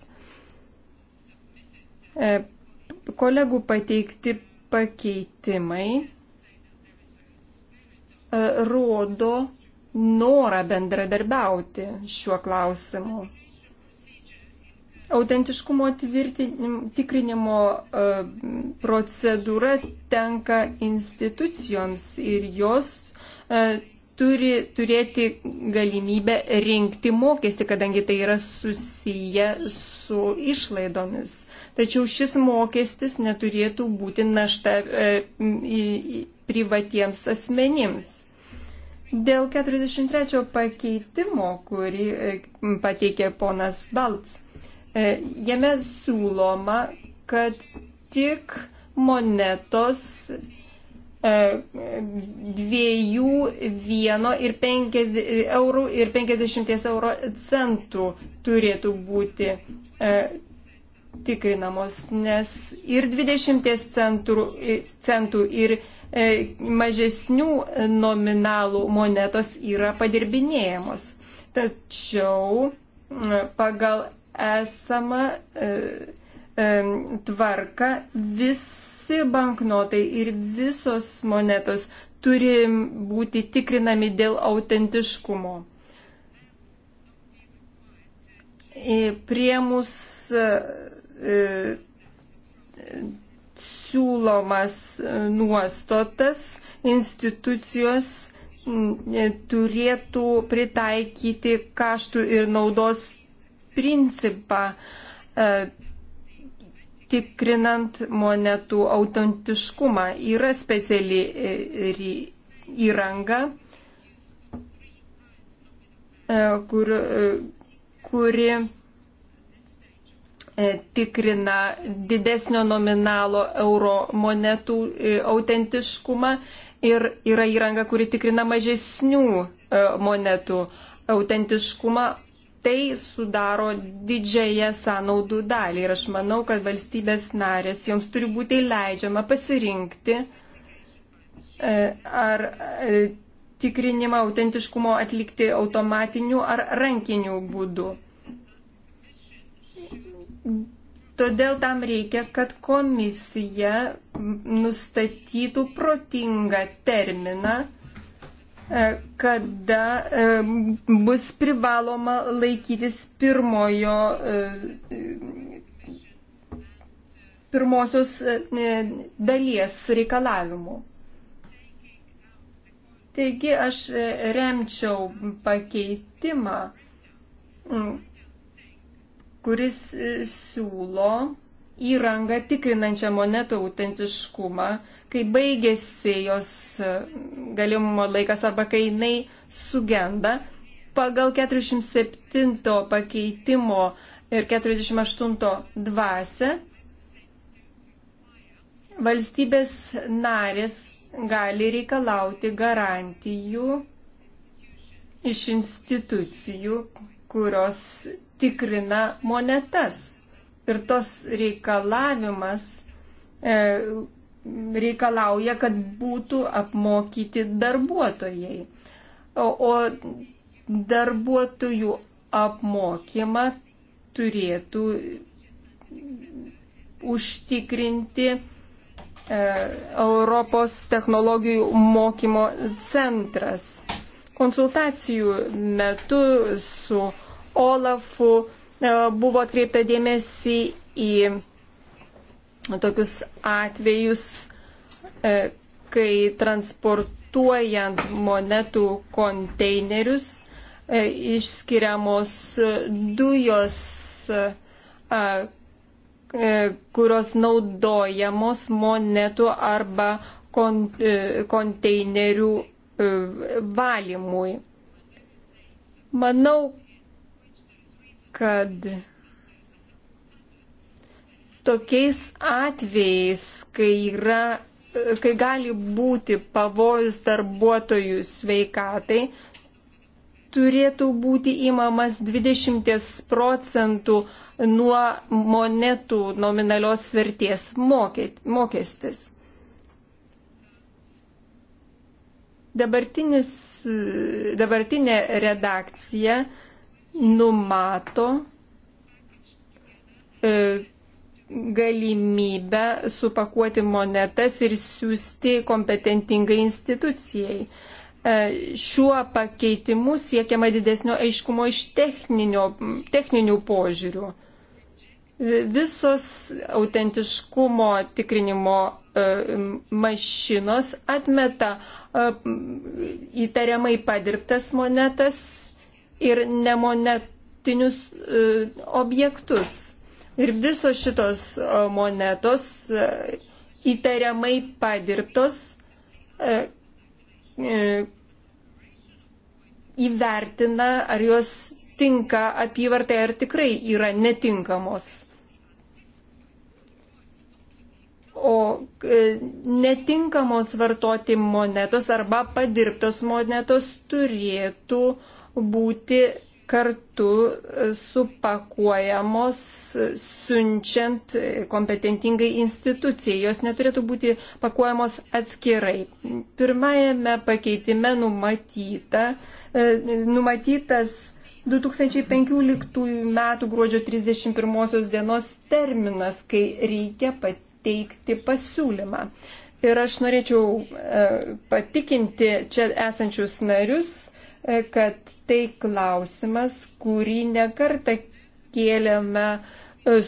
E, kolegų pateikti pakeitimai e, rodo norą bendradarbiauti šiuo klausimu autentiškumo tikrinimo e, procedūra tenka institucijoms ir jos e, turi turėti galimybę rinkti mokestį, kadangi tai yra susiję su išlaidomis. Tačiau šis mokestis neturėtų būti našta e, privatiems asmenims. Dėl 43 pakeitimo, kurį pateikė ponas Balts E, jame siūloma, kad tik monetos e, dviejų vieno ir 50 eurų ir 50 euro centų turėtų būti e, tikrinamos, nes ir 20 centų, e, centų ir e, mažesnių nominalų monetos yra padirbinėjamos. Tačiau pagal esamą e, e, tvarką visi banknotai ir visos monetos turi būti tikrinami dėl autentiškumo. Prie mus e, e, siūlomas nuostatas institucijos e, turėtų pritaikyti kaštų ir naudos principą e, tikrinant monetų autentiškumą. Yra speciali e, įranga, e, kur, kuri tikrina didesnio nominalo euro monetų autentiškumą ir yra įranga, kuri tikrina mažesnių monetų autentiškumą, tai sudaro didžiąją sąnaudų dalį. Ir aš manau, kad valstybės narės joms turi būti leidžiama pasirinkti, e, ar e, tikrinimą autentiškumo atlikti automatiniu ar rankiniu būdu. Todėl tam reikia, kad komisija nustatytų protingą terminą, E, kada e, bus privaloma laikytis pirmojo, e, pirmosios dalies reikalavimų. Taigi aš remčiau pakeitimą, kuris siūlo įrangą tikrinančią monetų autentiškumą kai baigėsi jos e, galimo laikas arba kai jinai sugenda, pagal 47 pakeitimo ir 48 dvasę valstybės narės gali reikalauti garantijų iš institucijų, kurios tikrina monetas. Ir tos reikalavimas e, reikalauja, kad būtų apmokyti darbuotojai. O, o darbuotojų apmokymą turėtų užtikrinti e, Europos technologijų mokymo centras. Konsultacijų metu su Olafu e, buvo atkreipta dėmesį į tokius atvejus, e, kai transportuojant monetų konteinerius e, išskiriamos dujos, e, kurios naudojamos monetų arba konteinerių valymui. Manau, kad tokiais atvejais, kai yra kai gali būti pavojus darbuotojų sveikatai, turėtų būti įmamas 20 procentų nuo monetų nominalios vertės mokestis. Dabartinis, dabartinė redakcija numato, e, galimybę supakuoti monetas ir siūsti kompetentingai institucijai. E, šiuo pakeitimu siekiama didesnio aiškumo iš techninio, techninių požiūrių. Visos autentiškumo tikrinimo e, mašinos atmeta e, įtariamai padirbtas monetas ir nemonetinius objektus Ir visos šitos e, monetos e, įtariamai padirbtos e, įvertina, ar jos tinka apyvartai, ar tikrai yra netinkamos. O netinkamos vartoti monetos arba padirbtos monetos turėtų būti kartu e, supakuojamos, e, siunčiant e, kompetentingai institucijai. Jos neturėtų būti pakuojamos atskirai. Pirmajame pakeitime numatyta, numatytas 2015 m. gruodžio 31 dienos terminas, kai reikia pateikti pasiūlymą. Ir aš norėčiau patikinti čia esančius narius, kad tai klausimas, kurį nekartą kėlėme e,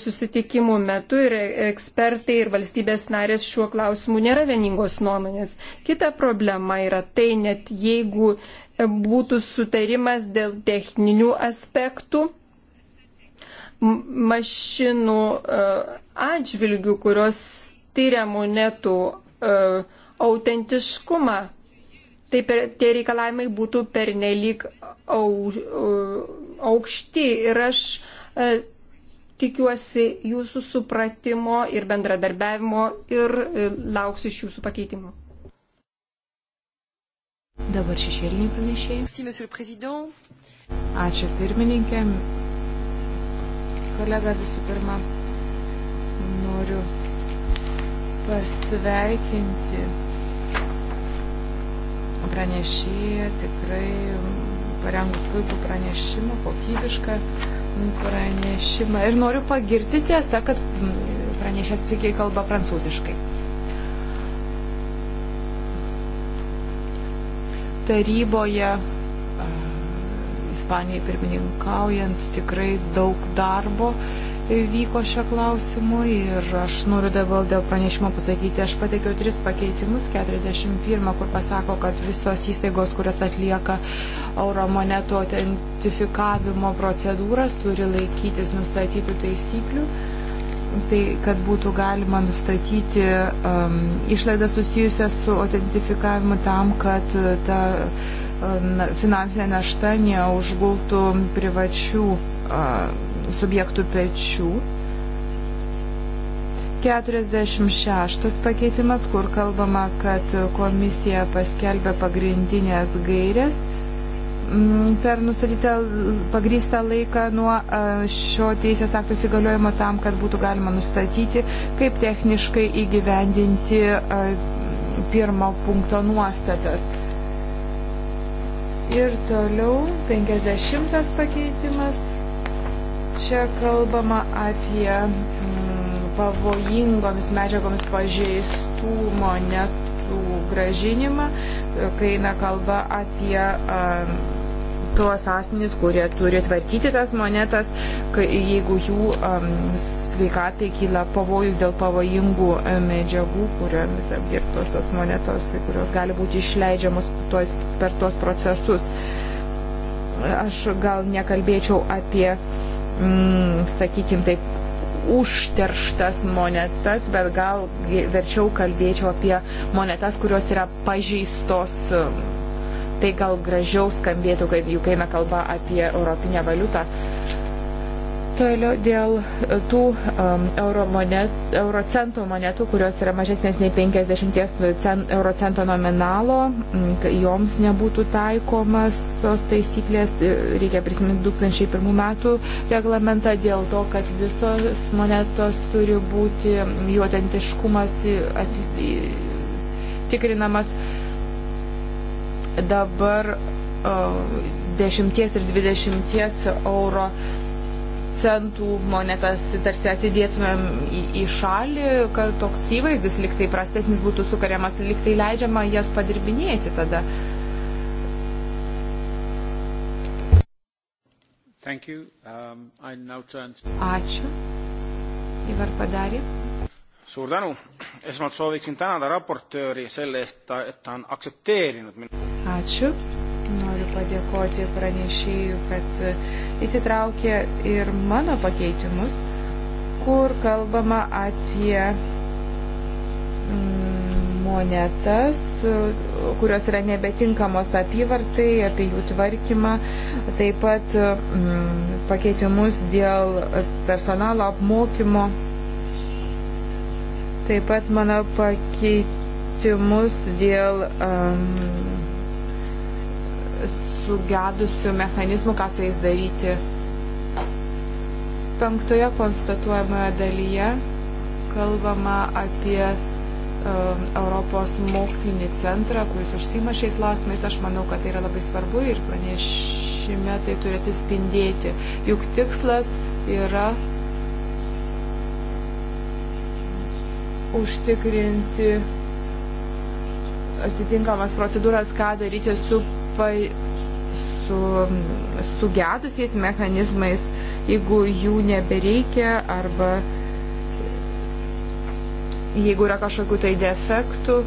susitikimų metu ir ekspertai ir valstybės narės šiuo klausimu nėra vieningos nuomonės. Kita problema yra tai, net jeigu būtų sutarimas dėl techninių aspektų, mašinų e, atžvilgių, kurios tyria monetų e, autentiškumą tai per, tie reikalavimai būtų pernelyg au, aukšti. Ir aš e, tikiuosi jūsų supratimo ir bendradarbiavimo ir e, lauksiu iš jūsų pakeitimų. Dabar šešėliniai panašiai. Ačiū pirmininkė. Kolega visų pirma, noriu pasveikinti pranešėja tikrai parengus puikų pranešimą, kokybišką mm, pranešimą. Ir noriu pagirti tiesą, kad mm, pranešęs puikiai kalba prancūziškai. Taryboje Ispanijai pirmininkaujant tikrai daug darbo vyko šio klausimu ir aš noriu dabar dėl pranešimo pasakyti, aš pateikiau tris pakeitimus, 41, kur pasako, kad visos įstaigos, kurios atlieka euro monetų autentifikavimo procedūras, turi laikytis nustatytų taisyklių tai kad būtų galima nustatyti um, išlaidas susijusias su autentifikavimu tam, kad uh, ta um, finansinė našta neužgultų privačių uh, subjektų pečių. 46 pakeitimas, kur kalbama, kad komisija paskelbė pagrindinės gairės mm, per nustatytą pagrįstą laiką nuo šio teisės akto įsigaliojimo tam, kad būtų galima nustatyti, kaip techniškai įgyvendinti pirmo punkto nuostatas. Ir toliau 50 pakeitimas. Čia kalbama apie mm, pavojingomis medžiagomis pažeistų monetų gražinimą, kai eina kalba apie mm, tuos asmenys, kurie turi tvarkyti tas monetas, kai, jeigu jų um, sveikatai kyla pavojus dėl pavojingų medžiagų, kuriomis apdirbtos tas monetos, kurios gali būti išleidžiamos tuos, per tuos procesus. Aš gal nekalbėčiau apie uh, mm, sakykime taip, užterštas monetas, bet gal verčiau kalbėčiau apie monetas, kurios yra pažeistos. Um, tai gal gražiau skambėtų, kai juk eina kalba apie europinę valiutą. Toliau dėl e, tų um, euro monet, eurocentų monetų, kurios yra mažesnės nei 50 eurocento nominalo, joms nebūtų taikomas tos taisyklės, e, reikia prisiminti 2001 metų reglamentą dėl to, kad visos monetos turi būti, jų autentiškumas tikrinamas. Dabar uh, 10 ir 20 euro centų monetas tarsi atidėtumėm į, į šalį, kad toks įvaizdis liktai prastesnis būtų sukariamas, liktai leidžiama jas padirbinėti tada. Um, turn... Ačiū. Ivar padarė. Suur tänu. Esmalt sooviksin tänada raportööri selle eest, et ta on aktsepteerinud minu. Ačiū. Noriu padėkoti pranešėjų, kad įsitraukė ir mano pakeitimus, kur kalbama apie mm, monetas, kurios yra nebetinkamos apyvartai, apie jų tvarkymą, taip pat mm, pakeitimus dėl personalo apmokymo, taip pat mano pakeitimus dėl um, sugedusių mechanizmų, ką su jais daryti. Penktoje konstatuojamoje dalyje kalbama apie um, Europos mokslinį centrą, kuris užsima šiais klausimais. Aš manau, kad tai yra labai svarbu ir pranešime tai turi atsispindėti. Juk tikslas yra užtikrinti atitinkamas procedūras, ką daryti su pa, su sugedusiais mechanizmais, jeigu jų nebereikia arba jeigu yra kažkokių tai defektų,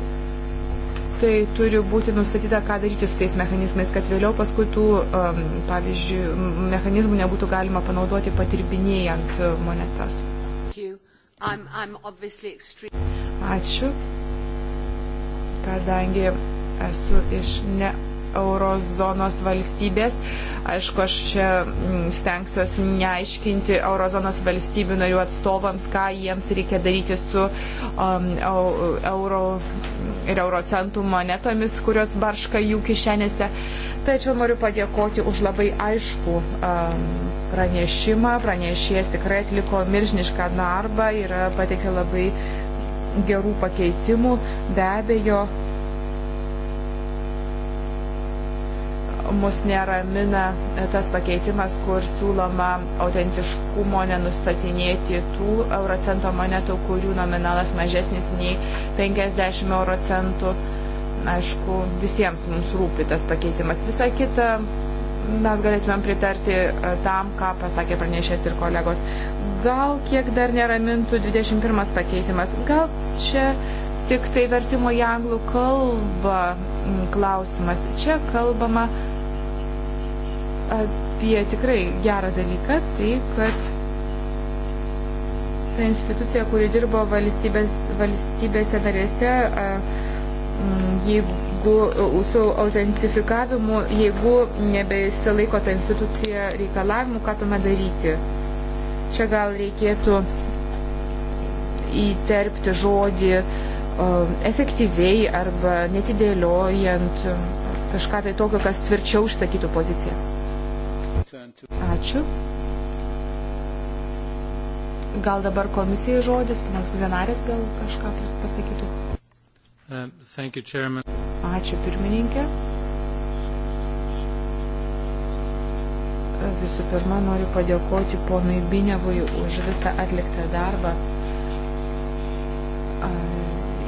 tai turi būti nustatyta, ką daryti su tais mechanizmais, kad vėliau paskui tų, um, pavyzdžiui, mechanizmų nebūtų galima panaudoti patirbinėjant monetas. Ačiū, kadangi esu iš ne eurozonos valstybės. Aišku, aš čia mm, stengsiuosi neaiškinti eurozonos valstybių narių atstovams, ką jiems reikia daryti su um, euro ir eurocentų monetomis, kurios barška jų kišenėse. Tačiau noriu padėkoti už labai aišku um, pranešimą. Pranešėjas tikrai atliko miržnišką darbą ir pateikė labai gerų pakeitimų. Be abejo, mus neramina e, tas pakeitimas, kur siūloma autentiškumo nenustatinėti tų eurocento monetų, kurių nominalas mažesnis nei 50 eurocentų. Aišku, visiems mums rūpi tas pakeitimas. Visa kita mes galėtumėm pritarti e, tam, ką pasakė pranešės ir kolegos. Gal kiek dar neramintų 21 pakeitimas, gal čia tik tai vertimo į anglų kalbą klausimas. Čia kalbama apie tikrai gerą dalyką, tai kad ta institucija, kuri dirbo valstybės, valstybėse narėse, jeigu su autentifikavimu, jeigu nebesilaiko ta institucija reikalavimų, ką tuomet daryti. Čia gal reikėtų įterpti žodį efektyviai arba netidėliojant kažką tai tokio, kas tvirčiau išsakytų poziciją. Ačiū. Gal dabar komisijai žodis, nes Gzenarės gal kažką pasakytų. Uh, you, Ačiū pirmininkė. Visų pirma, noriu padėkoti ponui Binevui už visą atliktą darbą. Uh,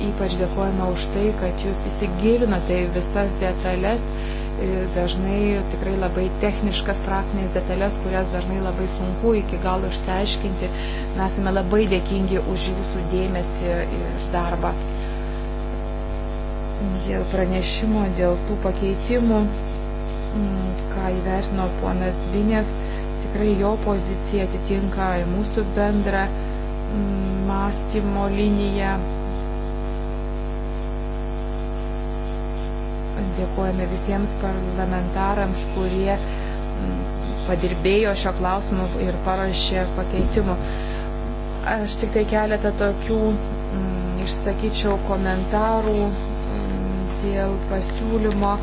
ypač dėkojame už tai, kad jūs įsigilinote į visas detalės, dažnai tikrai labai techniškas praktinės detalės, kurias dažnai labai sunku iki galo išsiaiškinti. Mes esame labai dėkingi už jūsų dėmesį ir darbą. Dėl pranešimo, dėl tų pakeitimų, mm, ką įvertino ponas Binev, tikrai jo pozicija atitinka mūsų bendrą mm, mąstymo liniją Dėkojame visiems parlamentarams, kurie mm, padirbėjo šio klausimu ir parašė pakeitimu. Aš tik tai keletą tokių, m, mm, išsakyčiau, komentarų m, mm, dėl pasiūlymo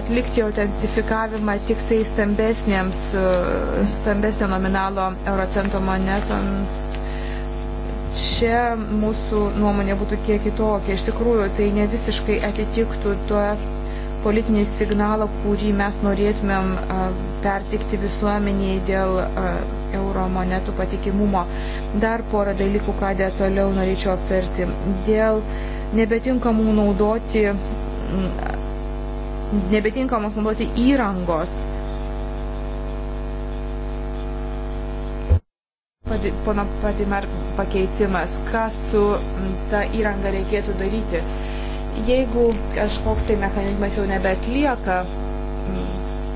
atlikti autentifikavimą tik tai stambesnio nominalo eurocento monetoms čia mūsų nuomonė būtų kiek kitokia. Iš tikrųjų, tai ne visiškai atitiktų to politinį signalą, kurį mes norėtumėm pertikti visuomeniai dėl euro monetų patikimumo. Dar porą dalykų, ką detaliau norėčiau aptarti. Dėl nebetinkamų naudoti nebetinkamos naudoti įrangos pono Patimer pakeitimas, ką su ta įranga reikėtų daryti. Jeigu kažkoks tai mechanizmas jau nebeatlieka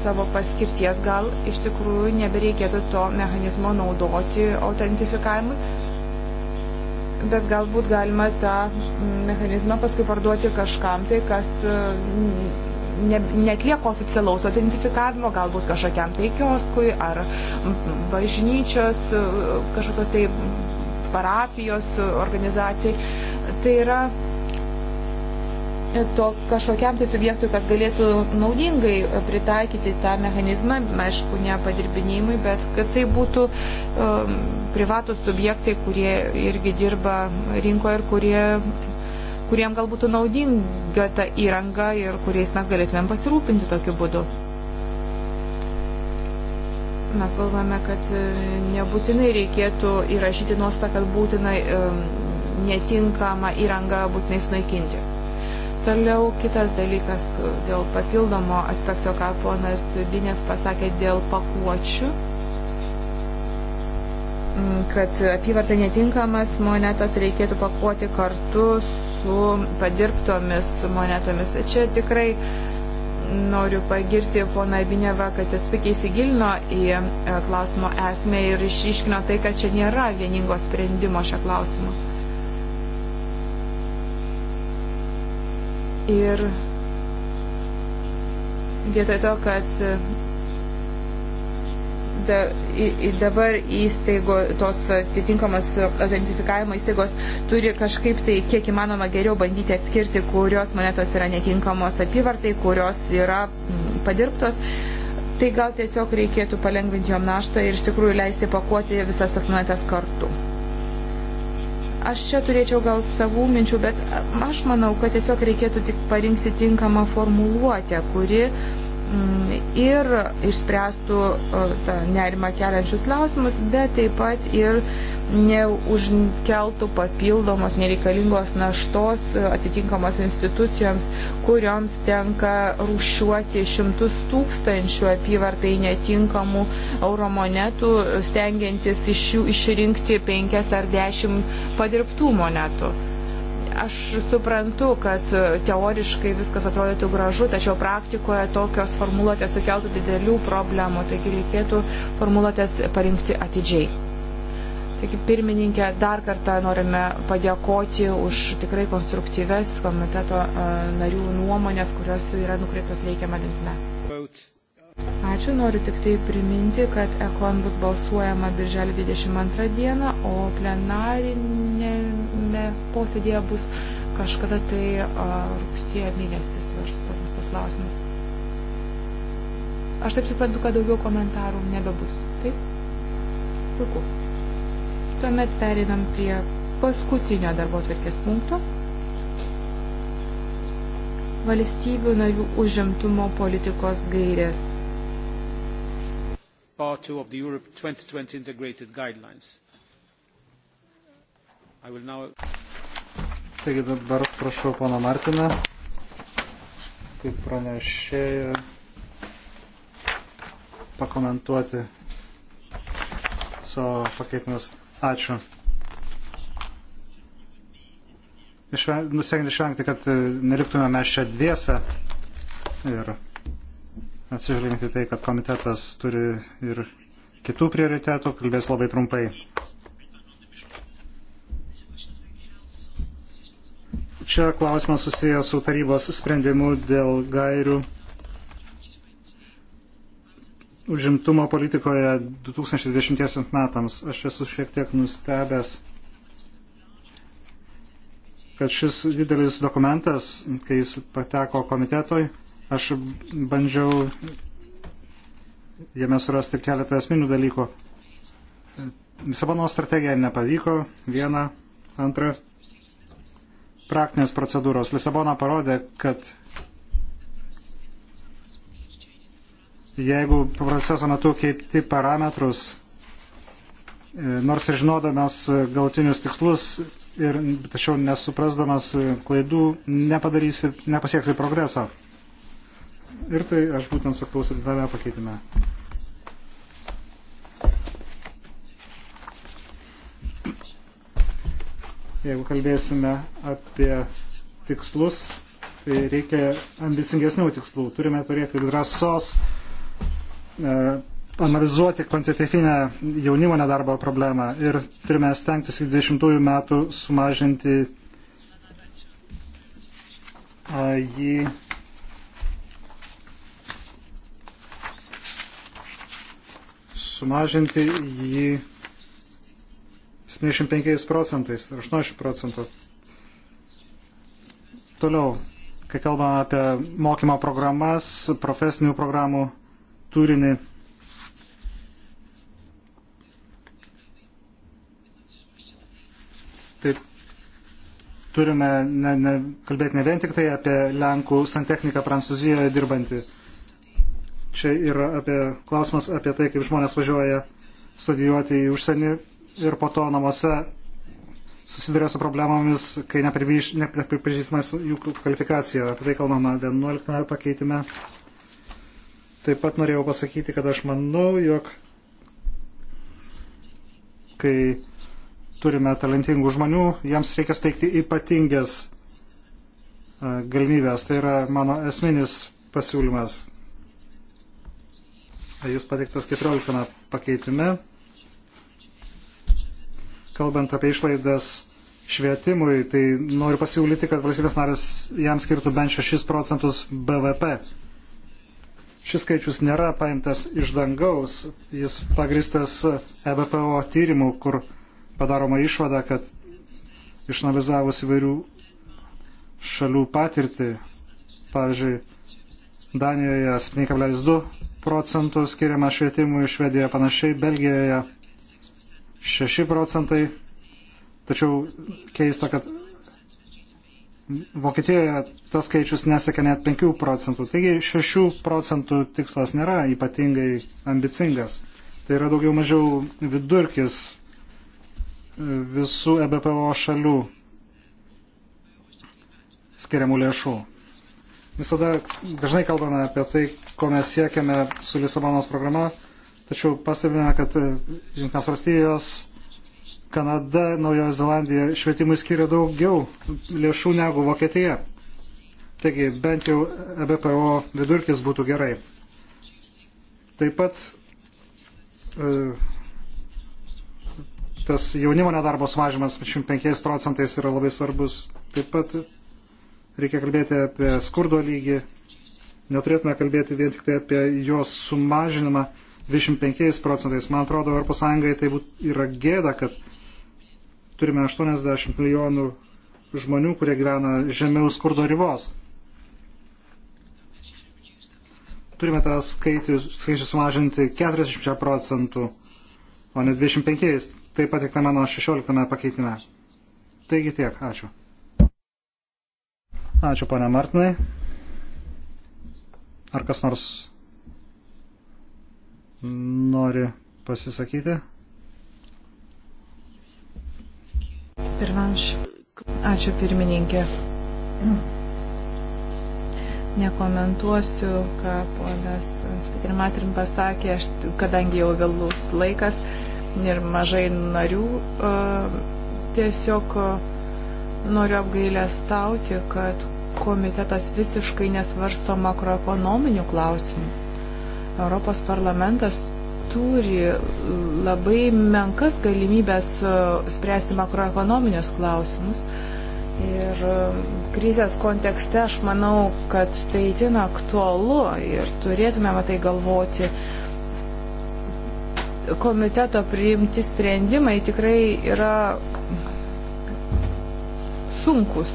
savo paskirties, gal iš tikrųjų nebereikėtų to mechanizmo naudoti autentifikavimui, bet galbūt galima tą mechanizmą paskui parduoti kažkam tai, kas ne, netlieka oficialaus identifikavimo, galbūt kažkokiam tai kioskui ar bažnyčios, kažkokios tai parapijos organizacijai. Tai yra to kažkokiam tai subjektui, kad galėtų naudingai pritaikyti tą mechanizmą, aišku, ne padirbinėjimui, bet kad tai būtų um, privatus subjektai, kurie irgi dirba rinkoje ir kurie kuriem gal būtų naudinga ta įranga ir kuriais mes galėtumėm pasirūpinti tokiu būdu. Mes galvojame, kad e, nebūtinai reikėtų įrašyti nuostą, kad būtinai e, netinkama įranga būtinai sunaikinti. Toliau kitas dalykas e, dėl papildomo aspekto, ką ponas Binev pasakė dėl pakuočių, kad apyvarta netinkamas monetas reikėtų pakuoti kartu su padirbtomis monetomis. Čia tikrai noriu pagirti poną Binevą, kad jis puikiai įsigilino į e, klausimo esmę ir išiškino tai, kad čia nėra vieningo sprendimo šio klausimo. Ir vietoj to, kad da, i, dabar įsteigo, tos atitinkamas identifikavimo įstaigos turi kažkaip tai kiek įmanoma geriau bandyti atskirti, kurios monetos yra netinkamos apyvartai, kurios yra mm, padirbtos. Tai gal tiesiog reikėtų palengvinti jom naštą ir iš tikrųjų leisti pakuoti visas tas monetas kartu aš čia turėčiau gal savų minčių, bet aš manau, kad tiesiog reikėtų tik parinkti tinkamą formuluotę, kuri uh, Mm, ir išspręstų tą nerimą keliančius klausimus, bet taip pat ir neužkeltų papildomos nereikalingos naštos atitinkamos institucijoms, kurioms tenka rušiuoti šimtus tūkstančių apyvartai netinkamų euromonetų, stengiantis iš jų išrinkti penkias ar dešimt padirbtų monetų. Aš suprantu, kad e, teoriškai viskas atrodytų gražu, tačiau praktikoje tokios formuluotės sukeltų didelių problemų, taigi reikėtų formuluotės parinkti atidžiai. Taigi, pirmininkė, dar kartą norime padėkoti už tikrai konstruktyves komiteto e, narių nuomonės, kurios yra nukreiptos reikiamą linkme. Ačiū, noriu tik tai priminti, kad ekon bus balsuojama birželio 22 dieną, o plenarinėme posėdėje bus kažkada tai rugsėjo mėnesį svarstomas tas klausimas. Aš taip suprantu, kad daugiau komentarų nebebus. Taip? Puiku. Tuomet pereinam prie paskutinio darbo atvirkės punkto valstybių narių užimtumo politikos gairės. Part 2 of the Europe 2020 Integrated Guidelines. I will now... Taigi dabar prašau pono Martiną, kaip pranešėjo, pakomentuoti savo pakeitimus. Ačiū. Nusengiant išvengti, kad e, neliktume mes čia dviese ir atsižvelginti tai, kad komitetas turi ir kitų prioritetų, kalbės labai trumpai. Čia klausimas susijęs su tarybos sprendimu dėl gairių užimtumo politikoje 2020 metams. Aš esu šiek tiek nustebęs, kad šis didelis dokumentas, kai jis pateko komitetoj, Aš bandžiau jame surasti keletą esminių dalykų. Lisabono strategija nepavyko, viena, antra, praktinės procedūros. Lisabona parodė, kad jeigu proceso metu keiti parametrus, nors ir žinodamas galtinius tikslus, ir, tačiau nesuprasdamas klaidų, nepadarysi, nepasieksi progreso. Ir tai aš būtent sakau 7 pakeitime. Jeigu kalbėsime apie tikslus, tai reikia ambicingesnių tikslų. Turime turėti drąsos e, analizuoti kvantitatyvinę jaunimo nedarbo problemą ir turime stengtis iki 20 metų sumažinti e, jį sumažinti jį 75 procentais, 80 tai procentų. Toliau, kai kalbame apie mokymo programas, profesinių programų turinį. Tai turime ne, ne, kalbėti ne vien tik tai apie Lenkų santechniką Prancūzijoje dirbantį Čia yra apie, klausimas apie tai, kaip žmonės važiuoja studijuoti į užsienį ir po to namuose susiduria su problemomis, kai nepripažįstama jų kvalifikacija. Apie tai kalbama 11 pakeitime. Taip pat norėjau pasakyti, kad aš manau, jog kai turime talentingų žmonių, jiems reikia steigti ypatingas galimybės. Tai yra mano esminis pasiūlymas. Jis pateiktas 14 pakeitime. Kalbant apie išlaidas švietimui, tai noriu pasiūlyti, kad valstybės narės jam skirtų bent 6 procentus BVP. Šis skaičius nėra paimtas iš dangaus, jis pagristas EBPO tyrimų, kur padaroma išvada, kad išanalizavus įvairių šalių patirtį, pavyzdžiui, Danijoje 7,2 procentų skiriama švietimui Švedijoje panašiai, Belgijoje 6 procentai, tačiau keista, kad Vokietijoje tas skaičius nesiekia net 5 procentų. Taigi 6 procentų tikslas nėra ypatingai ambicingas. Tai yra daugiau mažiau vidurkis visų EBPO šalių skiriamų lėšų. Visada dažnai kalbame apie tai, ko mes siekiame su Lisabonos programa, tačiau pastebime, kad e, Junktinės valstijos, Kanada, Naujojo Zelandija švietimui skiria daugiau lėšų negu Vokietija. Taigi bent jau EBPO vidurkis būtų gerai. Taip pat e, tas jaunimo nedarbo sumažimas 25 procentais yra labai svarbus. Taip pat Reikia kalbėti apie skurdo lygį. Neturėtume kalbėti vien tik tai apie jos sumažinimą 25 procentais. Man atrodo, ES tai yra gėda, kad turime 80 milijonų žmonių, kurie gyvena žemiau skurdo ribos. Turime tą skaičių, skaičių sumažinti 40 procentų, o ne 25. Tai patikta mano 16 pakeitime. Taigi tiek, ačiū. Ačiū, pane Martinai. Ar kas nors nori pasisakyti? Pirmanš, ačiū pirmininkė. Nekomentuosiu, ką ponas Spiter Matrim pasakė, aš, kadangi jau vėlus laikas ir mažai narių, e, tiesiog Noriu apgailestauti, kad komitetas visiškai nesvarsto makroekonominių klausimų. Europos parlamentas turi labai menkas galimybės e, spręsti makroekonominius klausimus. Ir e, krizės kontekste aš manau, kad tai itin aktualu ir turėtume matai galvoti. Komiteto priimti sprendimai tikrai yra sunkus,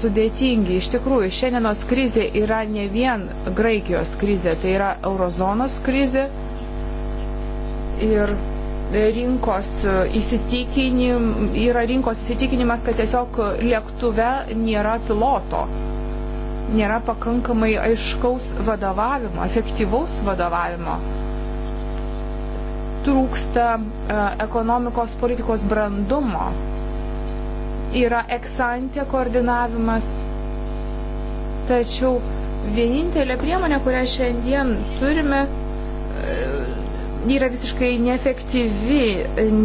sudėtingi. Iš tikrųjų, šiandienos krizė yra ne vien Graikijos krizė, tai yra eurozonos krizė ir rinkos įsitikinim, yra rinkos įsitikinimas, kad tiesiog lėktuve nėra piloto, nėra pakankamai aiškaus vadovavimo, efektyvaus vadovavimo trūksta e, ekonomikos politikos brandumo yra eksantė koordinavimas. Tačiau vienintelė priemonė, kurią šiandien turime, e, yra visiškai neefektyvi,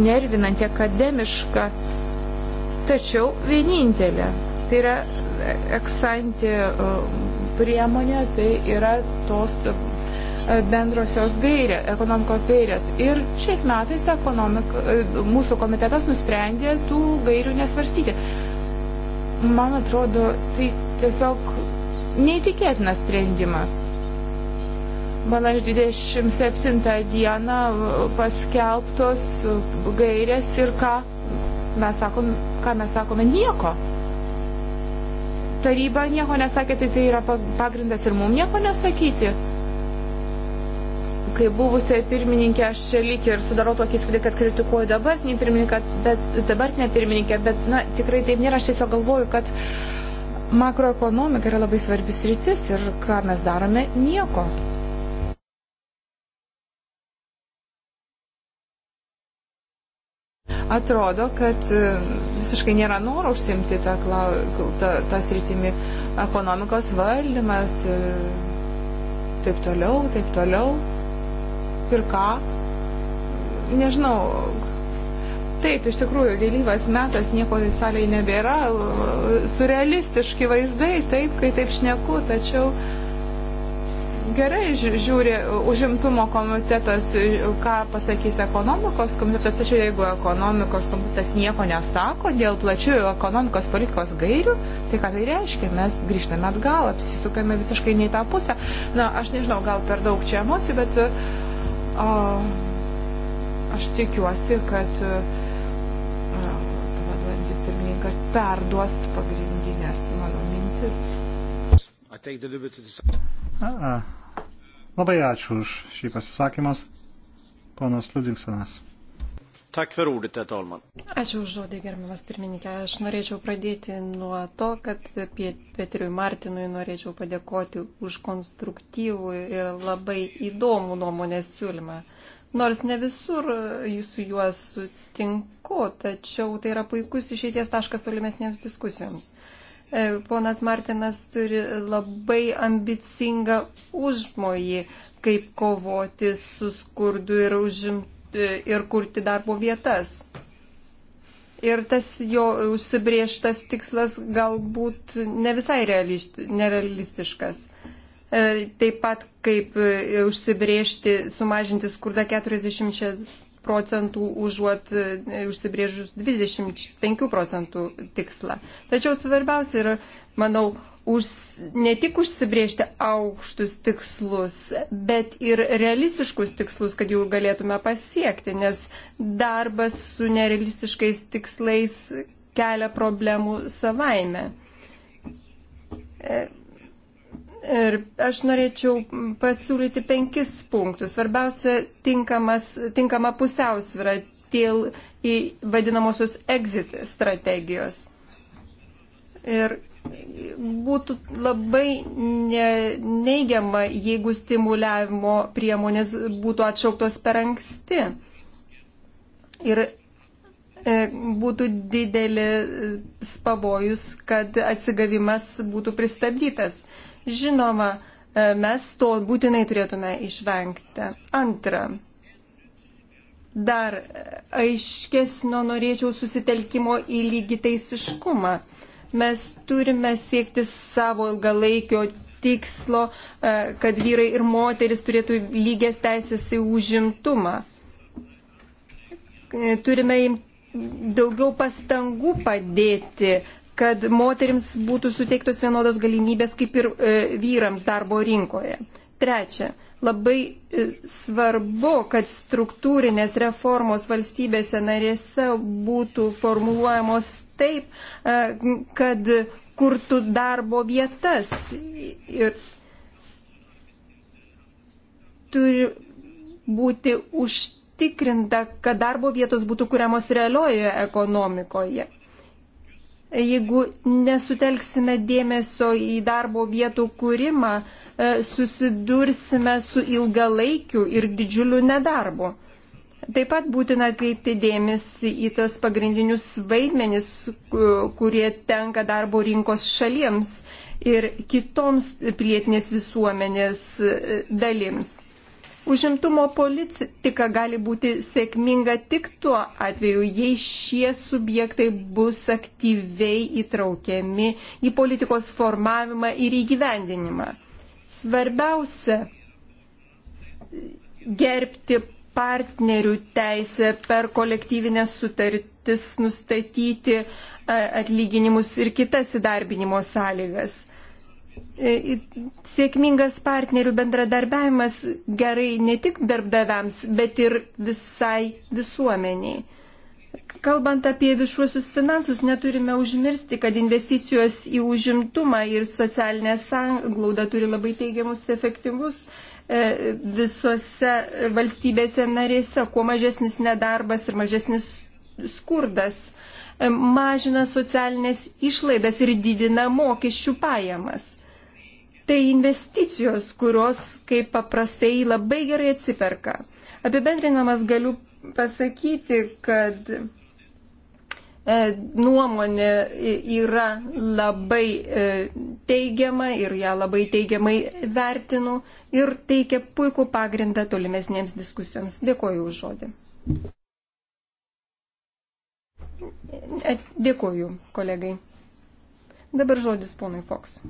nervinanti, akademiška, tačiau vienintelė. Tai yra e, eksantė e, priemonė, tai yra tos E, bendrosios gairė, ekonomikos gairės. Ir šiais metais ekonomik, e, mūsų komitetas nusprendė tų gairių nesvarstyti. Man atrodo, tai tiesiog neįtikėtinas sprendimas. Balandžio 27 dieną paskelbtos gairės ir ką mes sakome, ką mes sakome nieko taryba nieko nesakė, tai tai yra pagrindas ir mums nieko nesakyti. Kai buvusioje pirmininkė, aš čia lyg ir sudarau tokį įspūdį, kad kritikuoju dabartinį pirmininką, bet dabartinę pirmininkę, bet na, tikrai taip nėra, aš tiesiog galvoju, kad makroekonomika yra labai svarbis rytis ir ką mes darome, nieko. atrodo, kad e, visiškai nėra noro užsimti tą, tą, tą sritimį ekonomikos valdymas, e, taip toliau, taip toliau ir ką. Nežinau, Taip, iš tikrųjų, vėlyvas metas, nieko tai salėje nebėra, surrealistiški vaizdai, taip, kai taip šneku, tačiau gerai žiūri užimtumo komitetas, ką pasakys ekonomikos komitetas, tačiau jeigu ekonomikos komitetas nieko nesako dėl plačių ekonomikos politikos gairių, tai ką tai reiškia? Mes grįžtame atgal, apsisukame visiškai ne į tą pusę. Na, aš nežinau, gal per daug čia emocijų, bet... Uh, O, aš tikiuosi, kad e, pavaduojantis pirmininkas perduos pagrindinės mano mintis. A, a. Labai ačiū už šį pasisakymas, ponas Liudiksonas. Ačiū už žodį, gerbiamas pirmininkė. Aš norėčiau pradėti nuo to, kad Petriui Martinui norėčiau padėkoti už konstruktyvų ir labai įdomų nuomonės siūlymą. Nors ne visur su juo sutinku, tačiau tai yra puikus išeities taškas tolimesnėms diskusijoms. E, ponas Martinas turi labai ambicingą užmojį, kaip kovoti su skurdu ir užimtu E, ir kurti darbo vietas. Ir tas jo užsibrieštas tikslas galbūt ne visai nerealistiškas. E, taip pat kaip e, užsibriežti, sumažinti skurdą 46 procentų užuot užsibriežus 25 procentų tikslą. Tačiau svarbiausia yra, manau, už, ne tik užsibriežti aukštus tikslus, bet ir realistiškus tikslus, kad jų galėtume pasiekti, nes darbas su nerealistiškais tikslais kelia problemų savaime. E, ir aš norėčiau pasiūlyti penkis punktus. Svarbiausia, tinkamas, tinkama pusiausvyrą dėl į vadinamosios exit strategijos. Ir būtų labai neigiama, jeigu stimuliavimo priemonės būtų atšauktos per anksti. Ir e, būtų didelis pavojus, kad atsigavimas būtų pristabdytas. Žinoma, e, mes to būtinai turėtume išvengti. Antra, dar aiškesnio norėčiau susitelkimo į lygiteisiškumą. teisiškumą Mes turime siekti savo ilgalaikio tikslo, e, kad vyrai ir moteris turėtų lygias teisės į užimtumą. E, turime daugiau pastangų padėti, kad moterims būtų suteiktos vienodos galimybės kaip ir e, vyrams darbo rinkoje. Trečia, labai e, svarbu, kad struktūrinės reformos valstybėse narėse būtų formuluojamos taip, e, kad kurtų darbo vietas. Ir turi būti užtikrinta, kad darbo vietos būtų kuriamos realioje ekonomikoje jeigu nesutelksime dėmesio į darbo vietų kūrimą, e, susidursime su ilgalaikiu ir didžiuliu nedarbu. Taip pat būtina atkreipti dėmesį į tos pagrindinius vaidmenis, kurie tenka darbo rinkos šalims ir kitoms pilietinės visuomenės e, dalims. Užimtumo politika gali būti sėkminga tik tuo atveju, jei šie subjektai bus aktyviai įtraukiami į politikos formavimą ir įgyvendinimą. Svarbiausia gerbti partnerių teisę per kolektyvinės sutartis nustatyti atlyginimus ir kitas įdarbinimo sąlygas. E, sėkmingas partnerių bendradarbiavimas gerai ne tik darbdaviams, bet ir visai visuomeniai. Kalbant apie viešuosius finansus, neturime užmirsti, kad investicijos į užimtumą ir socialinę sąglaudą turi labai teigiamus efektyvus e, visose valstybėse narėse, kuo mažesnis nedarbas ir mažesnis skurdas e, mažina socialinės išlaidas ir didina mokesčių pajamas. Tai investicijos, kurios kaip paprastai labai gerai atsiperka. Apibendrinamas galiu pasakyti, kad e, nuomonė yra labai e, teigiama ir ją labai teigiamai vertinu ir teikia puikų pagrindą tolimesnėms diskusijoms. Dėkoju už žodį. E, dėkoju, kolegai. Dabar žodis ponui Foks.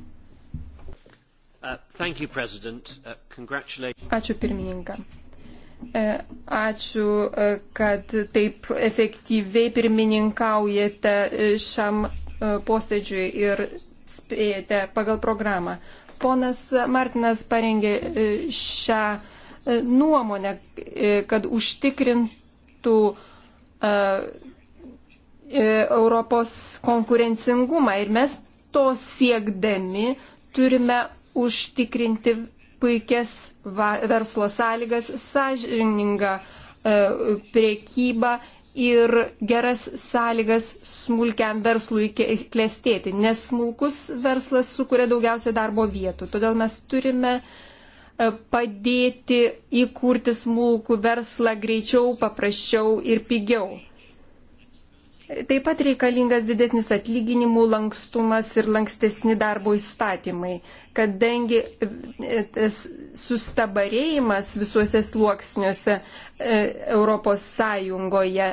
Uh, uh, ačiū pirmininką. E, ačiū, e, kad taip efektyviai pirmininkaujate e, šiam posėdžiui ir spėjate pagal programą. Ponas Martinas parengė šią nuomonę, kad užtikrintų Europos konkurencingumą ir mes to siekdami turime užtikrinti puikias verslo sąlygas, sąžiningą e, priekybą ir geras sąlygas smulkiam verslui klestėti, nes smulkus verslas sukuria daugiausia darbo vietų. Todėl mes turime e, padėti įkurti smulkų verslą greičiau, paprasčiau ir pigiau. Taip pat reikalingas didesnis atlyginimų lankstumas ir lankstesni darbo įstatymai, kadangi e, tas sustabarėjimas visuose sluoksniuose e, Europos Sąjungoje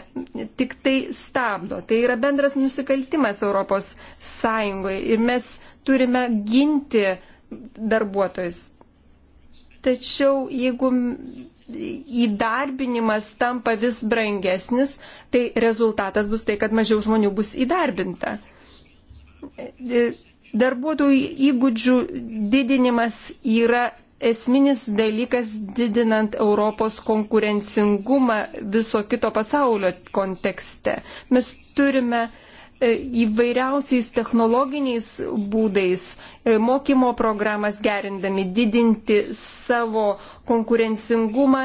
tik tai stabdo. Tai yra bendras nusikaltimas Europos Sąjungoje ir mes turime ginti darbuotojus. Tačiau jeigu įdarbinimas tampa vis brangesnis, tai rezultatas bus tai, kad mažiau žmonių bus įdarbinta. Darbuotojų įgūdžių didinimas yra esminis dalykas didinant Europos konkurencingumą viso kito pasaulio kontekste. Mes turime uh, E, įvairiausiais technologiniais būdais e, mokymo programas gerindami, didinti savo konkurencingumą,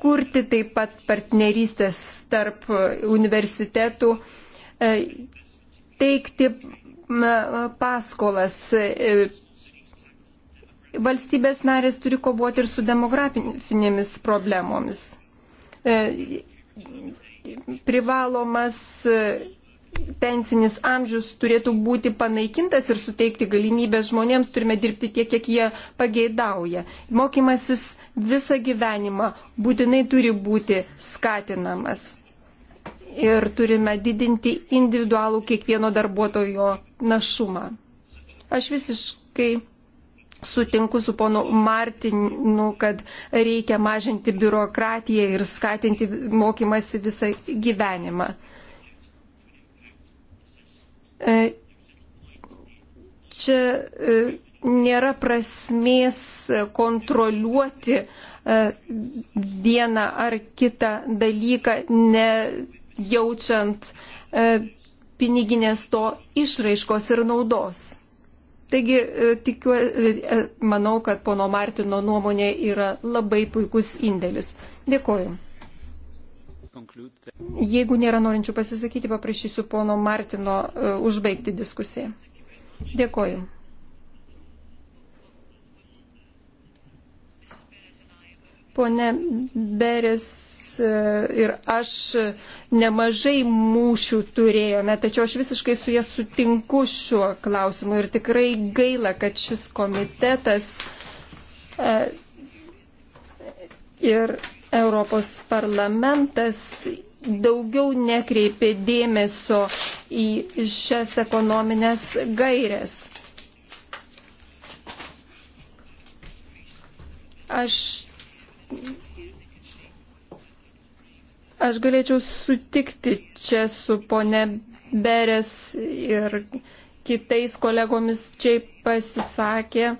kurti taip pat partnerystės tarp universitetų, e, teikti paskolas. Valstybės narės turi kovoti ir su demografinėmis problemomis. Privalomas pensinis amžius turėtų būti panaikintas ir suteikti galimybės žmonėms turime dirbti tiek, kiek jie pageidauja. Mokymasis visą gyvenimą būtinai turi būti skatinamas. Ir turime didinti individualų kiekvieno darbuotojo našumą. Aš visiškai sutinku su ponu Martinu, kad reikia mažinti biurokratiją ir skatinti mokymasi visą gyvenimą. E, čia e, nėra prasmės kontroliuoti e, vieną ar kitą dalyką, nejaučiant piniginės to išraiškos ir naudos. Taigi, tikiu, manau, kad pono Martino nuomonė yra labai puikus indėlis. Dėkuoju. Jeigu nėra norinčių pasisakyti, paprašysiu pono Martino e, užbaigti diskusiją. Dėkoju. Pone Beres e, ir aš nemažai mūšių turėjome, tačiau aš visiškai su jie sutinku šiuo klausimu ir tikrai gaila, kad šis komitetas e, ir Europos parlamentas daugiau nekreipė dėmesio į šias ekonominės gairias. Aš, aš galėčiau sutikti čia su pone Beres ir kitais kolegomis čia pasisakė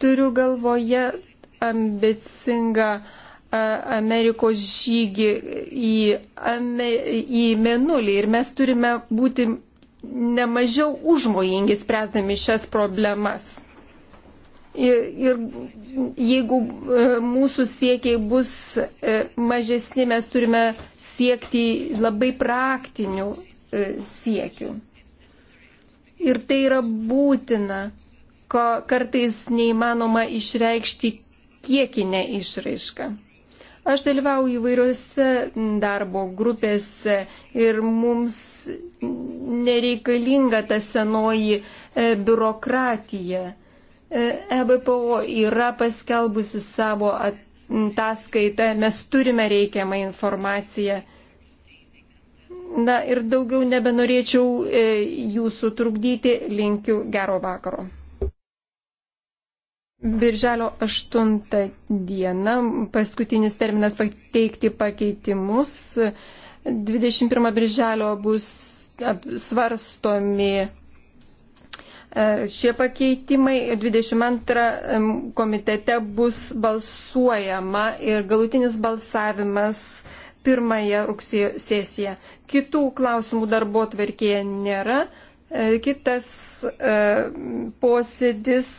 Turiu galvoje ambicingą Amerikos žygį į, į Menulį ir mes turime būti nemažiau užmojingi spręsdami šias problemas. Ir, ir jeigu e, mūsų siekiai bus e, mažesni, mes turime siekti labai praktinių e, siekių. Ir tai yra būtina ko kartais neįmanoma išreikšti kiekinę išraišką. Aš dalyvauju įvairiose darbo grupėse ir mums nereikalinga ta senoji e, biurokratija. EBPO e yra paskelbusi savo ataskaitą, mes turime reikiamą informaciją. Na ir daugiau nebenorėčiau e, jūsų trukdyti, linkiu gero vakaro. Birželio 8 dieną paskutinis terminas pateikti pakeitimus. 21 birželio bus svarstomi e, šie pakeitimai. 22 komitete bus balsuojama ir galutinis balsavimas pirmąją rugsėjo sesiją. Kitų klausimų darbo tvarkėje nėra. E, kitas e, posėdis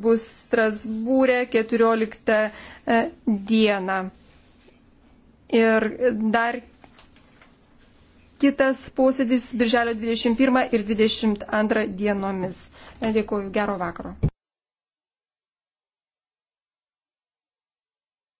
bus Strasbūrė 14 e, dieną. Ir dar kitas posėdis Birželio 21 ir 22 dienomis. Dėkuoju, gero vakaro.